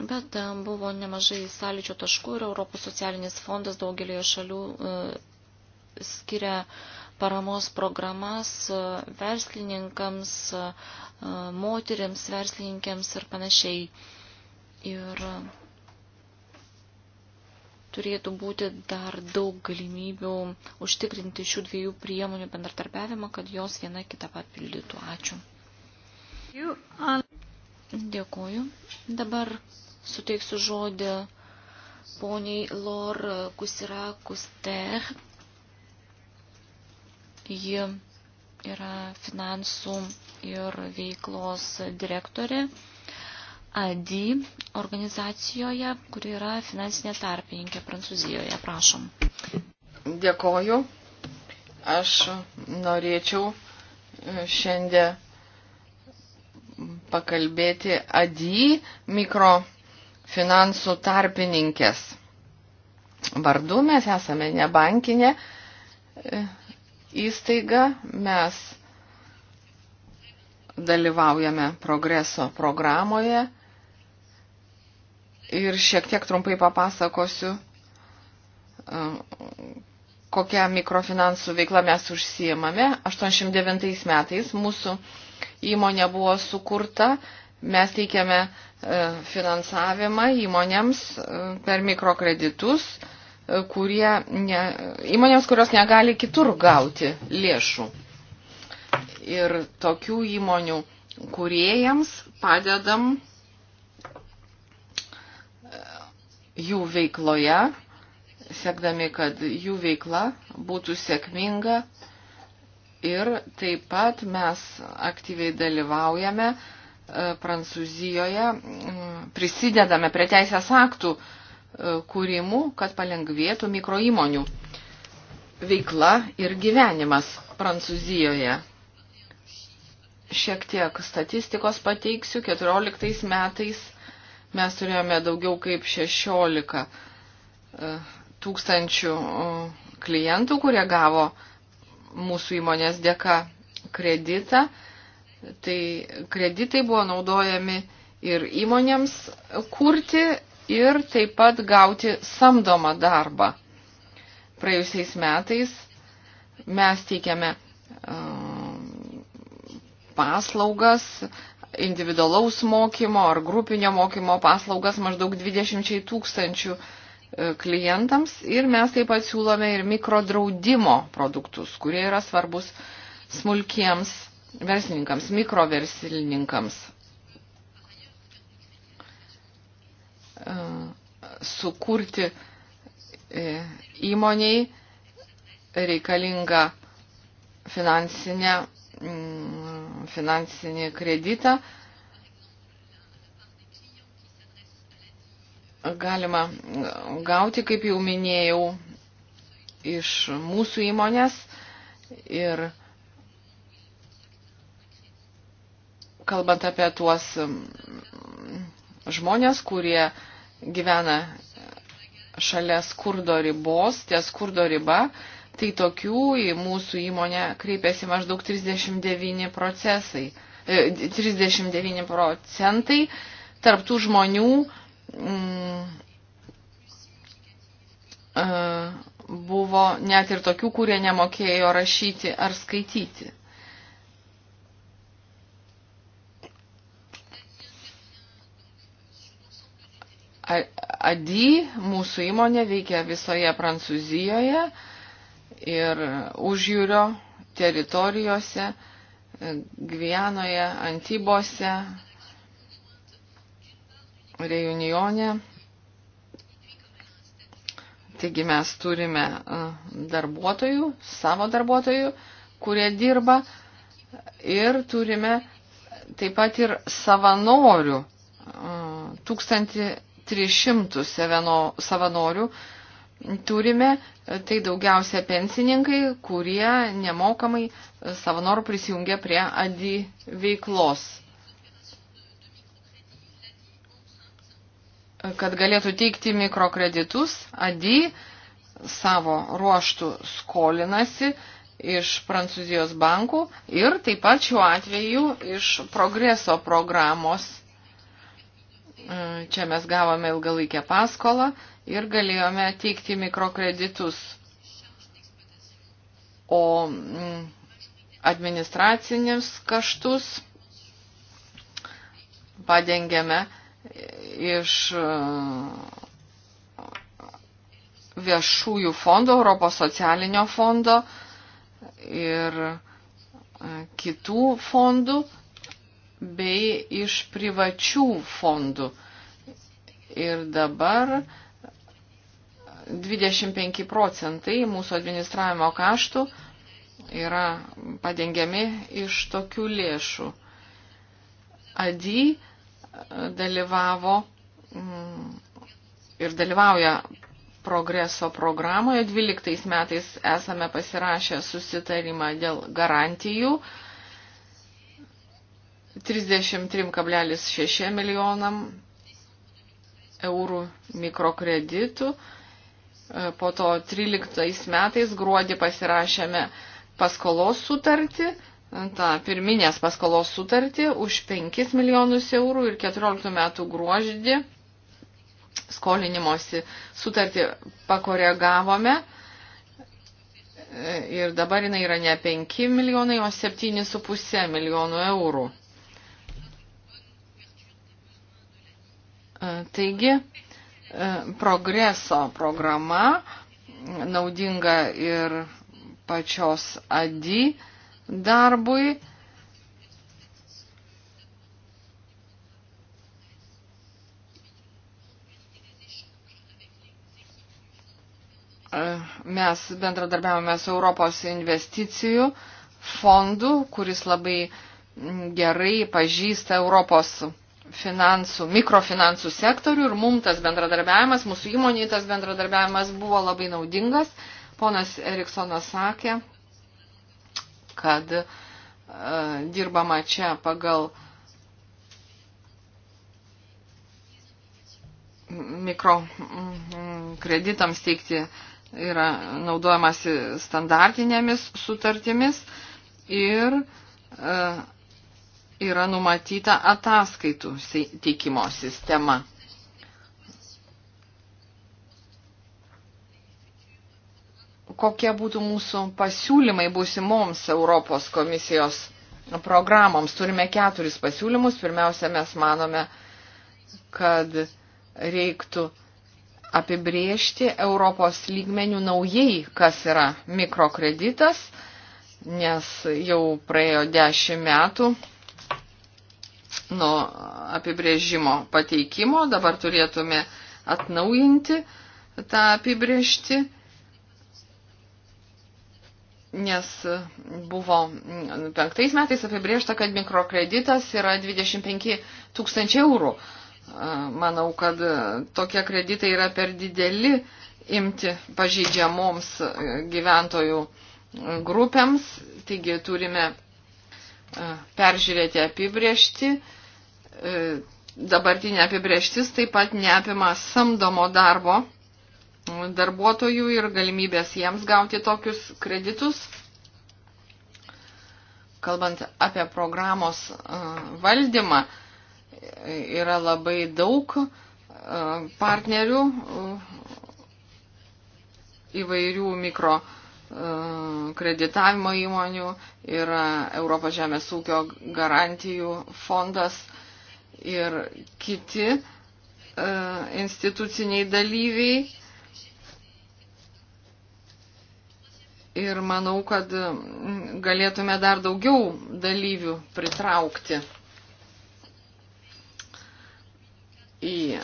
Bet e, buvo nemažai sąlyčio taškų ir Europos socialinis fondas daugelėje šalių e, skiria paramos programas e, verslininkams, moteriams, verslininkėms ir panašiai. Ir turėtų būti dar daug galimybių užtikrinti šių dviejų priemonių bendratarpiavimą, kad jos viena kitą papildytų. Ačiū. Dėkuoju. Dabar suteiksiu žodį poniai Lor Kusira Kuster. Ji yra finansų ir veiklos direktorė AD organizacijoje, kuri yra finansinė tarpininkė Prancūzijoje. Prašom. Dėkoju. Aš norėčiau e, šiandien pakalbėti ADI mikrofinansų tarpininkės vardu. Mes esame nebankinė e, įstaiga, mes dalyvaujame progreso programoje ir šiek tiek trumpai papasakosiu, um, kokią mikrofinansų veiklą mes užsijimame. 89 metais mūsų įmonė buvo sukurta, mes teikiame e, finansavimą įmonėms e, per mikrokreditus, e, kurie ne, įmonėms, kurios negali kitur gauti lėšų. Ir tokių įmonių kuriejams padedam jų veikloje, siekdami, kad jų veikla būtų sėkminga ir taip pat mes aktyviai dalyvaujame e, Prancūzijoje, prisidedame prie teisės aktų e, kūrimų, kad palengvėtų mikroįmonių veikla ir gyvenimas Prancūzijoje. Šiek tiek statistikos pateiksiu. 14 metais mes turėjome daugiau kaip 16 e, tūkstančių klientų, kurie gavo mūsų įmonės dėka kreditą. Tai kreditai buvo naudojami ir įmonėms kurti ir taip pat gauti samdomą darbą. Praėjusiais metais mes teikiame e, paslaugas individualaus mokymo ar grupinio mokymo paslaugas maždaug 20 tūkstančių e, klientams ir mes taip pat siūlome ir mikrodraudimo produktus, kurie yra svarbus smulkiems verslininkams, mikroverslininkams. E, sukurti e, įmoniai reikalinga finansinė mm, finansinį kreditą, galima gauti, kaip jau minėjau, iš mūsų įmonės ir kalbant apie tuos žmonės, kurie gyvena šalia skurdo ribos, ties skurdo riba Tai tokių į mūsų įmonę kreipiasi maždaug 39 procesai. 39 e, procentai tarptų žmonių mm, e, buvo net ir tokių, kurie nemokėjo rašyti ar skaityti. ADI mūsų įmonė veikia visoje Prancūzijoje ir užjūrio teritorijose, Gvianoje, Antibose, Reunione. Taigi mes turime e, darbuotojų, savo darbuotojų, kurie dirba ir turime taip pat ir savanorių, 1300 e, savanorių, turime, tai daugiausia pensininkai, kurie nemokamai savo norų prisijungia prie ADI veiklos. Kad galėtų teikti mikrokreditus, ADI savo ruoštų skolinasi iš Prancūzijos bankų ir taip pat šiuo atveju iš progreso programos Čia mes gavome ilgalaikę paskolą ir galėjome teikti mikrokreditus. O mm, administracinius kaštus padengiame iš e, viešųjų fondų, Europos socialinio fondo ir e, kitų fondų bei iš privačių fondų. Ir dabar 25 procentai mūsų administravimo kaštų yra padengiami iš tokių lėšų. ADI e, dalyvavo mm, ir dalyvauja progreso programoje. 12 metais esame pasirašę susitarimą dėl garantijų 33,6 milijonam eurų mikrokreditų. E, po to 13 metais gruodį pasirašėme paskolos sutartį, tą pirminės paskolos sutartį už 5 milijonus eurų ir 14 metų gruodį skolinimosi sutartį pakoregavome e, ir dabar jinai yra ne 5 milijonai, o 7,5 milijonų eurų. E, taigi, e, progreso programa naudinga ir pačios ADI darbui. E, mes bendradarbiavome su Europos investicijų fondu, kuris labai gerai pažįsta Europos finansų, mikrofinansų sektorių ir mums tas bendradarbiavimas, mūsų įmoniai tas bendradarbiavimas buvo labai naudingas. Ponas Eriksonas sakė, kad e, dirbama čia pagal mikrokreditams mm, teikti yra naudojamasi standartinėmis sutartimis ir e, yra numatyta ataskaitų teikimo sistema. Kokie būtų mūsų pasiūlymai būsimoms Europos komisijos programoms? Turime keturis pasiūlymus. Pirmiausia, mes manome, kad reiktų apibriežti Europos lygmenių naujai, kas yra mikrokreditas, nes jau praėjo dešimt metų nuo apibrėžimo pateikimo, dabar turėtume atnaujinti tą apibrėžti, nes buvo penktais metais apibrėžta, kad mikrokreditas yra 25 tūkstančiai eurų. Manau, kad tokie kreditai yra per dideli imti pažeidžiamoms gyventojų grupėms, taigi turime peržiūrėti apibriežti E, dabartinė apibrieštis taip pat neapima samdomo darbo darbuotojų ir galimybės jiems gauti tokius kreditus. Kalbant apie programos e, valdymą, e, yra labai daug partnerių įvairių mikro kreditavimo įmonių, yra Europos žemės ūkio garantijų fondas, ir kiti e, instituciniai dalyviai. Ir manau, kad galėtume dar daugiau dalyvių pritraukti į e,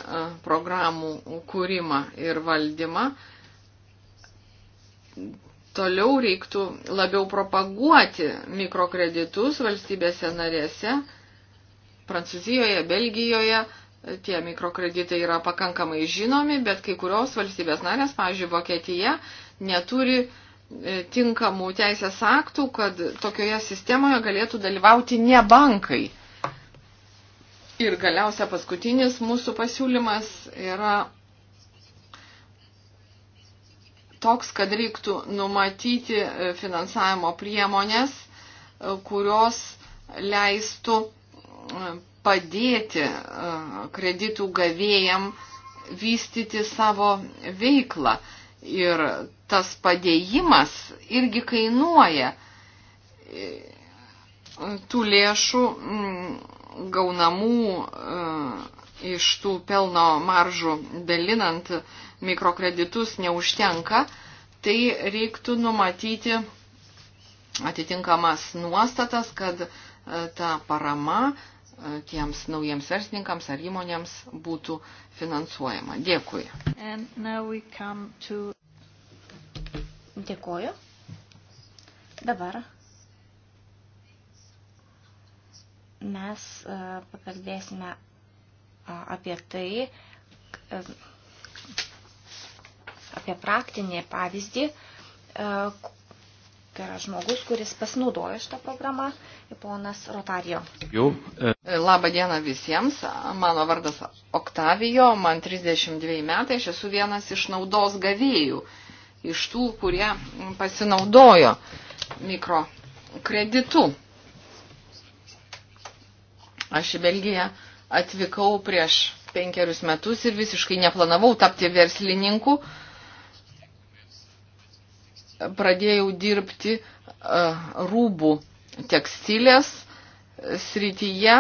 programų kūrimą ir valdymą. Toliau reiktų labiau propaguoti mikrokreditus valstybėse narėse Prancūzijoje, Belgijoje tie mikrokreditai yra pakankamai žinomi, bet kai kurios valstybės narės, pavyzdžiui, Vokietija, neturi e, tinkamų teisės aktų, kad tokioje sistemoje galėtų dalyvauti ne bankai. Ir galiausia paskutinis mūsų pasiūlymas yra toks, kad reiktų numatyti e, finansavimo priemonės, e, kurios leistų padėti e, kreditų gavėjam vystyti savo veiklą. Ir tas padėjimas irgi kainuoja. E, tų lėšų gaunamų e, iš tų pelno maržų dalinant mikrokreditus neužtenka, tai reiktų numatyti atitinkamas nuostatas, kad ta parama tiems naujiems verslininkams ar įmonėms būtų finansuojama. Dėkui. To... Dėkuoju. Dabar mes e, pakalbėsime apie tai, e, apie praktinį pavyzdį, e, Tai yra žmogus, kuris pasinaudojo šitą programą, ponas Rotario. Jau. E... Labą dieną visiems. Mano vardas Oktavijo, man 32 metai, aš esu vienas iš naudos gavėjų, iš tų, kurie pasinaudojo mikrokreditu. Aš į Belgiją atvykau prieš penkerius metus ir visiškai neplanavau tapti verslininku pradėjau dirbti rūbų tekstilės srityje,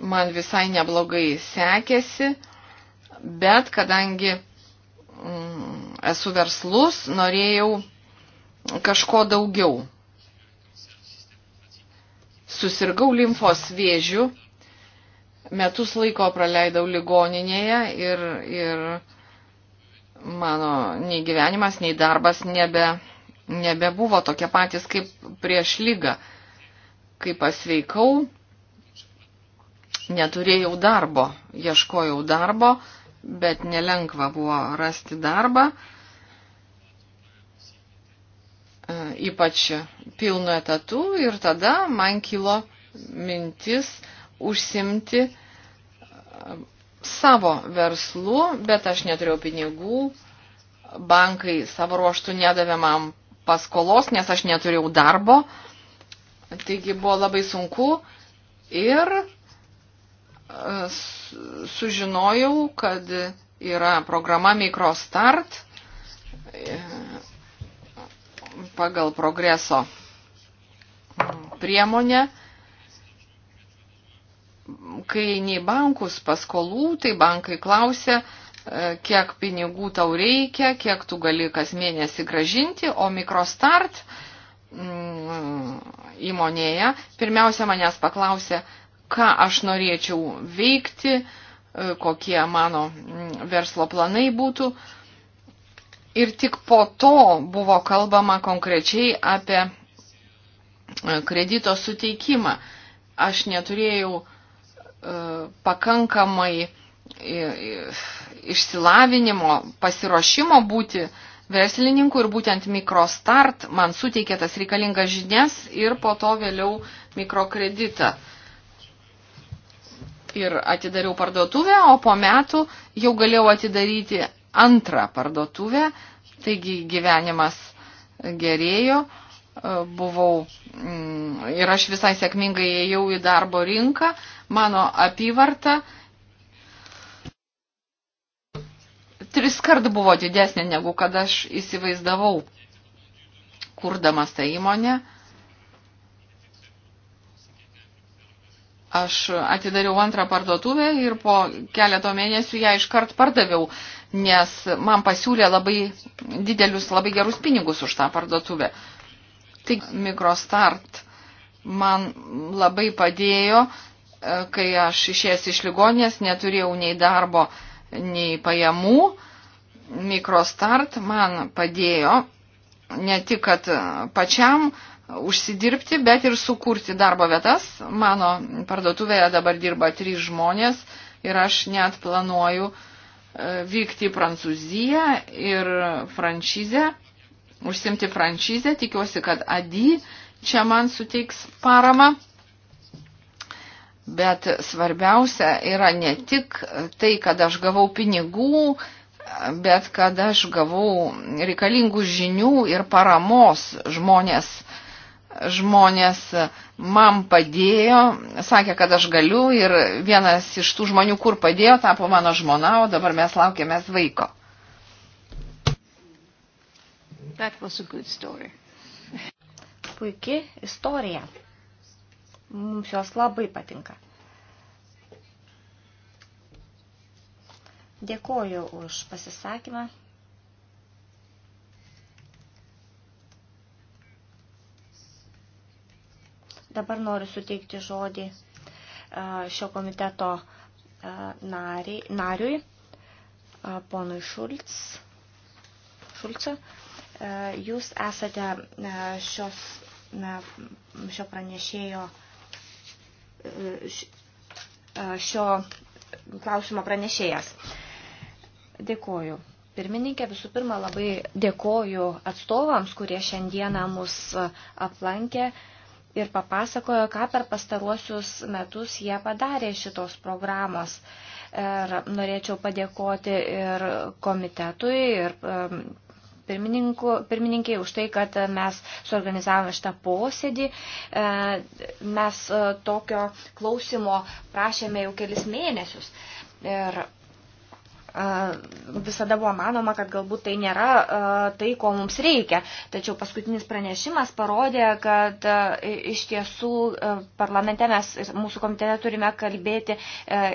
man visai neblogai sekėsi, bet kadangi mm, esu verslus, norėjau kažko daugiau. Susirgau limfos vėžių, metus laiko praleidau ligoninėje ir, ir mano nei gyvenimas, nei darbas nebe nebebuvo tokie patys kaip prieš lygą. Kai pasveikau, neturėjau darbo, ieškojau darbo, bet nelengva buvo rasti darbą, e, ypač pilnu etatu ir tada man kilo mintis užsimti e, savo verslu, bet aš neturėjau pinigų, bankai savo ruoštų nedavė man paskolos, nes aš neturėjau darbo. Taigi buvo labai sunku ir e, sužinojau, kad yra programa MicroStart e, pagal progreso priemonę. Kai nei bankus paskolų, tai bankai klausė, kiek pinigų tau reikia, kiek tu gali kas mėnesį gražinti, o mikrostart mm, įmonėje pirmiausia manęs paklausė, ką aš norėčiau veikti, e, kokie mano mm, verslo planai būtų. Ir tik po to buvo kalbama konkrečiai apie e, kredito suteikimą. Aš neturėjau e, pakankamai uh, išsilavinimo, pasiruošimo būti verslininku ir būtent mikrostart man suteikė tas reikalingas žinias ir po to vėliau mikrokreditą. Ir atidariau parduotuvę, o po metų jau galėjau atidaryti antrą parduotuvę, taigi gyvenimas gerėjo, buvau mm, ir aš visai sėkmingai ėjau į darbo rinką, mano apyvarta tris kart buvo didesnė negu kad aš įsivaizdavau, kurdamas tą įmonę. Aš atidariau antrą parduotuvę ir po keleto mėnesių ją iškart pardaviau, nes man pasiūlė labai didelius, labai gerus pinigus už tą parduotuvę. Tai mikrostart man labai padėjo, e, kai aš išėjęs iš ligonės, neturėjau nei darbo, nei pajamų, Mikrostart man padėjo ne tik, kad pačiam užsidirbti, bet ir sukurti darbo vietas. Mano parduotuvėje dabar dirba trys žmonės ir aš net planuoju e, vykti į Prancūziją ir franšizę, užsimti franšizę. Tikiuosi, kad Adi čia man suteiks paramą. Bet svarbiausia yra ne tik tai, kad aš gavau pinigų, bet kad aš gavau reikalingų žinių ir paramos žmonės. Žmonės man padėjo, sakė, kad aš galiu ir vienas iš tų žmonių, kur padėjo, tapo mano žmona, o dabar mes laukiamės vaiko. Puiki istorija. Mums jos labai patinka. Dėkoju už pasisakymą. Dabar noriu suteikti žodį šio komiteto nariai, nariui, ponui Šulc. Šulcu. Jūs esate šios, šio pranešėjo, šio klausimo pranešėjas. Dėkoju. Pirmininkė, visų pirma, labai dėkoju atstovams, kurie šiandieną mus aplankė ir papasakojo, ką per pastaruosius metus jie padarė šitos programos. Ir norėčiau padėkoti ir komitetui, ir pirmininkiai už tai, kad mes suorganizavome šitą posėdį. E, mes e, tokio klausimo prašėme jau kelis mėnesius. Ir visada buvo manoma, kad galbūt tai nėra tai, ko mums reikia. Tačiau paskutinis pranešimas parodė, kad iš tiesų parlamente mes ir mūsų komitete turime kalbėti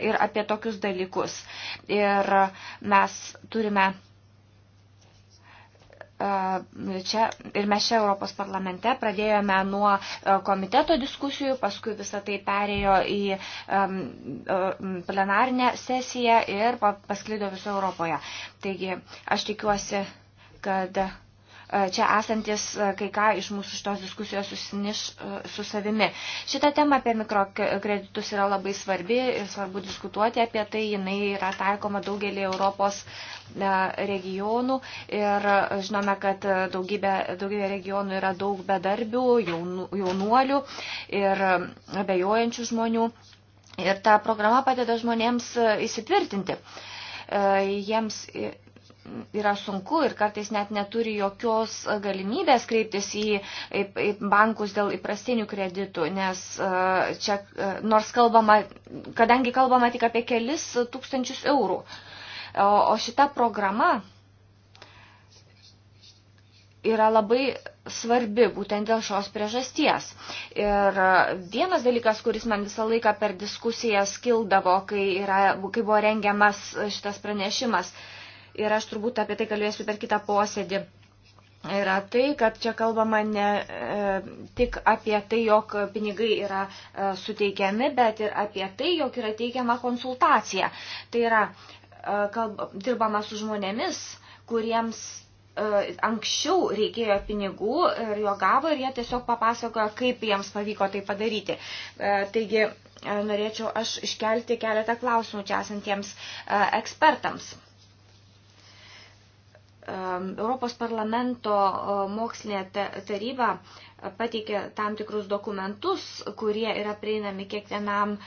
ir apie tokius dalykus. Ir mes turime E, čia ir mes čia Europos parlamente pradėjome nuo e, komiteto diskusijų, paskui visą tai perėjo į e, plenarinę sesiją ir pasklido viso Europoje. Taigi aš tikiuosi, kad čia esantis e, kai ką iš mūsų šitos diskusijos susiniš e, su savimi. Šitą temą apie mikrokreditus yra labai svarbi ir svarbu diskutuoti apie tai. Jinai yra taikoma daugelį Europos e, regionų ir žinome, kad daugybė, daugybė regionų yra daug bedarbių, jaunu, jaunuolių ir abejojančių žmonių. Ir ta programa padeda žmonėms įsitvirtinti. Jiems yra sunku ir kartais net neturi jokios galimybės kreiptis į, į, į bankus dėl įprastinių kreditų, nes e, čia e, nors kalbama, kadangi kalbama tik apie kelis tūkstančius eurų. O, o šita programa yra labai svarbi būtent dėl šios priežasties. Ir vienas dalykas, kuris man visą laiką per diskusiją skildavo, kai, yra, kai buvo rengiamas šitas pranešimas, uh, ir aš turbūt apie tai kalbėsiu per kitą posėdį, yra tai, kad čia kalbama ne e, tik apie tai, jog pinigai yra e, suteikiami, bet ir apie tai, jog yra teikiama konsultacija. Tai yra e, kalb, dirbama su žmonėmis, kuriems e, anksčiau reikėjo pinigų ir jo gavo ir jie tiesiog papasakojo, kaip jiems pavyko tai padaryti. E, taigi e, norėčiau aš iškelti keletą klausimų čia esantiems ekspertams. Europos parlamento mokslinė taryba pateikė tam tikrus dokumentus, kurie yra prieinami kiekvienam e,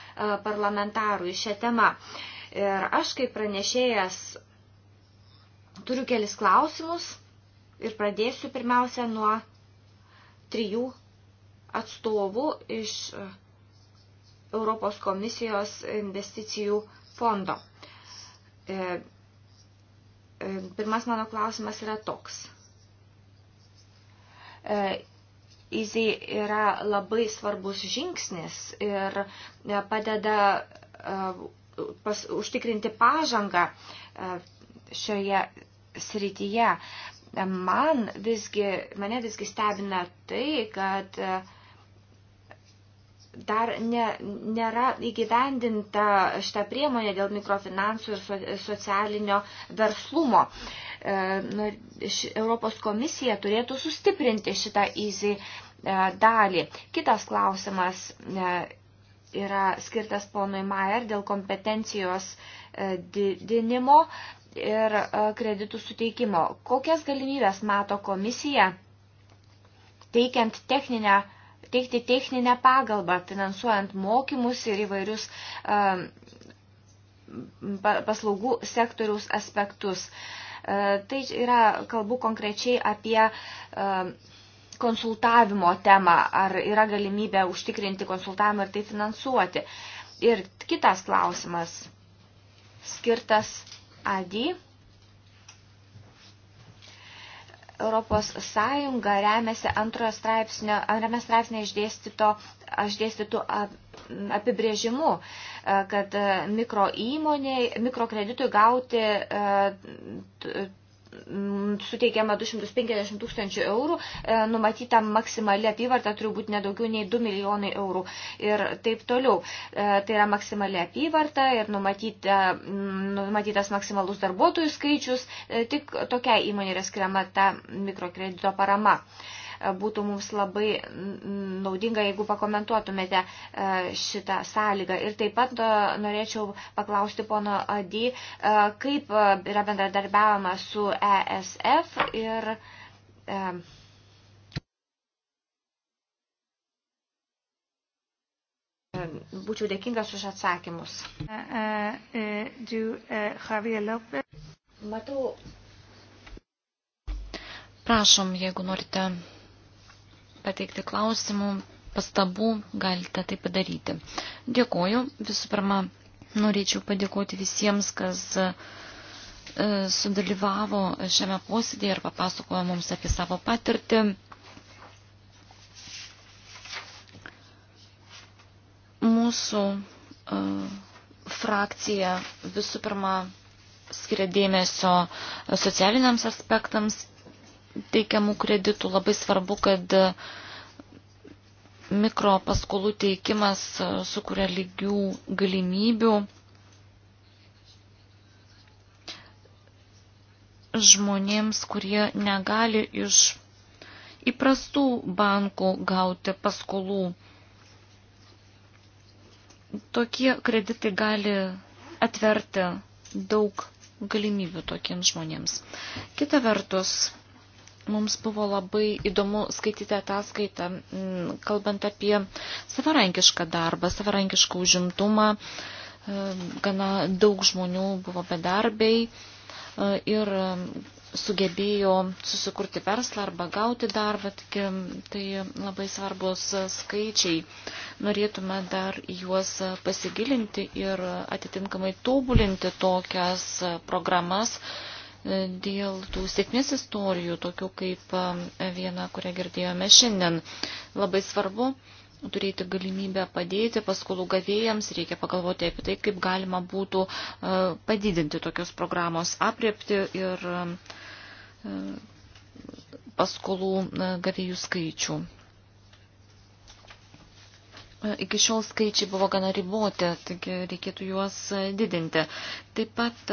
parlamentarui šią temą. Ir aš kaip pranešėjas turiu kelis klausimus ir pradėsiu pirmiausia nuo trijų atstovų iš e, Europos komisijos investicijų fondo. E, E, pirmas mano klausimas yra toks. Easy yra labai svarbus žingsnis ir e, padeda e, pas, užtikrinti pažangą šioje srityje. Man visgi, mane visgi stebina tai, kad uh, dar ne, nėra įgyvendinta šitą priemonę dėl mikrofinansų ir so, socialinio verslumo. E, nu, Europos komisija turėtų sustiprinti šitą įzį e, dalį. Kitas klausimas e, yra skirtas ponui Maier dėl kompetencijos e, didinimo ir e, kreditų suteikimo. Kokias galimybės mato komisija teikiant techninę e, teikti techninę pagalbą, finansuojant mokymus ir įvairius um, paslaugų sektoriaus aspektus. Uh, tai yra, kalbu konkrečiai apie um, konsultavimo temą, ar yra galimybė užtikrinti konsultavimą ir tai finansuoti. Ir kitas klausimas skirtas AD Europos Sąjunga remiasi antrojo straipsnio, antrame straipsnė išdėstyto, išdėstytų apibrėžimu, e, kad mikro įmoniai, mikrokreditui gauti e, suteikiama 250 tūkstančių eurų, e, numatyta maksimali apyvarta turi būti nedaugiau nei 2 milijonai eurų ir taip toliau. E, tai yra maksimali apyvarta ir numatyta, mm, numatytas maksimalus darbuotojų skaičius, e, tik tokiai įmonė yra skiriama ta mikrokredito parama. Uh, būtų mums labai naudinga, jeigu pakomentuotumėte e, šitą sąlygą. Ir taip pat e, norėčiau paklausti pono Adi, e, kaip yra bendradarbiavama su ESF ir Būčiau dėkingas už atsakymus. Matau. Prašom, jeigu norite pateikti klausimų, pastabų, galite tai padaryti. Dėkoju. Visų pirma, norėčiau padėkoti visiems, kas e, sudalyvavo šiame posėdėje ir papasakojo mums apie savo patirtį. Mūsų uh, frakcija visų pirma skiria dėmesio socialiniams aspektams teikiamų kreditų. Labai svarbu, kad e, mikropaskolų teikimas e, sukuria lygių galimybių žmonėms, kurie negali iš įprastų bankų gauti paskolų. Tokie kreditai gali atverti daug galimybių tokiems žmonėms. Kita vertus, Mums buvo labai įdomu skaityti ataskaitą, mm, kalbant apie savarankišką darbą, savarankišką užimtumą. Gana daug žmonių buvo bedarbiai e, ir sugebėjo susikurti verslą arba gauti darbą, taigi tai labai svarbus e, skaičiai. Norėtume dar juos e, pasigilinti ir atitinkamai tobulinti tokias programas, dėl tų sėkmės istorijų, tokių kaip um, viena, kurią girdėjome šiandien. Labai svarbu turėti galimybę padėti paskolų gavėjams, reikia pagalvoti apie tai, kaip galima būtų uh, padidinti tokios programos apriepti ir um, uh, paskolų uh, gavėjų skaičių. Iki šiol skaičiai buvo gana riboti, taigi reikėtų juos didinti. Taip pat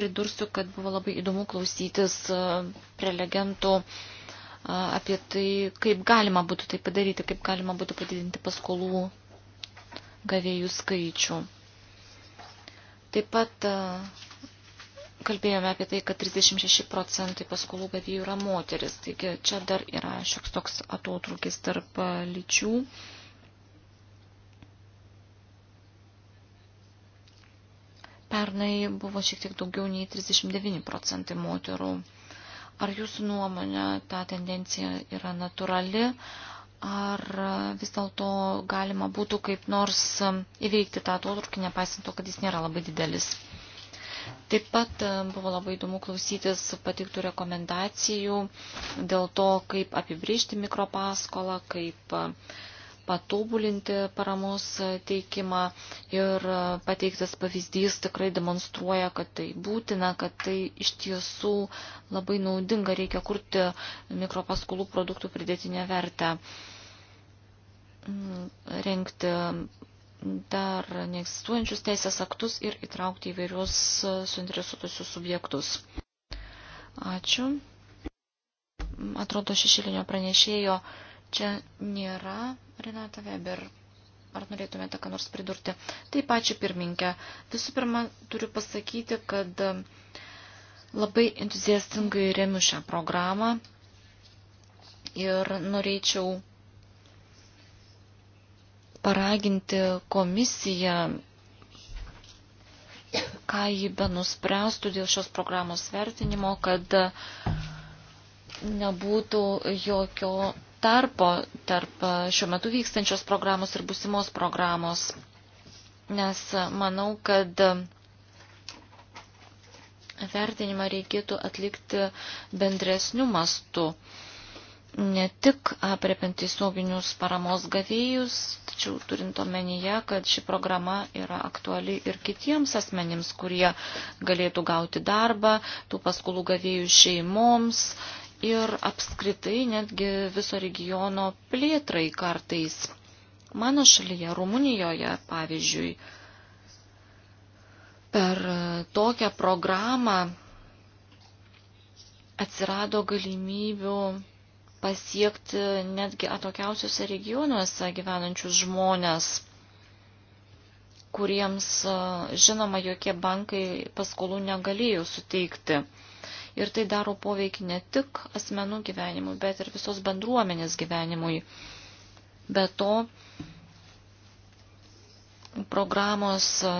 pridursiu, kad buvo labai įdomu klausytis e, prelegentų e, apie tai, kaip galima būtų tai padaryti, kaip galima būtų padidinti paskolų gavėjų skaičių. Taip pat e, kalbėjome apie tai, kad 36 procentai paskolų gavėjų yra moteris, taigi čia dar yra šioks toks atotrukis tarp lyčių. Uh, Pernai buvo šiek tiek daugiau nei 39 procentai moterų. Ar jūsų nuomonė ta tendencija yra natūrali, ar vis dėlto galima būtų kaip nors įveikti tą atotrukį, nepaisant to, kad jis nėra labai didelis? Taip pat e, buvo labai įdomu klausytis patiktų rekomendacijų dėl to, kaip apibriežti mikropaskolą, kaip uh, patobulinti paramos teikimą ir pateiktas pavyzdys tikrai demonstruoja, kad tai būtina, kad tai iš tiesų labai naudinga, reikia kurti mikropaskolų produktų pridėtinę vertę, renkti dar neegzistuojančius teisės aktus ir įtraukti įvairius suinteresuotusius subjektus. Ačiū. Atrodo, šešėlinio pranešėjo Čia nėra Renata Weber. Ar norėtumėte ką nors pridurti? Taip, ačiū pirminkę. Visų pirma, turiu pasakyti, kad um, labai entuziastingai remiu šią programą ir norėčiau paraginti komisiją ką jį be nuspręstų dėl šios programos vertinimo, kad nebūtų jokio tarpo tarp e, šiuo metu vykstančios programos ir busimos programos, nes e, manau, kad e, vertinimą reikėtų atlikti bendresnių mastų, ne tik apriepiant tiesioginius paramos gavėjus, tačiau turint omenyje, kad ši programa yra aktuali ir kitiems asmenims, kurie galėtų gauti darbą, tų paskolų gavėjų šeimoms ir apskritai netgi viso regiono plėtrai kartais. Mano šalyje, Rumunijoje, pavyzdžiui, per tokią programą atsirado galimybių pasiekti netgi atokiausiuose regionuose gyvenančius žmonės, kuriems žinoma jokie bankai paskolų negalėjo suteikti ir tai daro poveikį ne tik asmenų gyvenimui, bet ir visos bendruomenės gyvenimui. Be to, programos e,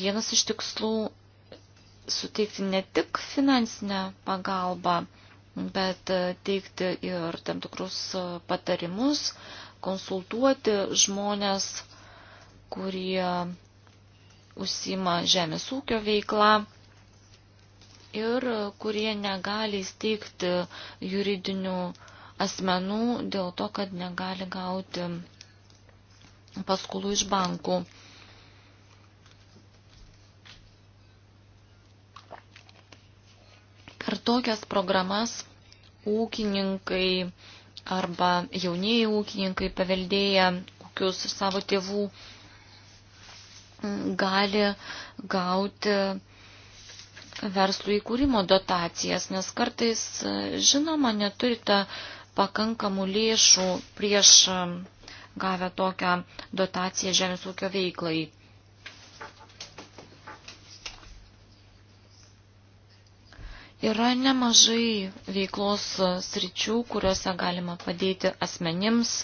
vienas iš tikslų suteikti ne tik finansinę pagalbą, bet e, teikti ir tam tikrus e, patarimus, konsultuoti žmonės, kurie užsima žemės ūkio veiklą ir e, kurie negali steigti juridinių asmenų dėl to, kad negali gauti paskolų iš bankų. Per tokias programas ūkininkai arba jaunieji ūkininkai paveldėję ūkius savo tėvų gali gauti verslų įkūrimo dotacijas, nes kartais, e, žinoma, neturite pakankamų lėšų prieš e, gavę tokią dotaciją žemės ūkio veiklai. Yra nemažai veiklos e, sričių, kuriuose galima padėti asmenims,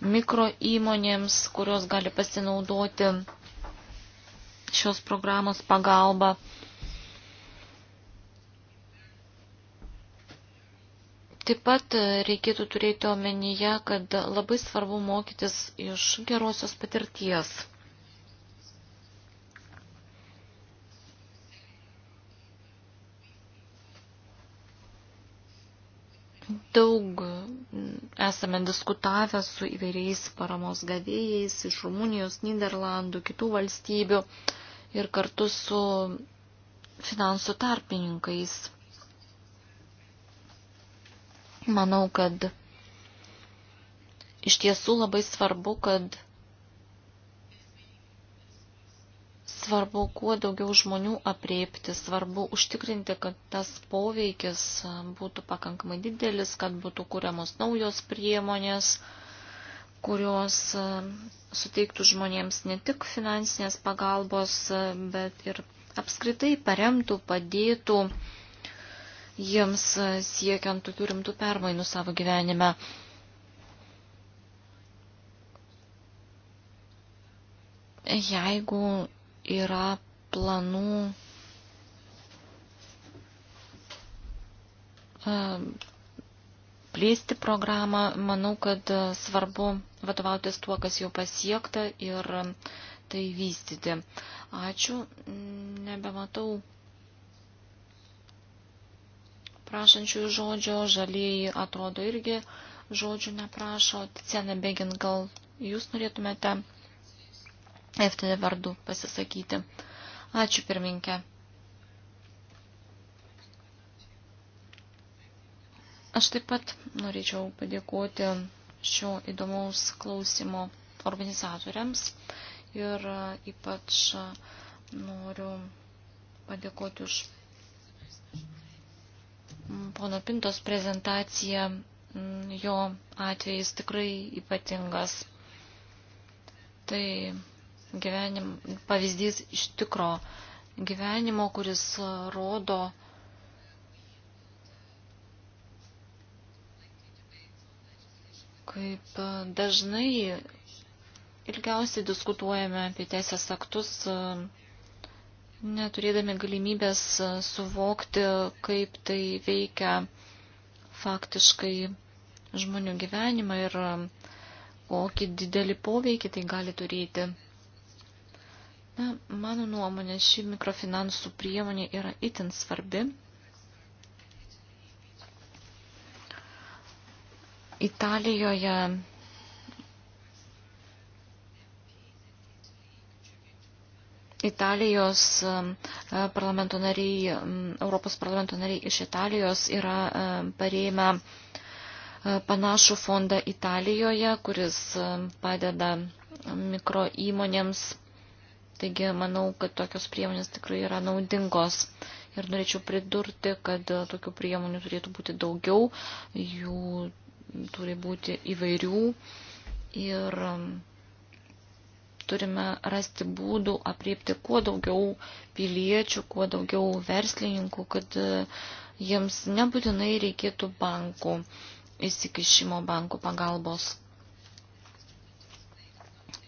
mikro įmonėms, kurios gali pasinaudoti šios programos pagalba. Taip pat e, reikėtų turėti omenyje, kad labai svarbu mokytis iš gerosios patirties. Daug esame diskutavę su įvairiais paramos gavėjais iš Rumunijos, Niderlandų, kitų valstybių ir kartu su finansų tarpininkais. Manau, kad iš tiesų labai svarbu, kad svarbu kuo daugiau žmonių apriepti, svarbu užtikrinti, kad tas poveikis būtų pakankamai didelis, kad būtų kuriamos naujos priemonės, kurios suteiktų žmonėms ne tik finansinės pagalbos, bet ir apskritai paremtų, padėtų jiems e, siekiant tokių rimtų permainų savo gyvenime. Jeigu yra planų e, plėsti programą, manau, kad e, svarbu vadovautis tuo, kas jau pasiekta ir tai vystyti. Ačiū, nebematau prašančių žodžio, žalieji atrodo irgi žodžių neprašo. Ticiana Begin, gal jūs norėtumėte FTD vardu pasisakyti? Ačiū pirminkė. Aš taip pat norėčiau padėkoti šio įdomaus klausimo organizatoriams ir ypač noriu padėkoti už pono Pintos prezentacija, mm, jo atvejis tikrai ypatingas. Tai gyvenim, pavyzdys iš tikro gyvenimo, kuris e, rodo, kaip e, dažnai ilgiausiai diskutuojame apie teisės aktus e, neturėdami galimybės e, suvokti, kaip tai veikia faktiškai žmonių gyvenimą ir e, kokį didelį poveikį tai gali turėti. Na, mano nuomonė, ši mikrofinansų priemonė yra itin svarbi. Italijoje Italijos um, e, parlamento nariai, um, Europos parlamento nariai iš Italijos yra um, pareimę e, panašų fondą Italijoje, kuris padeda mikro įmonėms. Taigi manau, kad tokios priemonės tikrai yra naudingos. Ir norėčiau pridurti, kad e, tokių priemonių turėtų būti daugiau, jų turi būti įvairių. Ir turime rasti būdų apriepti kuo daugiau piliečių, kuo daugiau verslininkų, kad e, jiems nebūtinai reikėtų bankų įsikišimo, bankų pagalbos.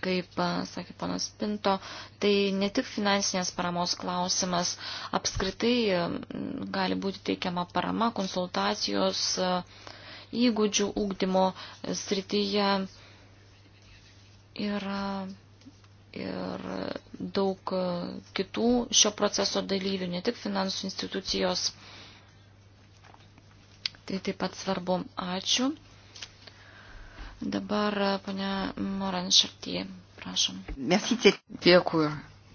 Kaip e, sakė ponas Pinto, tai ne tik finansinės paramos klausimas, apskritai e, gali būti teikiama parama konsultacijos įgūdžių ūkdymo srityje yra ir daug kitų šio proceso dalyvių, ne tik finansų institucijos. Tai taip pat svarbu. Ačiū. Dabar ponia Moran Šartie, prašom. Dėkui,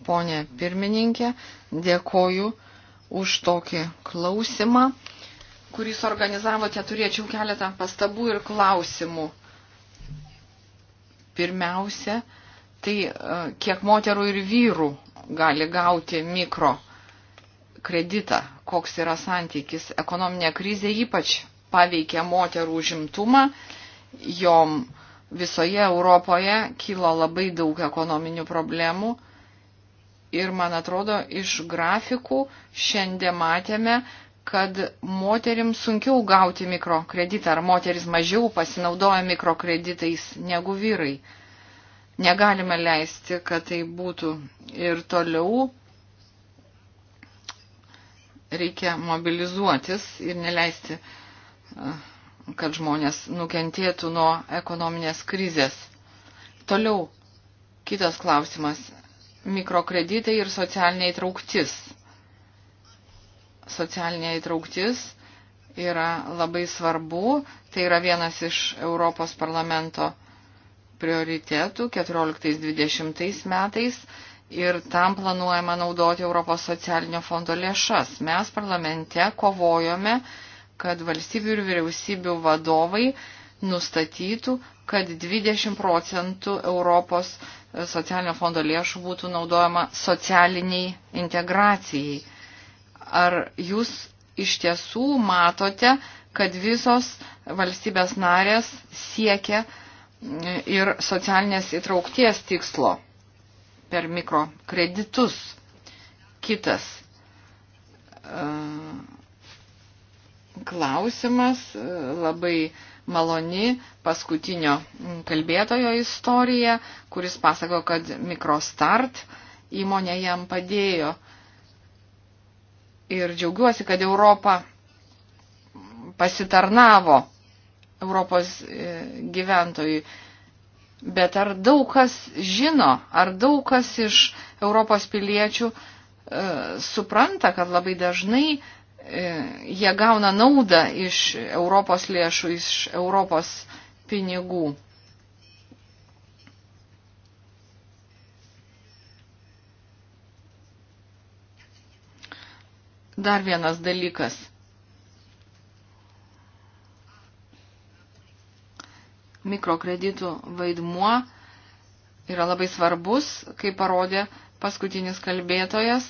ponė pirmininkė. Dėkoju už tokį klausimą, kurį suorganizavote. Turėčiau keletą pastabų ir klausimų. Pirmiausia, tai e, kiek moterų ir vyrų gali gauti mikro kreditą, koks yra santykis. Ekonominė krizė ypač paveikė moterų užimtumą, jom visoje Europoje kilo labai daug ekonominių problemų. Ir man atrodo, iš grafikų šiandien matėme, kad moterims sunkiau gauti mikrokreditą, ar moteris mažiau pasinaudoja mikrokreditais negu vyrai. Negalime leisti, kad tai būtų ir toliau. Reikia mobilizuotis ir neleisti, kad žmonės nukentėtų nuo ekonominės krizės. Toliau kitas klausimas - mikrokreditai ir socialinė įtrauktis. Socialinė įtrauktis yra labai svarbu. Tai yra vienas iš Europos parlamento prioritetų 14-20 metais ir tam planuojama naudoti Europos socialinio fondo lėšas. Mes parlamente kovojome, kad valstybių ir vyriausybių vadovai nustatytų, kad 20 procentų Europos socialinio fondo lėšų būtų naudojama socialiniai integracijai. Ar jūs iš tiesų matote, kad visos valstybės narės siekia uh, ir socialinės įtraukties tikslo per mikrokreditus. Kitas e, klausimas, e, labai maloni paskutinio kalbėtojo istorija, kuris pasako, kad Mikrostart įmonė jam padėjo. Ir džiaugiuosi, kad Europa pasitarnavo Europos e, gyventojui. Bet ar daug kas žino, ar daug kas iš Europos piliečių e, supranta, kad labai dažnai e, jie gauna naudą iš Europos lėšų, iš Europos pinigų. Dar vienas dalykas. mikrokreditų vaidmuo yra labai svarbus, kaip parodė paskutinis kalbėtojas,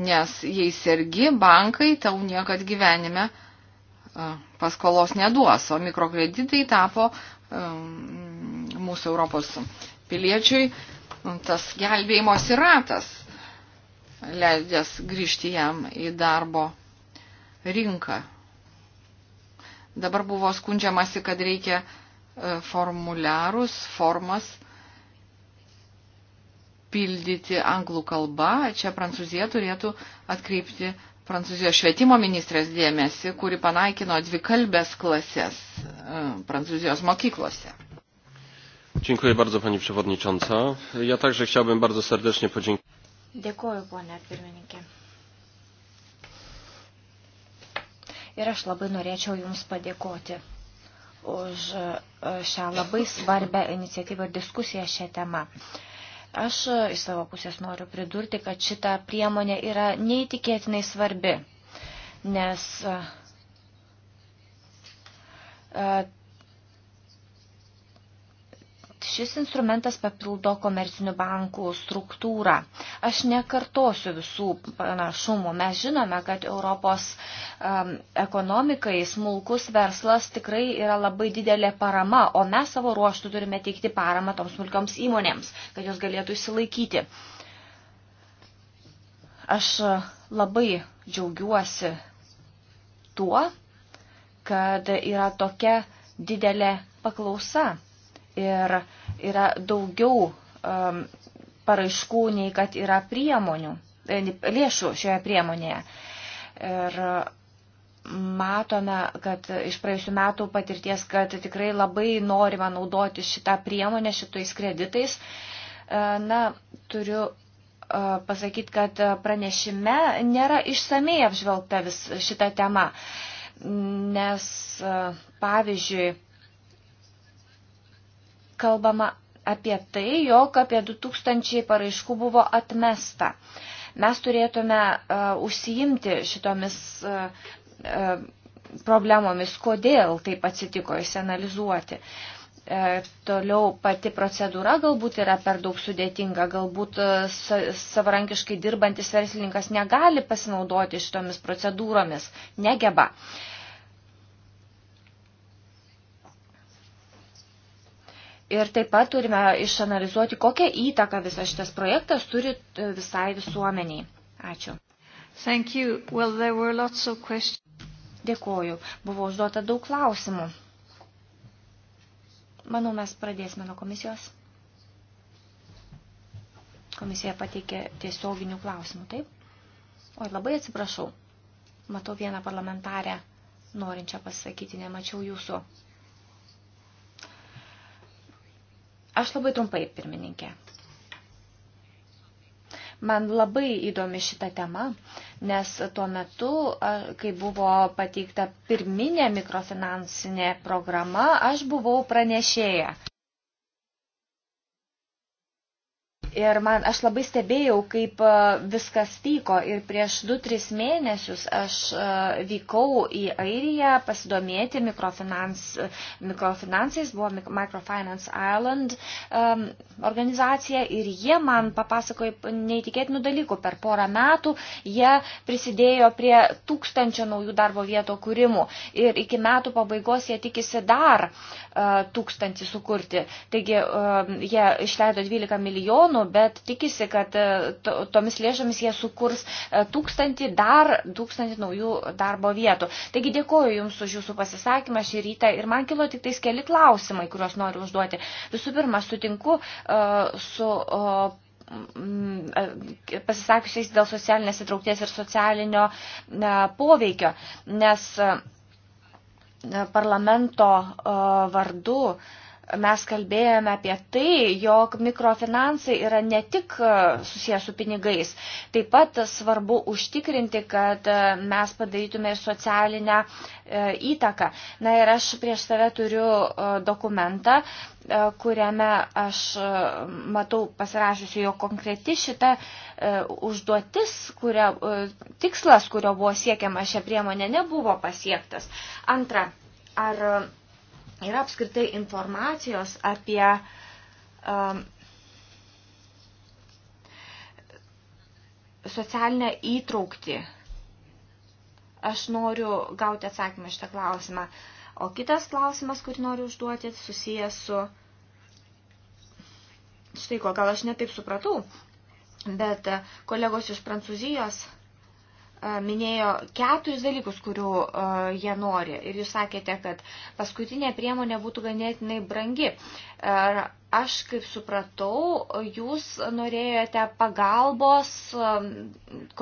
nes jei sergi, bankai tau niekad gyvenime e, paskolos neduos, o mikrokreditai tapo e, mūsų Europos piliečiui tas gelbėjimosi ratas, leidęs grįžti jam į darbo rinką. Dabar buvo skundžiamasi, kad reikia uh, E, formuliarus, formas pildyti anglų kalba. Čia Prancūzija turėtų atkreipti Prancūzijos švietimo ministrės dėmesį, kuri panaikino dvi kalbės klasės e, Prancūzijos mokyklose. Dziękuję bardzo Pani Przewodnicząca. Ja także chciałbym bardzo serdecznie podziękować. Dėkuoju, ponia pirmininkė. Ir aš labai norėčiau Jums padėkoti už e, šią labai svarbę iniciatyvą ir diskusiją šią temą. Aš e, iš savo pusės noriu pridurti, kad šita priemonė yra neįtikėtinai svarbi, nes e, Šis instrumentas papildo komercinių bankų struktūrą. Aš nekartosiu visų panašumų. Mes žinome, kad Europos um, ekonomikai smulkus verslas tikrai yra labai didelė parama, o mes savo ruoštų turime teikti paramą toms smulkioms įmonėms, kad jos galėtų įsilaikyti. Aš labai džiaugiuosi tuo, kad yra tokia didelė paklausa ir yra daugiau um, paraiškų, nei kad yra priemonių, e, lėšų šioje priemonėje. Ir matome, kad iš praėjusių metų patirties, kad tikrai labai norima naudoti šitą priemonę šitais kreditais. E, na, turiu e, pasakyti, kad pranešime nėra išsamei apžvelgta vis šita tema, nes pavyzdžiui, kalbama apie tai, jog apie 2000 paraiškų buvo atmesta. Mes turėtume uh, užsiimti šitomis uh, uh, problemomis, kodėl taip atsitiko, įsianalizuoti. Uh, toliau pati procedūra galbūt yra per daug sudėtinga, galbūt uh, savarankiškai dirbantis verslininkas negali pasinaudoti šitomis procedūromis, negeba. Uh, Ir taip pat turime išanalizuoti, kokią įtaką visas šitas projektas turi e, visai visuomeniai. Ačiū. Thank you. Well, there were lots of questions. Dėkoju. Buvo užduota daug klausimų. Manau, mes pradėsime nuo komisijos. Komisija pateikė tiesioginių klausimų, taip? Oi, labai atsiprašau. Matau vieną parlamentarę, norinčią pasakyti, nemačiau jūsų. Aš labai trumpai, pirmininkė. Man labai įdomi šita tema, nes tuo metu, kai buvo pateikta pirminė mikrofinansinė programa, aš buvau pranešėja. Ir man, aš labai stebėjau, kaip e, viskas vyko. Ir prieš 2-3 mėnesius aš e, vykau į Airiją pasidomėti mikrofinans, e, mikrofinansais, buvo Microfinance Ireland um, organizacija. Ir jie man papasakojo neįtikėtinų dalykų. Per porą metų jie prisidėjo prie tūkstančio naujų darbo vieto kūrimų. Ir iki metų pabaigos jie tikisi dar uh, tūkstantį sukurti. Taigi uh, jie išleido 12 milijonų milijonų, bet tikisi, kad e, to, tomis lėšomis jie sukurs e, tūkstantį dar, tūkstantį naujų darbo vietų. Taigi dėkoju Jums už Jūsų pasisakymą šį rytą ir man kilo tik tais keli klausimai, kuriuos noriu užduoti. Visų pirma, sutinku uh, su uh, pasisakiusiais dėl socialinės įtraukties ir socialinio poveikio, nes parlamento vardu uh, mes kalbėjome apie tai, jog mikrofinansai yra ne tik e, susijęs su pinigais, taip pat svarbu užtikrinti, kad e, mes padarytume ir socialinę e, įtaką. Na ir aš prieš save turiu dokumentą, kuriame aš matau pasirašysiu jo konkreti šitą užduotis, kurio, tikslas, kurio buvo siekiama šią priemonę, nebuvo pasiektas. Antra, ar yra apskritai informacijos apie um, socialinę įtraukti. Aš noriu gauti atsakymą šitą klausimą. O kitas klausimas, kurį noriu užduoti, susijęs su... Štai ko, gal aš netaip supratau, bet kolegos iš Prancūzijos minėjo keturis dalykus, kurių jie nori. Ir jūs sakėte, kad paskutinė priemonė būtų ganėtinai brangi. Ir aš kaip supratau, jūs norėjote pagalbos,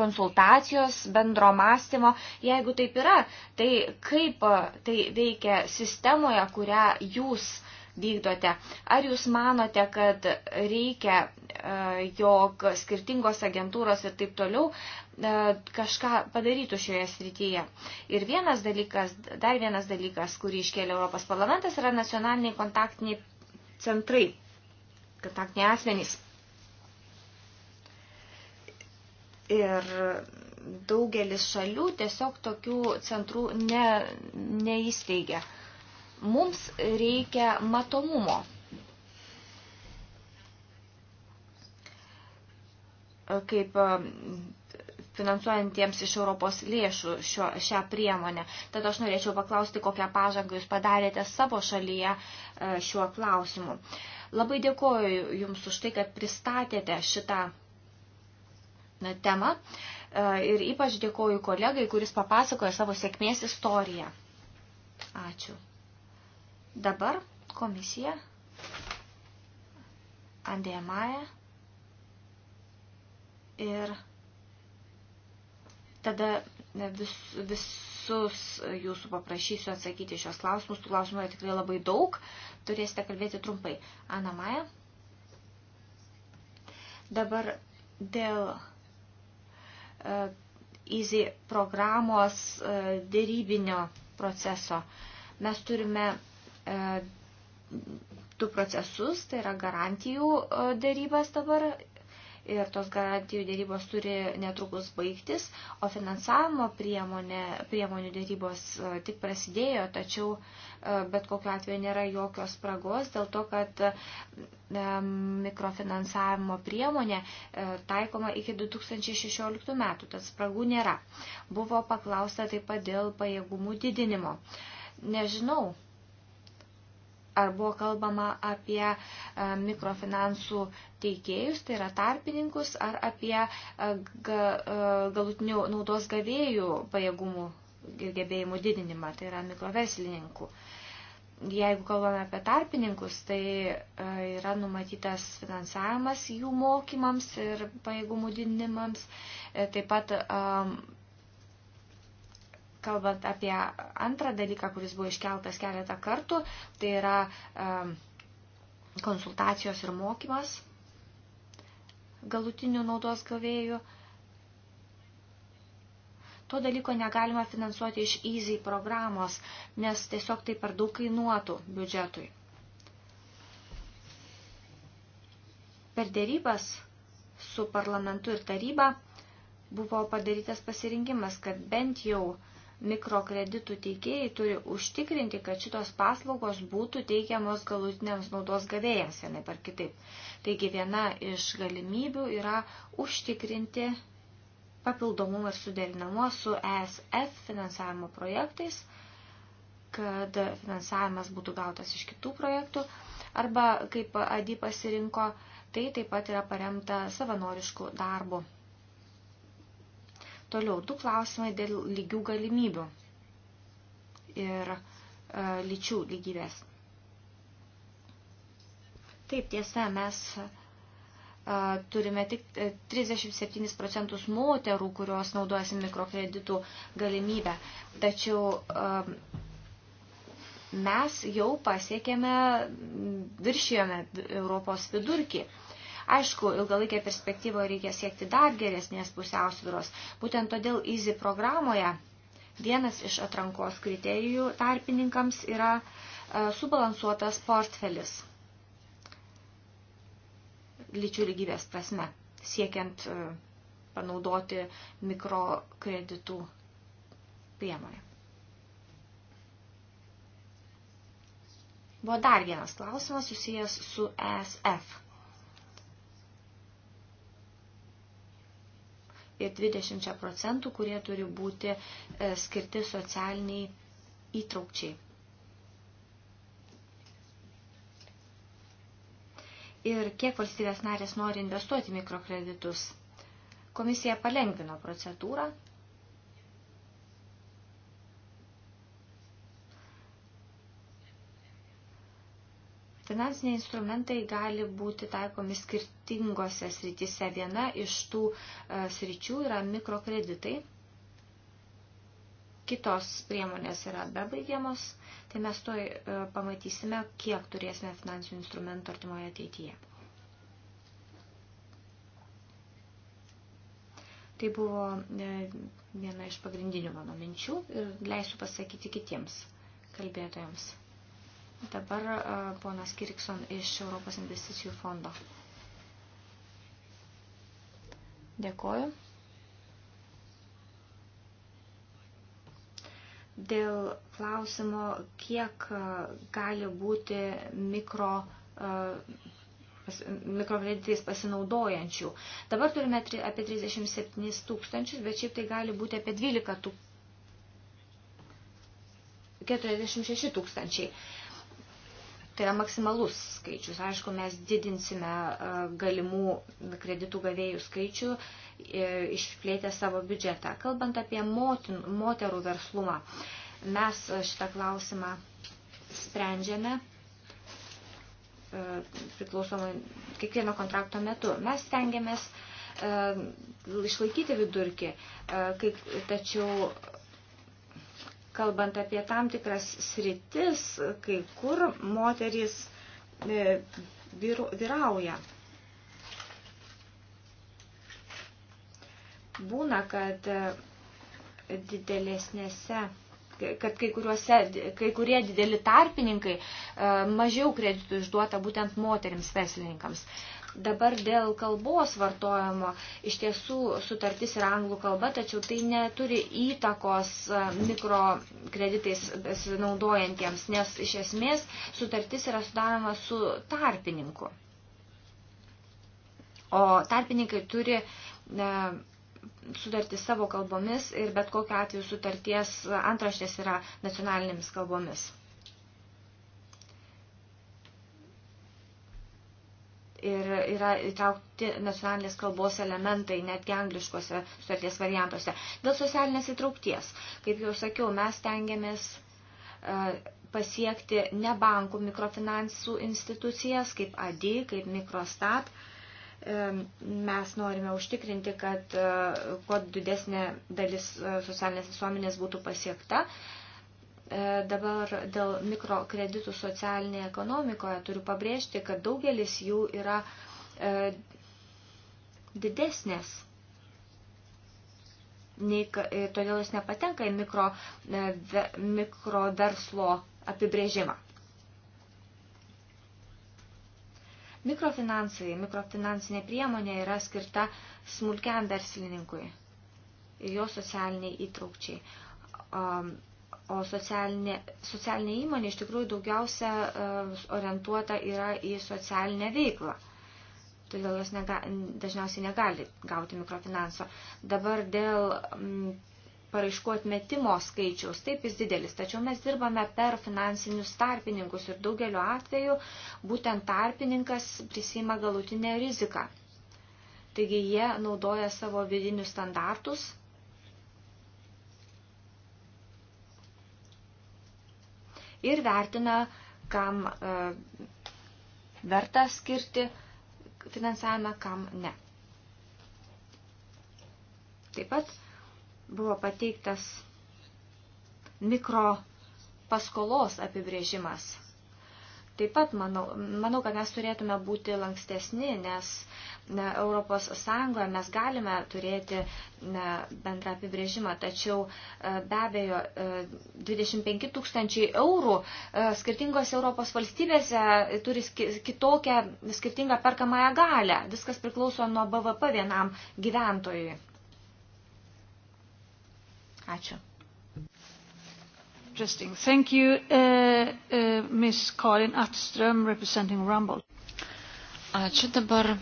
konsultacijos, bendro mąstymo. Jeigu taip yra, tai kaip tai veikia sistemoje, kurią jūs vykdote. Ar jūs manote, kad reikia, e, jog skirtingos agentūros ir taip toliau e, kažką padarytų šioje srityje? Ir vienas dalykas, dar vienas dalykas, kurį iškėlė Europos parlamentas, yra nacionaliniai kontaktiniai centrai, kontaktiniai asmenys. Ir daugelis šalių tiesiog tokių centrų ne, neįsteigia. Mums reikia matomumo. Kaip e, finansuojantiems iš Europos lėšų šio, šią priemonę. Tad aš norėčiau paklausti, kokią pažangą jūs padarėte savo šalyje e, šiuo klausimu. Labai dėkoju Jums už tai, kad pristatėte šitą temą e, ir ypač dėkoju kolegai, kuris papasakoja savo sėkmės istoriją. Ačiū. Dabar komisija Andėja Maja ir tada vis, visus jūsų paprašysiu atsakyti šios klausimus. Tų klausimų yra tikrai labai daug. Turėsite kalbėti trumpai. Ana Maja. Dabar dėl uh, Easy programos uh, dėrybinio proceso. Mes turime uh, E, du procesus, tai yra garantijų e, dėrybas dabar ir tos garantijų dėrybos turi netrukus baigtis, o finansavimo priemonė, priemonių dėrybos e, tik prasidėjo, tačiau bet kokiu atveju nėra jokios spragos dėl to, kad mikrofinansavimo priemonė taikoma iki 2016 metų, tad spragų nėra. Buvo paklausta taip pat dėl pajėgumų didinimo. Nežinau, ar buvo kalbama apie e, mikrofinansų teikėjus, tai yra tarpininkus, ar apie e, e, galutinių naudos gavėjų pajėgumų ir gebėjimų didinimą, tai yra mikroverslininkų. Jeigu kalbame apie tarpininkus, tai yra numatytas finansavimas jų mokymams ir pajėgumų didinimams, taip pat kalbant apie antrą dalyką, kuris buvo iškeltas keletą kartų, tai yra konsultacijos ir mokymas galutinių naudos gavėjų. To dalyko negalima finansuoti iš EASY programos, nes tiesiog tai per daug kainuotų biudžetui. Per dėrybas su parlamentu ir taryba buvo padarytas pasirinkimas, kad bent jau uh, mikrokreditų teikėjai turi užtikrinti, kad šitos paslaugos būtų teikiamos galutiniams naudos gavėjams vienai par kitaip. Taigi viena iš galimybių yra užtikrinti papildomumą ir suderinamą su ESF finansavimo projektais, kad finansavimas būtų gautas iš kitų projektų, arba kaip ADI pasirinko, tai taip pat yra paremta savanoriškų darbų. Toliau, du klausimai dėl lygių galimybių ir e, lyčių lygybės. Taip, tiesa, mes e, turime tik 37 e, procentus moterų, kurios naudojasi mikrokreditų galimybę. Tačiau e, mes jau pasiekėme, viršijome Europos vidurkį. E, Aišku, ilgalaikė perspektyvoje reikia siekti dar geresnės pusiausvyros. Būtent todėl EASY programoje vienas iš atrankos kriterijų tarpininkams yra e, subalansuotas portfelis lyčių lygybės prasme, siekiant e, panaudoti mikrokreditų priemonę. Buvo dar vienas klausimas susijęs su ESF. ir 20 procentų, kurie turi būti e, skirti socialiniai įtraukčiai. Ir kiek valstybės narės nori investuoti mikrokreditus? Komisija palengvino procedūrą Finansiniai instrumentai gali būti taikomi skirtingose srityse. Viena iš tų e, sričių yra mikrokreditai. Kitos priemonės yra bebaigiamos, tai mes to e, pamatysime, kiek turėsime finansinių instrumentų artimoje ateityje. Tai buvo e, viena iš pagrindinių mano minčių ir leisiu pasakyti kitiems kalbėtojams. Dabar e, ponas Kirikson iš Europos investicijų fondo. Dėkoju. Dėl klausimo, kiek e, gali būti mikro e, mikrokreditais pasinaudojančių. Dabar turime apie 37 tūkstančius, bet šiaip tai gali būti apie 12 tūkstančių. 46 tūkstančiai. Tai yra maksimalus skaičius. Aišku, mes didinsime e, galimų kreditų gavėjų skaičių, e, išplėtę savo biudžetą. Kalbant apie motin, moterų verslumą, mes šitą klausimą sprendžiame e, priklausomai kiekvieno kontrakto metu. Mes stengiamės išlaikyti vidurkį, tačiau kalbant apie tam tikras sritis, kai kur moterys e, vyrauja. Būna, kad e, didelėsnėse kad kai, kuriuose, kai kurie dideli tarpininkai e, mažiau kreditų išduota būtent moterims verslininkams. Dabar dėl kalbos vartojimo iš tiesų sutartis yra anglų kalba, tačiau tai neturi įtakos e, mikrokreditais besinaudojantiems, nes iš esmės sutartis yra sudaroma su tarpininku. O tarpininkai turi e, sutartį savo kalbomis ir bet kokiu atveju sutarties antraštės yra nacionalinėmis kalbomis. ir yra įtraukti nacionalinės kalbos elementai netgi angliškose sutarties variantuose. Dėl socialinės įtraukties, kaip jau sakiau, mes tengiamės e, pasiekti ne bankų mikrofinansų institucijas kaip ADI, kaip Mikrostat. E, mes norime užtikrinti, kad e, kuo didesnė dalis socialinės visuomenės būtų pasiekta. E, dabar dėl mikrokreditų socialinėje ekonomikoje turiu pabrėžti, kad daugelis jų yra e, didesnės. Nei, e, todėl jis nepatenka į mikro, e, mikro verslo apibrėžimą. Mikrofinansai, mikrofinansinė priemonė yra skirta smulkiam verslininkui ir jo socialiniai įtraukčiai. Um, e, O socialinė, socialinė įmonė iš tikrųjų daugiausia e, orientuota yra į socialinę veiklą. Todėl jos nega, dažniausiai negali gauti mikrofinanso. Dabar dėl m, paraiškų atmetimo skaičiaus, taip jis didelis, tačiau mes dirbame per finansinius tarpininkus ir daugeliu atveju būtent tarpininkas prisima galutinę riziką. Taigi jie naudoja savo vidinius standartus ir vertina, kam e, verta skirti finansavimą, kam ne. Taip pat buvo pateiktas mikro paskolos apibrėžimas. Taip pat manau, manau, kad mes turėtume būti lankstesni, nes ne, Europos Sąjungoje mes galime turėti ne, bendrą apibrėžimą, tačiau e, be abejo 25 e, tūkstančiai eurų e, skirtingos Europos valstybėse turi kitokią skirtingą perkamąją galę. Viskas priklauso nuo BVP vienam gyventojui. Ačiū interesting. Thank you, uh, uh, Ms. Karin Atström, representing Rumble. Ačiū dabar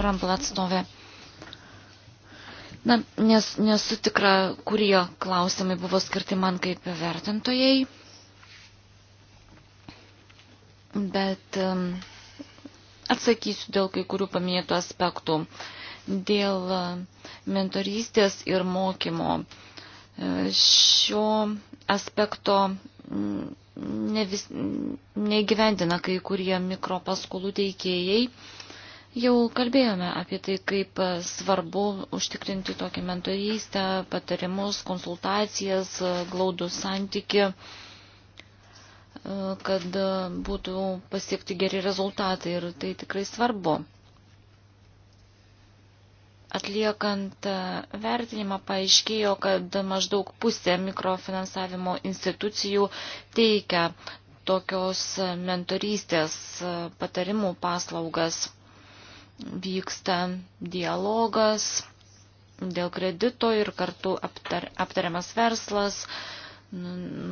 Rumble atstovė. Na, nes, nesu tikra, kurie klausimai buvo skirti man kaip vertintojai, bet um, atsakysiu dėl kai kurių paminėtų aspektų. Dėl uh, mentorystės ir mokymo uh, šio aspekto mm, ne vis, neįgyvendina kai kurie mikropaskolų teikėjai. Jau kalbėjome apie tai, kaip svarbu užtikrinti tokią mentorystę, patarimus, konsultacijas, glaudų santyki, kad būtų pasiekti geri rezultatai ir tai tikrai svarbu. Atliekant e, vertinimą paaiškėjo, kad maždaug pusė mikrofinansavimo institucijų teikia tokios mentorystės e, patarimų paslaugas. Vyksta dialogas dėl kredito ir kartu aptar, aptariamas verslas,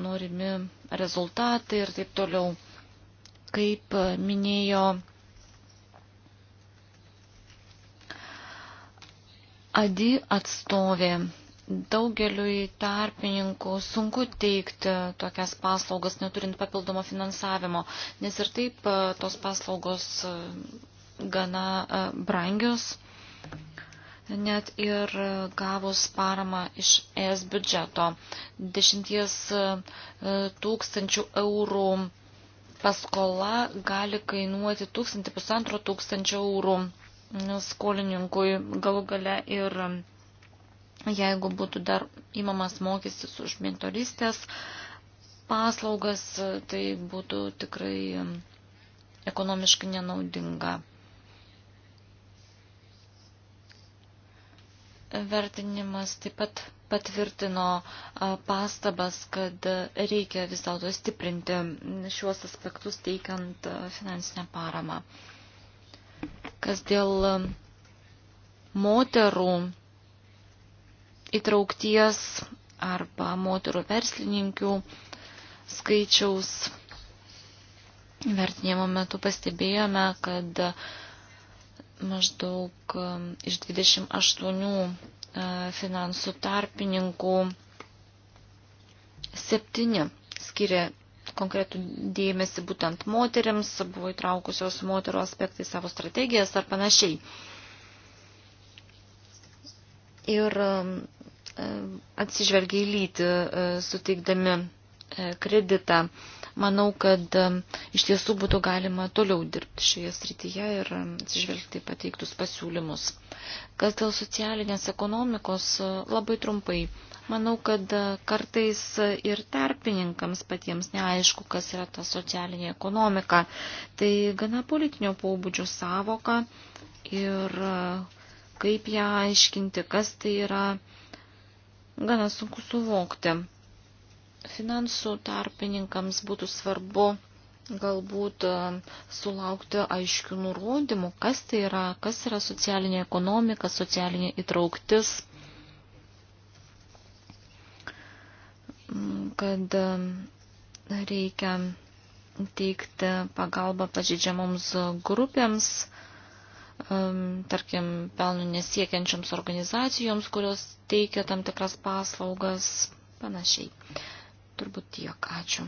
norimi rezultatai ir taip toliau. Kaip minėjo Adi atstovė. Daugeliui tarpininkų sunku teikti tokias paslaugas, neturint papildomo finansavimo, nes ir taip e, tos paslaugos e, gana e, brangios, net ir gavus paramą iš ES biudžeto. Dešimties tūkstančių eurų paskola gali kainuoti tūkstantį pusantro tūkstančio eurų skolininkui galų gale ir jeigu būtų dar įmamas mokestis už mentoristės paslaugas, tai būtų tikrai ekonomiškai nenaudinga. Vertinimas taip pat patvirtino pastabas, kad reikia vis dėlto stiprinti šiuos aspektus teikiant finansinę paramą. Kas dėl um, moterų įtraukties arba moterų verslininkių skaičiaus vertinimo metu pastebėjome, kad uh, maždaug um, iš 28 uh, finansų tarpininkų 7 skiria konkretų dėmesį būtent moteriams, buvo įtraukusios moterų aspektai savo strategijas ar panašiai. Ir um, e, atsižvelgia į lytį, e, suteikdami e, kreditą manau, kad iš tiesų būtų galima toliau dirbti šioje srityje ir atsižvelgti pateiktus pasiūlymus. Kas dėl socialinės ekonomikos, e, labai trumpai. Manau, kad e, kartais ir tarpininkams patiems neaišku, kas yra ta socialinė ekonomika. Tai gana politinio pobūdžio savoka ir e, kaip ją aiškinti, kas tai yra, gana sunku suvokti. Finansų tarpininkams būtų svarbu galbūt e, sulaukti aiškių nurodymų, kas tai yra, kas yra socialinė ekonomika, socialinė įtrauktis, kad e, reikia teikti pagalbą pažydžiamoms grupėms, e, tarkim, pelnų nesiekiančioms organizacijoms, kurios teikia tam tikras paslaugas, panašiai. Turbūt tiek. Ačiū.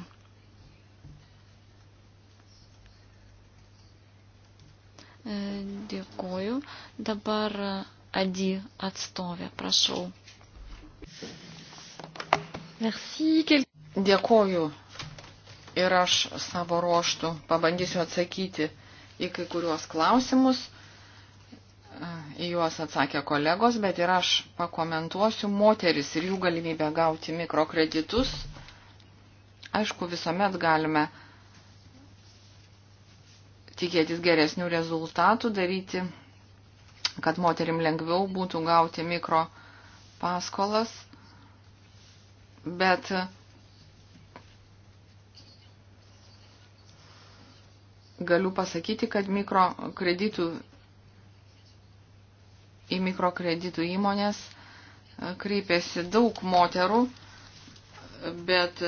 E, Dėkuoju. Dabar Adi atstovė, prašau. Merci. Dėkuoju. Ir aš savo ruoštų pabandysiu atsakyti į kai kuriuos klausimus. E, į juos atsakė kolegos, bet ir aš pakomentuosiu moteris ir jų galimybę gauti mikrokreditus Aišku, visuomet galime tikėtis geresnių rezultatų, daryti, kad moterim lengviau būtų gauti mikro paskolas, bet galiu pasakyti, kad mikrokreditų į mikrokreditų įmonės kreipėsi daug moterų, bet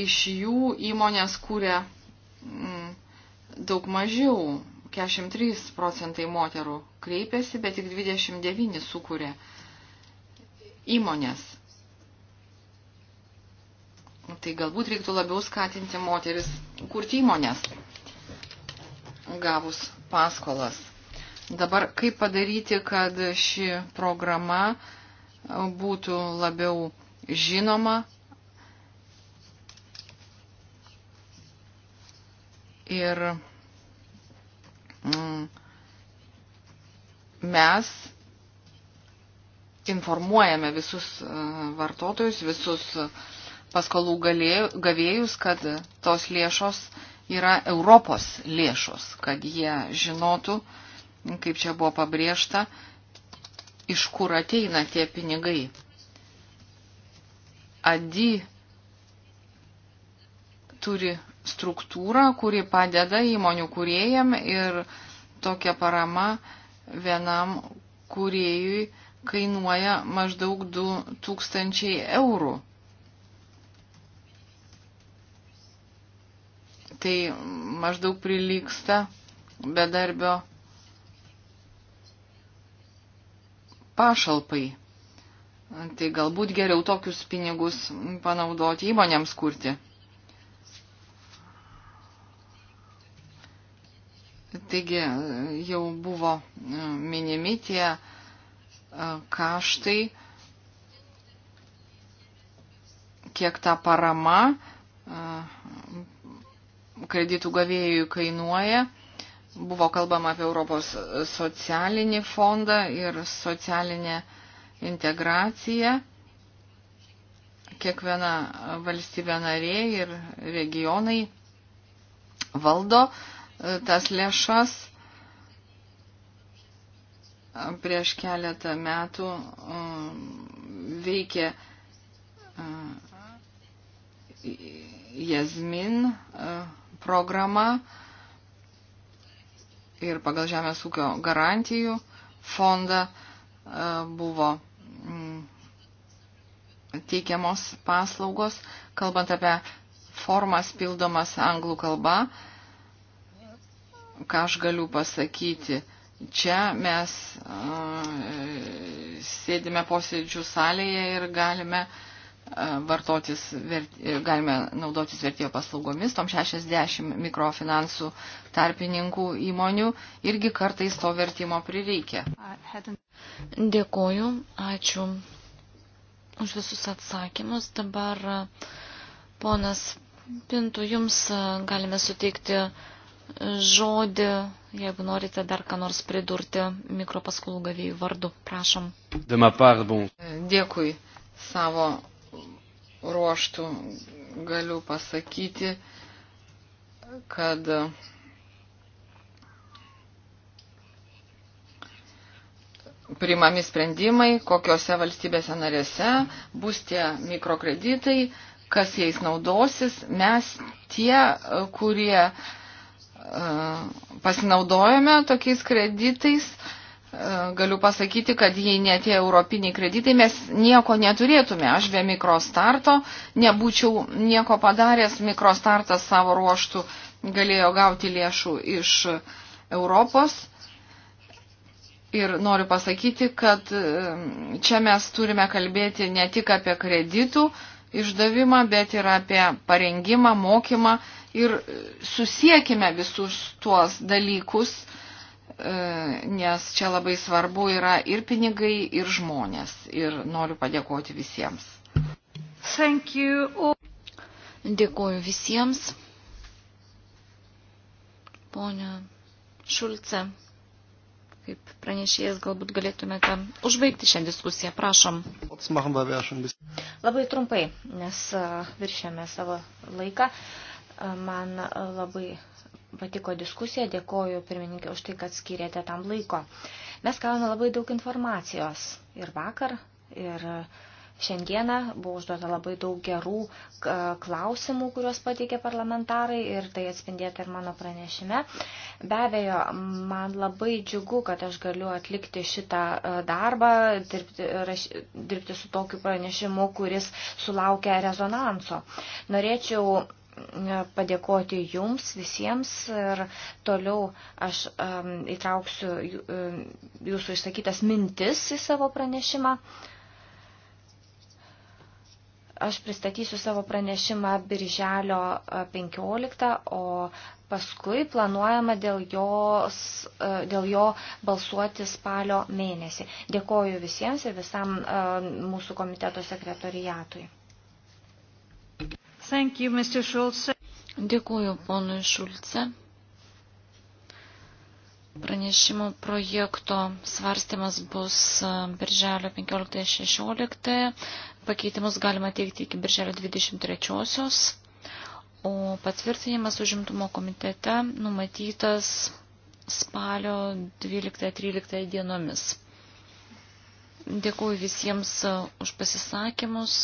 iš jų įmonės kūrė mm, daug mažiau. 43 procentai moterų kreipėsi, bet tik 29 sukūrė įmonės. Tai galbūt reiktų labiau skatinti moteris kurti įmonės, gavus paskolas. Dabar kaip padaryti, kad ši programa būtų labiau žinoma Ir mm, mes informuojame visus e, vartotojus, visus paskolų gavėjus, kad tos lėšos yra Europos lėšos, kad jie žinotų, kaip čia buvo pabrėžta, iš kur ateina tie pinigai. Adi turi struktūrą, kuri padeda įmonių kuriejam ir tokia parama vienam kuriejui kainuoja maždaug 2000 eurų. Tai maždaug prilyksta bedarbio pašalpai. Tai galbūt geriau tokius pinigus panaudoti įmonėms kurti. Taigi jau buvo e, minimi tie e, kaštai, kiek ta parama e, kreditų gavėjų kainuoja. Buvo kalbama apie Europos socialinį fondą ir socialinę integraciją. Kiekviena valstybė narė ir regionai valdo uh, tas lėšas. Prieš keletą metų um, veikė uh, Jazmin uh, programa ir pagal Žemės ūkio garantijų fondą uh, buvo mm, teikiamos paslaugos, kalbant apie formas pildomas anglų kalba, ką aš galiu pasakyti. Čia mes uh, sėdime posėdžių salėje ir galime uh, vartotis, vert, galime naudotis vertėjo paslaugomis, tom 60 mikrofinansų tarpininkų įmonių irgi kartais to vertimo prireikia. Dėkoju, ačiū už visus atsakymus. Dabar ponas Pintų, jums galime suteikti uh, žodį, jeigu norite dar ką nors pridurti mikropaskolų gavėjų vardu. Prašom. Dėkui savo ruoštų galiu pasakyti, kad priimami sprendimai, kokiuose valstybėse narėse bus tie mikrokreditai, kas jais naudosis, mes tie, kurie uh, pasinaudojame tokiais kreditais. E, galiu pasakyti, kad jei netie europiniai kreditai, mes nieko neturėtume. Aš be mikrostarto nebūčiau nieko padaręs. Mikrostartas savo ruoštų galėjo gauti lėšų iš Europos. Ir noriu pasakyti, kad e, čia mes turime kalbėti ne tik apie kreditų išdavimą, bet ir apie parengimą, mokymą ir susiekime visus tuos dalykus, e, nes čia labai svarbu yra ir pinigai, ir žmonės. Ir noriu padėkoti visiems. Thank you. Dėkuoju visiems. Pone Šulce kaip pranešėjas galbūt galėtumėte užbaigti šią diskusiją. Prašom. Labai trumpai, nes viršėme savo laiką. Man labai patiko diskusija, dėkoju pirmininkė už tai, kad skirėte tam laiko. Mes gavome labai daug informacijos ir vakar, ir uh, Šiandieną buvo užduota labai daug gerų klausimų, kuriuos pateikė parlamentarai ir tai atspindėta ir mano pranešime. Be abejo, man labai džiugu, kad aš galiu atlikti šitą e, darbą, dirbti, raš, dirbti su tokiu pranešimu, kuris sulaukia rezonanso. Norėčiau e, padėkoti jums visiems ir toliau aš um, įtrauksiu e, jūsų išsakytas mintis į savo pranešimą. Uh, Aš pristatysiu savo pranešimą birželio 15, e, o paskui planuojama dėl, jos, e, dėl jo balsuoti spalio mėnesį. Dėkoju visiems ir visam e, mūsų komiteto sekretoriatui. Thank you, Mr. Schulze. Dėkuoju ponui Šulce. Pranešimo projekto svarstymas bus birželio 15-16. Pakeitimus galima teikti iki birželio 23-osios, o patvirtinimas užimtumo komitete numatytas spalio 12-13 dienomis. Dėkuoju visiems e, už pasisakymus,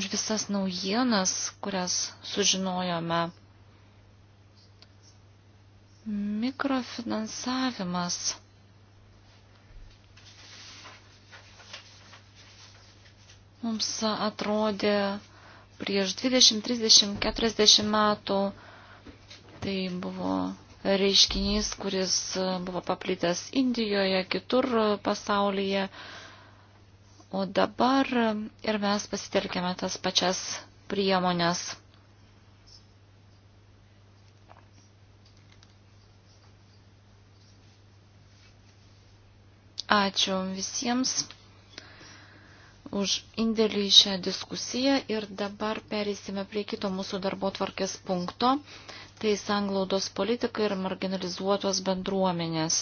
už visas naujienas, kurias sužinojome. Mikrofinansavimas mums atrodė prieš 20, 30, 40 metų. Tai buvo reiškinys, kuris buvo paplitęs Indijoje, kitur pasaulyje. O dabar ir mes pasitelkėme tas pačias priemonės. Ačiū visiems už indėlį į šią diskusiją ir dabar perėsime prie kito mūsų darbo tvarkės punkto, tai sanglaudos politika ir marginalizuotos bendruomenės.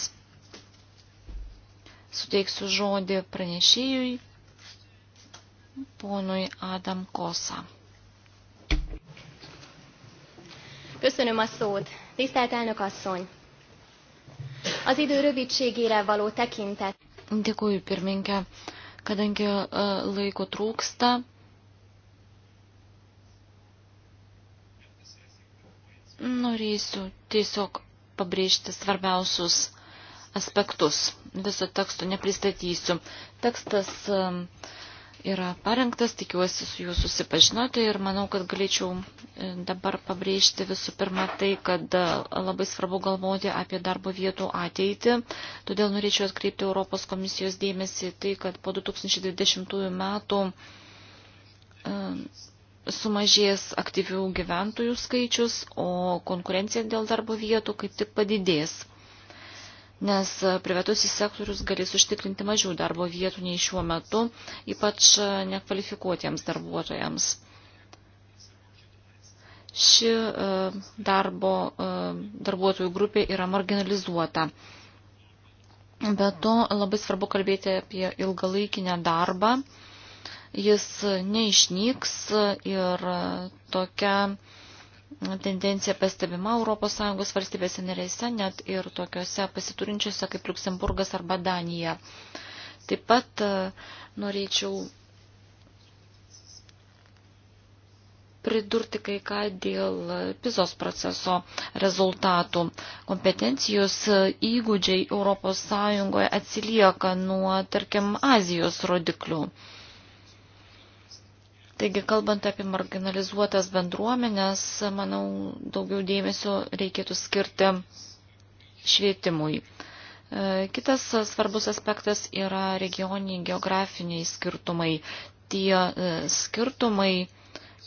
Suteiksiu žodį pranešėjui, ponui Adam Kosa. Köszönöm a szót. Tisztelt elnök asszony! Az idő rövidségére való tekintet. Dėkuoju, pirmininkė. Kadangi e, laiko trūksta, norėsiu tiesiog pabrėžti svarbiausius aspektus. Viso teksto nepristatysiu. Tekstas uh, yra parengtas, tikiuosi su jūs susipažinote ir manau, kad galėčiau e, dabar pabrėžti visų pirma tai, kad e, labai svarbu galvoti apie darbo vietų ateitį. Todėl norėčiau atkreipti Europos komisijos dėmesį tai, kad po 2020 metų e, sumažės aktyvių gyventojų skaičius, o konkurencija dėl darbo vietų kaip tik padidės nes privatusis sektorius galės užtikrinti mažiau darbo vietų nei šiuo metu, ypač nekvalifikuotiems darbuotojams. Ši e, darbo, e, darbuotojų grupė yra marginalizuota. Be to labai svarbu kalbėti apie ilgalaikinę darbą. Jis neišnyks ir tokia tendencija pastebima ES valstybėse narėse, net ir tokiuose pasiturinčiuose kaip Luksemburgas arba Danija. Taip pat e, norėčiau pridurti kai ką dėl pizos proceso rezultatų. Kompetencijos e, įgūdžiai ES atsilieka nuo, tarkim, Azijos rodiklių. Taigi, kalbant apie marginalizuotas bendruomenės, manau, daugiau dėmesio reikėtų skirti švietimui. E, kitas svarbus aspektas yra regioniniai geografiniai skirtumai. Tie e, skirtumai,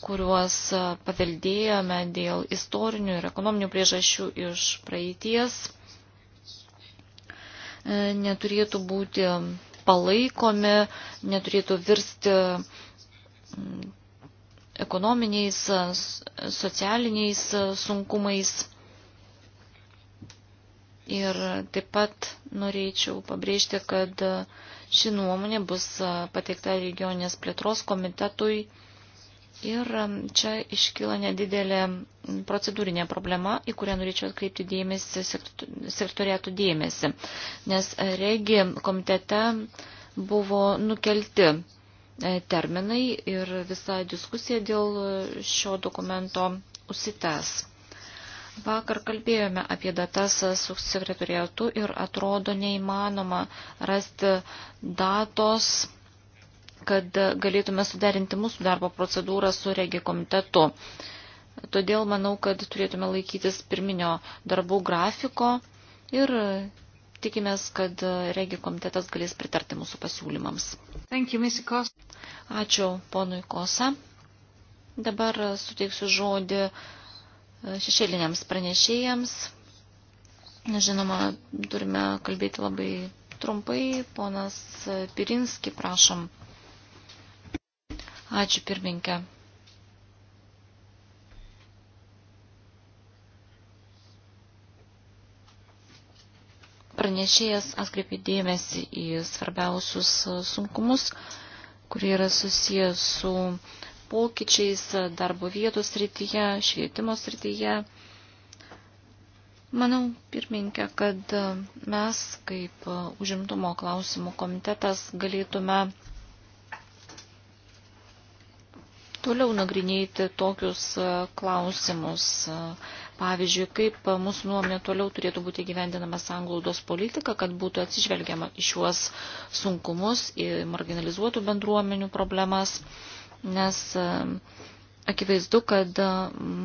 kuriuos e, paveldėjome dėl istorinių ir ekonominių priežasčių iš praeities, neturėtų būti palaikomi, neturėtų virsti ekonominiais, socialiniais sunkumais. Ir taip pat norėčiau pabrėžti, kad ši nuomonė bus pateikta regioninės plėtros komitetui. Ir čia iškyla nedidelė procedūrinė problema, į kurią norėčiau atkreipti dėmesį, sektoriatų dėmesį, nes regi komitete buvo nukelti E, terminai ir visa diskusija dėl šio dokumento užsitęs. Vakar kalbėjome apie datas su sekretoriatu ir atrodo neįmanoma rasti datos, kad galėtume suderinti mūsų darbo procedūrą su regi komitetu. Todėl manau, kad turėtume laikytis pirminio darbų grafiko ir tikimės, kad regi komitetas galės pritarti mūsų pasiūlymams. Thank you, Ačiū ponui Kosa. Dabar suteiksiu žodį e, šešėliniams pranešėjams. Žinoma, turime kalbėti labai trumpai. Ponas Pirinski, prašom. Ačiū pirminkė. Pranešėjas atkreipė dėmesį į svarbiausius e, sunkumus, kurie yra susijęs su pokyčiais darbo vietos srityje, švietimo srityje. Manau, pirminkė, kad mes kaip užimtumo klausimų komitetas galėtume toliau nagrinėti tokius klausimus, Pavyzdžiui, kaip mūsų nuomonė toliau turėtų būti gyvendinama sanglaudos politika, kad būtų atsižvelgiama į šiuos sunkumus, į marginalizuotų bendruomenių problemas, nes e, akivaizdu, kad e,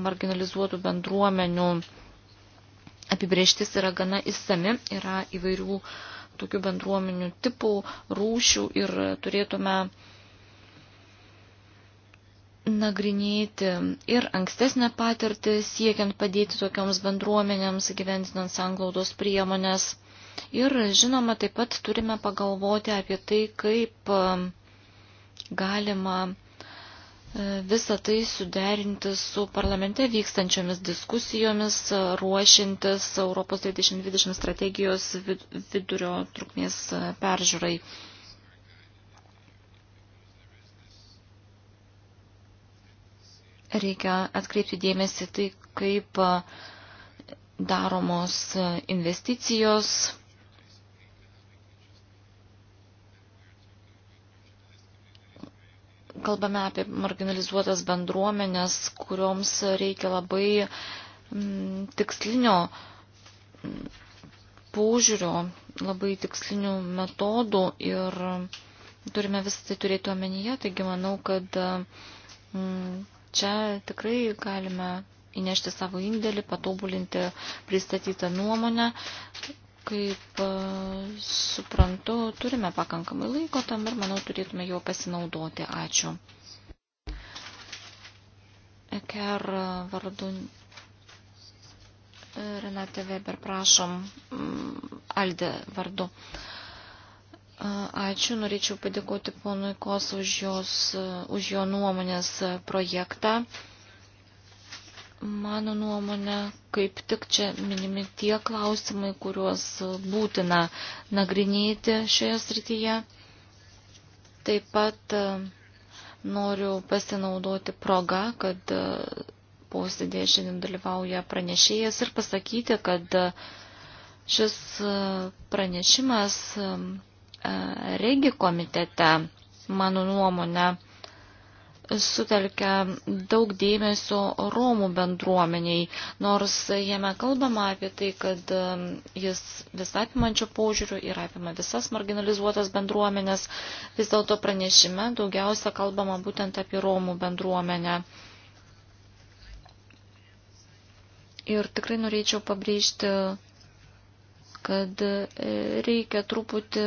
marginalizuotų bendruomenių apibrieštis yra gana įsami, yra įvairių tokių bendruomenių tipų, rūšių ir turėtume uh, nagrinėti ir ankstesnę patirtį, siekiant padėti tokioms bendruomenėms gyventinant sanglaudos priemonės. Ir žinoma, taip pat turime pagalvoti apie tai, kaip um, galima uh, visą tai suderinti su parlamente vykstančiomis diskusijomis, ruošintis Europos 2020 strategijos vidurio trukmės uh, peržiūrai. Reikia atkreipti dėmesį tai, kaip e, daromos e, investicijos. Kalbame apie marginalizuotas bendruomenės, kurioms reikia labai m, tikslinio paužiūrio, labai tikslinių metodų ir turime visą tai turėti omenyje, taigi manau, kad m, Čia tikrai galime įnešti savo indėlį, patobulinti pristatytą nuomonę. Kaip e, suprantu, turime pakankamai laiko tam ir, manau, turėtume jo pasinaudoti. Ačiū. Eker e, vardu e, Renate Weber, prašom, mm, Alde vardu. Uh, Ačiū, norėčiau padėkoti ponui Kos už, jos, už jo nuomonės projektą. Mano nuomonė, kaip tik čia minimi tie klausimai, kuriuos būtina nagrinėti šioje srityje. Taip pat noriu pasinaudoti progą, kad posėdėje šiandien dalyvauja pranešėjas ir pasakyti, kad šis pranešimas regi komitete, mano nuomonė, sutelkia daug dėmesio Romų bendruomeniai, nors jame kalbama apie tai, kad um, jis visapimančio požiūrių ir apima visas marginalizuotas bendruomenės, vis dėlto pranešime daugiausia kalbama būtent apie Romų bendruomenę. Ir tikrai norėčiau pabrėžti, kad e, reikia truputį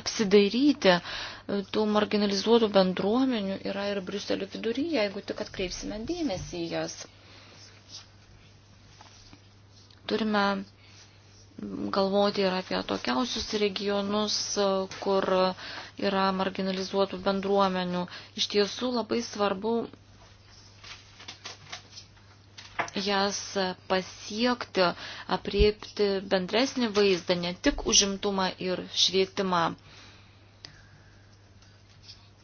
apsidairyti. E, tų marginalizuotų bendruomenių yra ir Briuselio viduryje, jeigu tik atkreipsime dėmesį į jas. Turime galvoti ir apie tokiausius regionus, e, kur yra marginalizuotų bendruomenių. Iš tiesų labai svarbu jas pasiekti, apriepti bendresnį vaizdą, ne tik užimtumą ir švietimą.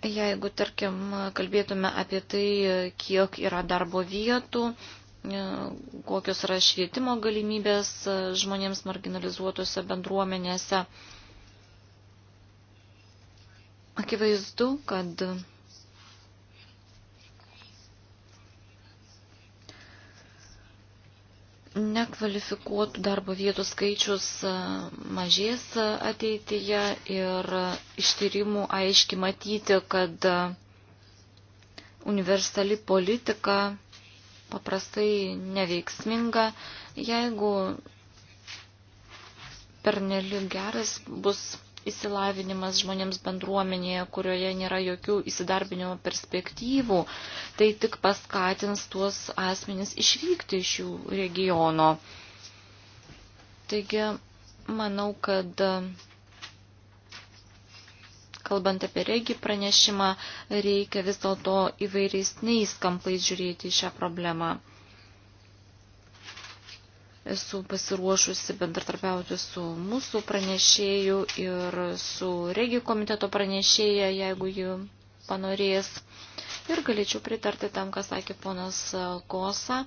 Jeigu, tarkim, kalbėtume apie tai, kiek yra darbo vietų, kokios yra švietimo galimybės žmonėms marginalizuotose bendruomenėse. Akivaizdu, kad Nekvalifikuotų darbo vietų skaičius e, mažės e, ateityje ir e, iš tyrimų aiškiai matyti, kad universali politika paprastai neveiksminga, jeigu per nelik geras bus įsilavinimas žmonėms bendruomenėje, kurioje nėra jokių įsidarbinimo perspektyvų, tai tik paskatins tuos asmenys išvykti iš jų regiono. Taigi, manau, kad kalbant apie regį pranešimą, reikia vis dėlto įvairiais neįskampais žiūrėti šią problemą. Esu pasiruošusi bendratarpiauti su mūsų pranešėju ir su regijų komiteto pranešėja, jeigu jų panorės. Ir galėčiau pritarti tam, ką sakė ponas Kosa.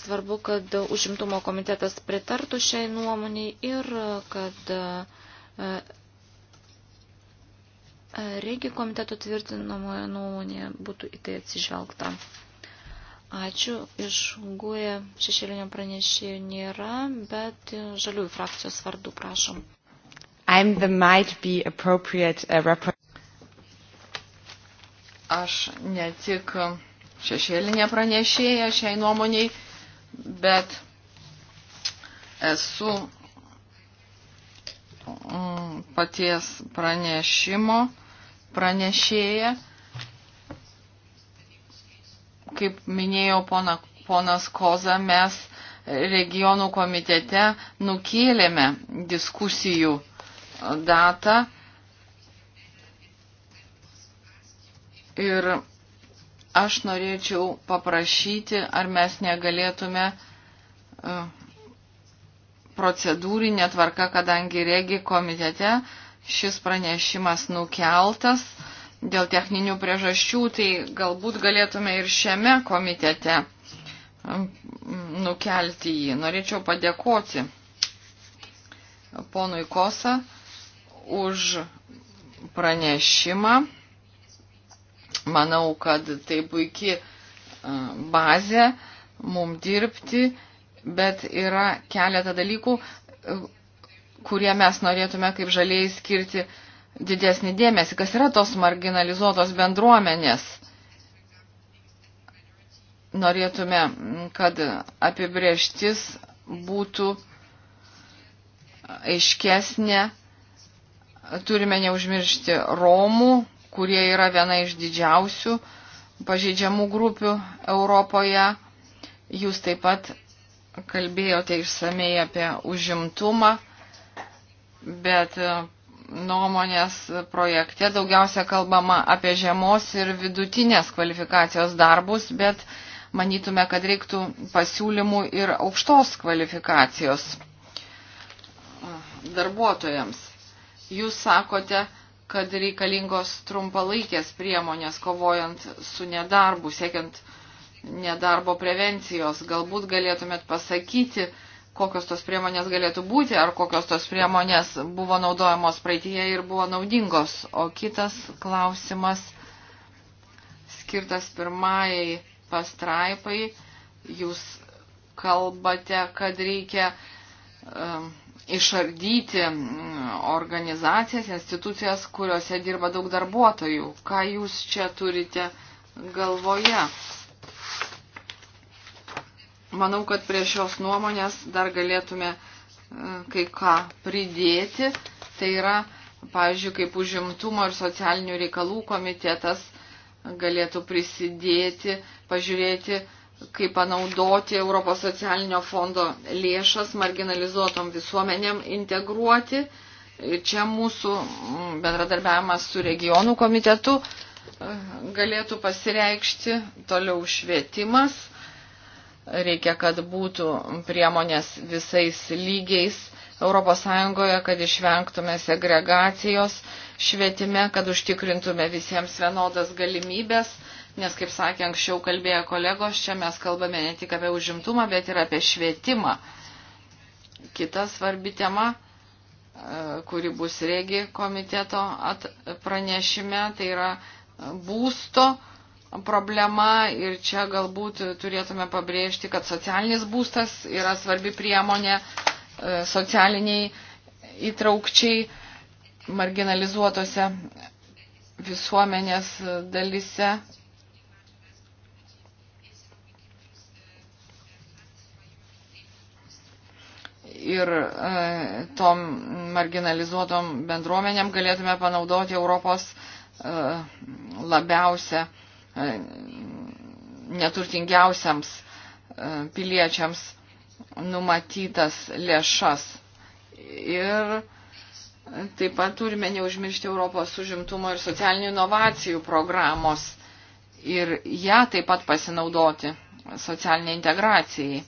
Svarbu, kad užimtumo komitetas pritartų šiai nuomoniai ir kad e, regi komiteto tvirtinamoje nuomonėje būtų į tai atsižvelgta. Ačiū. Iš GUE šešėlinio pranešėjų nėra, bet žaliųjų frakcijos vardu prašom. Uh, Aš ne tik šešėlinė pranešėja šiai nuomoniai, bet esu mm, paties pranešimo pranešėja kaip minėjo pona, ponas Koza, mes regionų komitete nukėlėme diskusijų datą ir aš norėčiau paprašyti, ar mes negalėtume e, procedūrinė tvarka, kadangi regi komitete šis pranešimas nukeltas, dėl techninių priežasčių, tai galbūt galėtume ir šiame komitete um, nukelti jį. Norėčiau padėkoti ponui Kosa už pranešimą. Manau, kad tai puikiai bazė mum dirbti, bet yra keletą dalykų, kurie mes norėtume kaip žaliai skirti uh, didesnį dėmesį, kas yra tos marginalizuotos bendruomenės. Norėtume, kad apibrieštis būtų aiškesnė. Turime neužmiršti Romų, kurie yra viena iš didžiausių pažeidžiamų grupių Europoje. Jūs taip pat kalbėjote išsamei apie užimtumą, bet nuomonės projekte daugiausia kalbama apie žemos ir vidutinės kvalifikacijos darbus, bet manytume, kad reiktų pasiūlymų ir aukštos kvalifikacijos darbuotojams. Jūs sakote, kad reikalingos trumpalaikės priemonės kovojant su nedarbu, siekiant nedarbo prevencijos. Galbūt galėtumėt pasakyti, kokios tos priemonės galėtų būti, ar kokios tos priemonės buvo naudojamos praeitie ir buvo naudingos. O kitas klausimas skirtas pirmajai pastraipai. Jūs kalbate, kad reikia um, išardyti um, organizacijas, institucijas, kuriuose dirba daug darbuotojų. Ką jūs čia turite galvoje? Manau, kad prie šios nuomonės dar galėtume e, kai ką pridėti. Tai yra, pavyzdžiui, kaip užimtumo ir socialinių reikalų komitetas galėtų prisidėti, pažiūrėti, kaip panaudoti Europos socialinio fondo lėšas marginalizuotom visuomenėm integruoti. Ir čia mūsų mm, bendradarbiavimas su regionų komitetu e, galėtų pasireikšti toliau švietimas Reikia, kad būtų priemonės visais lygiais ES, kad išvengtume segregacijos švietime, kad užtikrintume visiems vienodas galimybės, nes, kaip sakė anksčiau kalbėję kolegos, čia mes kalbame ne tik apie užimtumą, bet ir apie švietimą. Kita svarbi tema e, kuri bus regi komiteto pranešime, tai yra e, būsto problema ir čia galbūt turėtume pabrėžti, kad socialinis būstas yra svarbi priemonė e, socialiniai įtraukčiai marginalizuotose visuomenės dalise. Ir e, tom marginalizuotom bendruomenėm galėtume panaudoti Europos e, labiausia E, neturtingiausiams e, piliečiams numatytas lėšas. Ir taip pat turime neužmiršti Europos užimtumo ir socialinių inovacijų programos ir ją taip pat pasinaudoti socialiniai integracijai.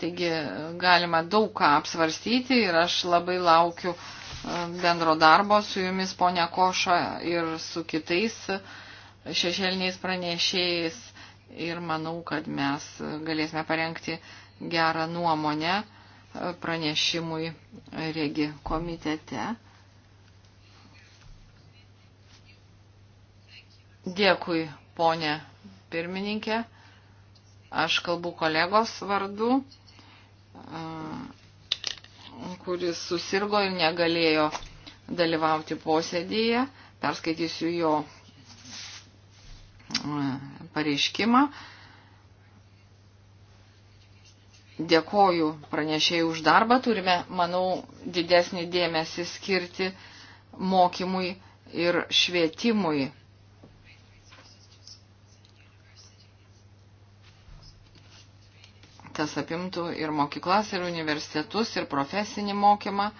Taigi galima daug ką apsvarstyti ir aš labai laukiu e, bendro darbo su jumis, ponia Koša, ir su kitais uh, šešėliniais pranešėjais ir manau, kad mes galėsime parengti gerą nuomonę pranešimui regi komitete. Dėkui, ponė pirmininkė. Aš kalbu kolegos vardu, kuris susirgo ir negalėjo dalyvauti posėdėje. Perskaitysiu jo pareiškimą. Dėkoju pranešėjai už darbą. Turime, manau, didesnį dėmesį skirti mokymui ir švietimui. Tas apimtų ir mokyklas, ir universitetus, ir profesinį mokymą.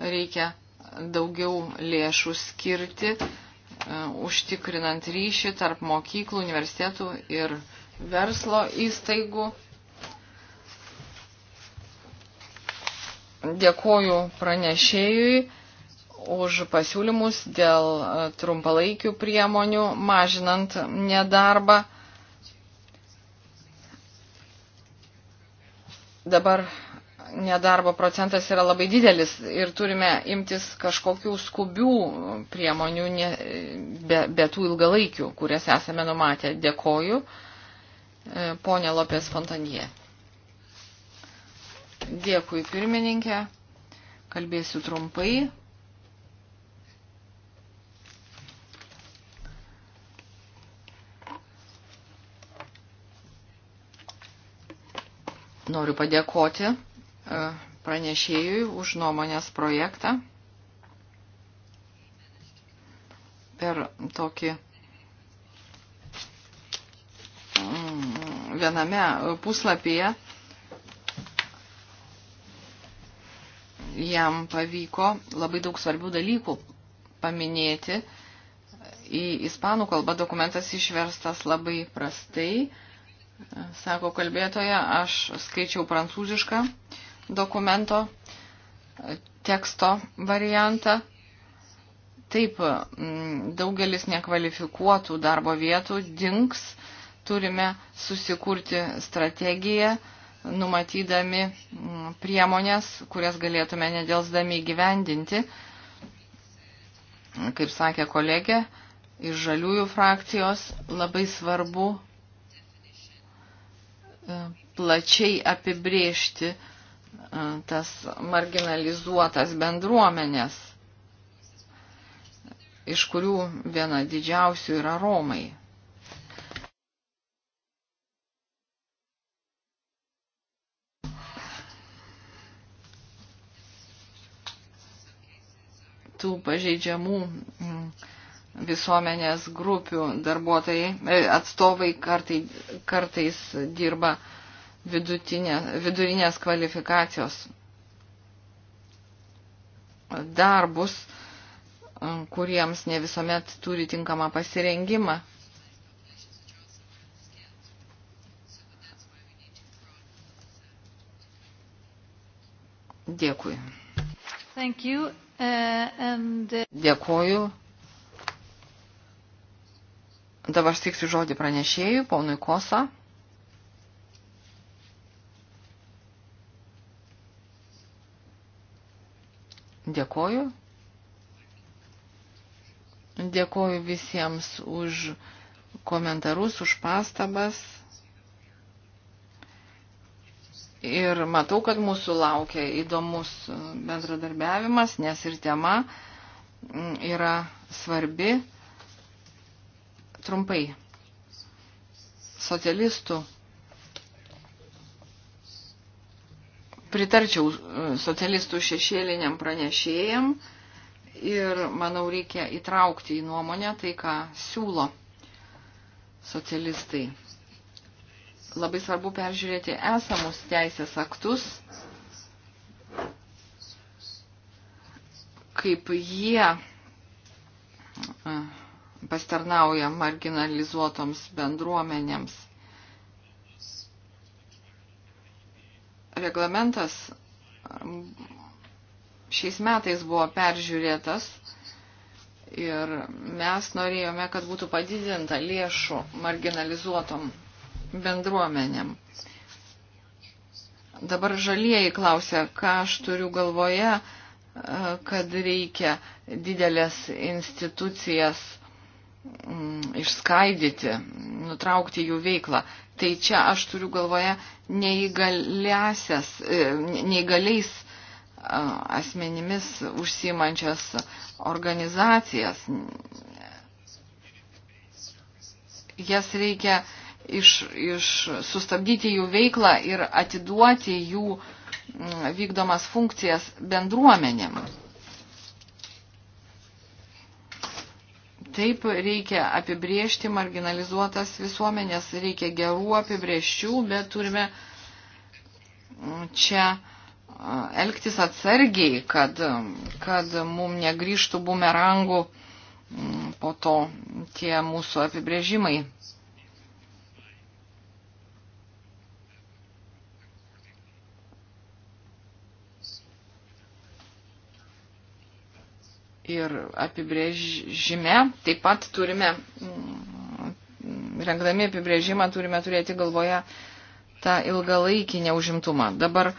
Reikia daugiau lėšų skirti E, užtikrinant ryšį tarp mokyklų, universitetų ir verslo įstaigų. Dėkoju pranešėjui už pasiūlymus dėl e, trumpalaikių priemonių, mažinant nedarbą. Dabar nedarbo procentas yra labai didelis ir turime imtis kažkokių skubių priemonių, ne, be, be tų ilgalaikių, kurias esame numatę. Dėkoju, e, ponė Lopės Fontanie. Dėkui, pirmininkė. Kalbėsiu trumpai. noriu padėkoti E, pranešėjui už nuomonės projektą. Per tokį mm, viename puslapyje jam pavyko labai daug svarbių dalykų paminėti. Į ispanų kalbą dokumentas išverstas labai prastai. Sako kalbėtoja, aš skaičiau prancūzišką dokumento e, teksto variantą. Taip, mm, daugelis nekvalifikuotų darbo vietų dinks, turime susikurti strategiją, numatydami mm, priemonės, kurias galėtume nedėlsdami gyvendinti. Kaip sakė kolegė, iš žaliųjų frakcijos labai svarbu e, plačiai apibriežti tas marginalizuotas bendruomenės, iš kurių viena didžiausių yra Romai. Tų pažeidžiamų visuomenės grupių darbuotojai, e, atstovai kartai, kartais dirba uh, vidutinė, vidurinės kvalifikacijos darbus, mm, kuriems ne visuomet turi tinkamą pasirengimą. Dėkui. Thank you. Uh, and, uh... Dėkuoju. Dabar stiksiu žodį pranešėjui, ponui Kosa. Dėkoju. Dėkoju visiems už komentarus, už pastabas. Ir matau, kad mūsų laukia įdomus bendradarbiavimas, nes ir tema mm, yra svarbi. Trumpai. Socialistų pritarčiau e, socialistų šešėliniam pranešėjam ir manau reikia įtraukti į nuomonę tai, ką siūlo socialistai. Labai svarbu peržiūrėti esamus teisės aktus, kaip jie e, pastarnauja marginalizuotoms bendruomenėms reglamentas šiais metais buvo peržiūrėtas ir mes norėjome, kad būtų padidinta lėšų marginalizuotom bendruomenėm. Dabar žalieji klausia, ką aš turiu galvoje, kad reikia didelės institucijas Mm, išskaidyti, nutraukti jų veiklą. Tai čia aš turiu galvoje e, neįgaliais e, asmenimis užsimančias organizacijas. Jas reikia iš, iš, sustabdyti jų veiklą ir atiduoti jų mm, vykdomas funkcijas bendruomenėms. Taip reikia apibriežti marginalizuotas visuomenės, reikia gerų apibrieščių, bet turime mm, čia elgtis atsargiai, kad, kad mum negryžtų bumerangų mm, po to tie mūsų apibrėžimai. ir apibrėžime. Taip pat turime, mm, rengdami apibrėžimą, turime turėti galvoje tą ilgalaikį neužimtumą. Dabar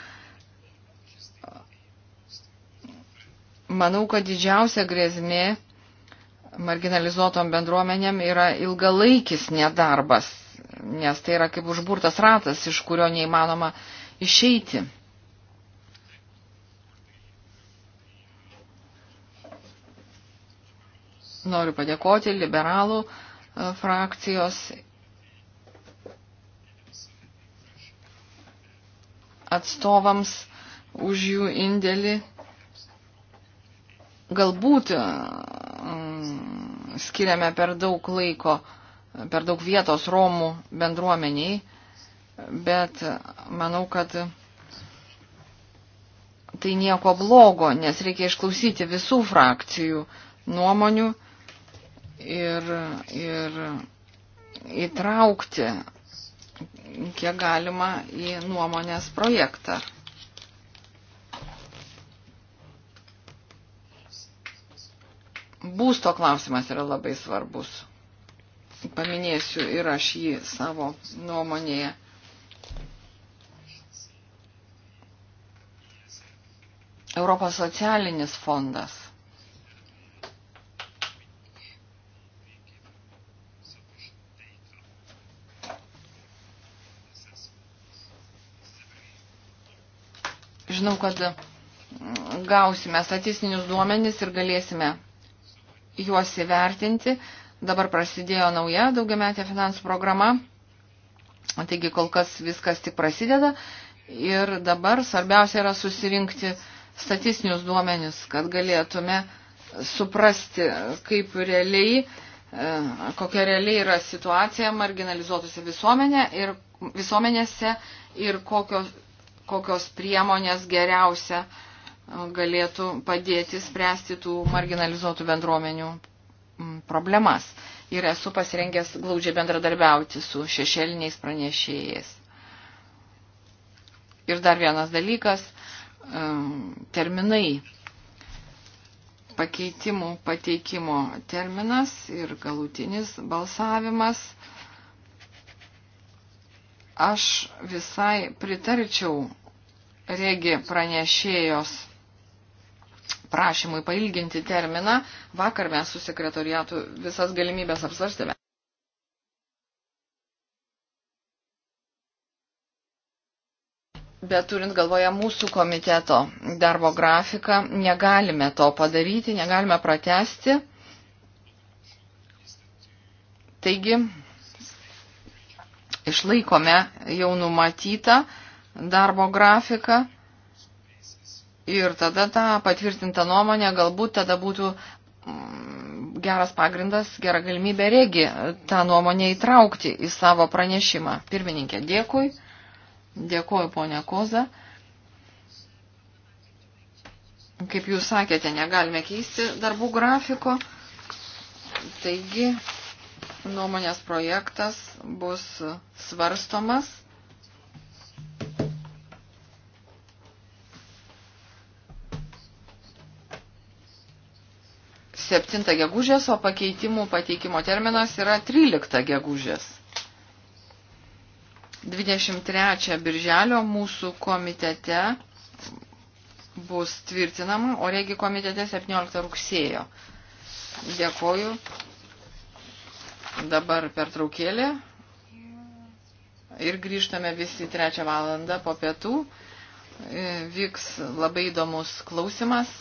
manau, kad didžiausia grėsmė marginalizuotom bendruomenėm yra ilgalaikis nedarbas, nes tai yra kaip užburtas ratas, iš kurio neįmanoma išeiti. noriu padėkoti liberalų e, frakcijos atstovams už jų indėlį. Galbūt e, mm, skiriame per daug laiko, per daug vietos Romų bendruomeniai, bet manau, kad tai nieko blogo, nes reikia išklausyti visų frakcijų nuomonių ir, ir įtraukti kiek galima į nuomonės projektą. Būsto klausimas yra labai svarbus. Paminėsiu ir aš jį savo nuomonėje. Europos socialinis fondas. Žinau, kad gausime statistinius duomenis ir galėsime juos įvertinti. Dabar prasidėjo nauja daugiametė finansų programa, taigi kol kas viskas tik prasideda. Ir dabar svarbiausia yra susirinkti statistinius duomenis, kad galėtume suprasti, kaip realiai, e, kokia realiai yra situacija marginalizuotose visuomenė ir, visuomenėse ir kokios kokios priemonės geriausia e, galėtų padėti spręsti tų marginalizuotų bendruomenių problemas. Ir esu pasirengęs glaudžiai bendradarbiauti su šešėliniais pranešėjais. Ir dar vienas dalykas e, - terminai. Pakeitimų pateikimo terminas ir galutinis balsavimas. Aš visai pritarčiau regi pranešėjos prašymui pailginti terminą. Vakar mes su sekretoriatu visas galimybės apsvarstėme. Bet turint galvoje mūsų komiteto darbo grafiką, negalime to padaryti, negalime pratesti. Taigi, išlaikome jau numatytą darbo grafiką ir tada tą patvirtintą nuomonę galbūt tada būtų mm, geras pagrindas, gera galimybė regi tą nuomonę įtraukti į savo pranešimą. Pirmininkė, dėkui. Dėkuoju, ponia Koza. Kaip jūs sakėte, negalime keisti darbų grafiko. Taigi, nuomonės projektas bus svarstomas. 7 gegužės, o pakeitimų pateikimo terminas yra 13 gegužės. 23 birželio mūsų komitete bus tvirtinama, o regi komitete 17 rugsėjo. Dėkoju. Dabar pertraukėlė. Ir grįžtame visi trečią valandą po pietų. Vyks labai įdomus klausimas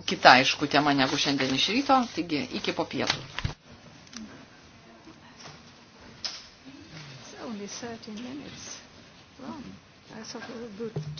kita aišku tema negu šiandien iš ryto, taigi iki po pietų. It's only 30 minutes. Well, I thought we would do two.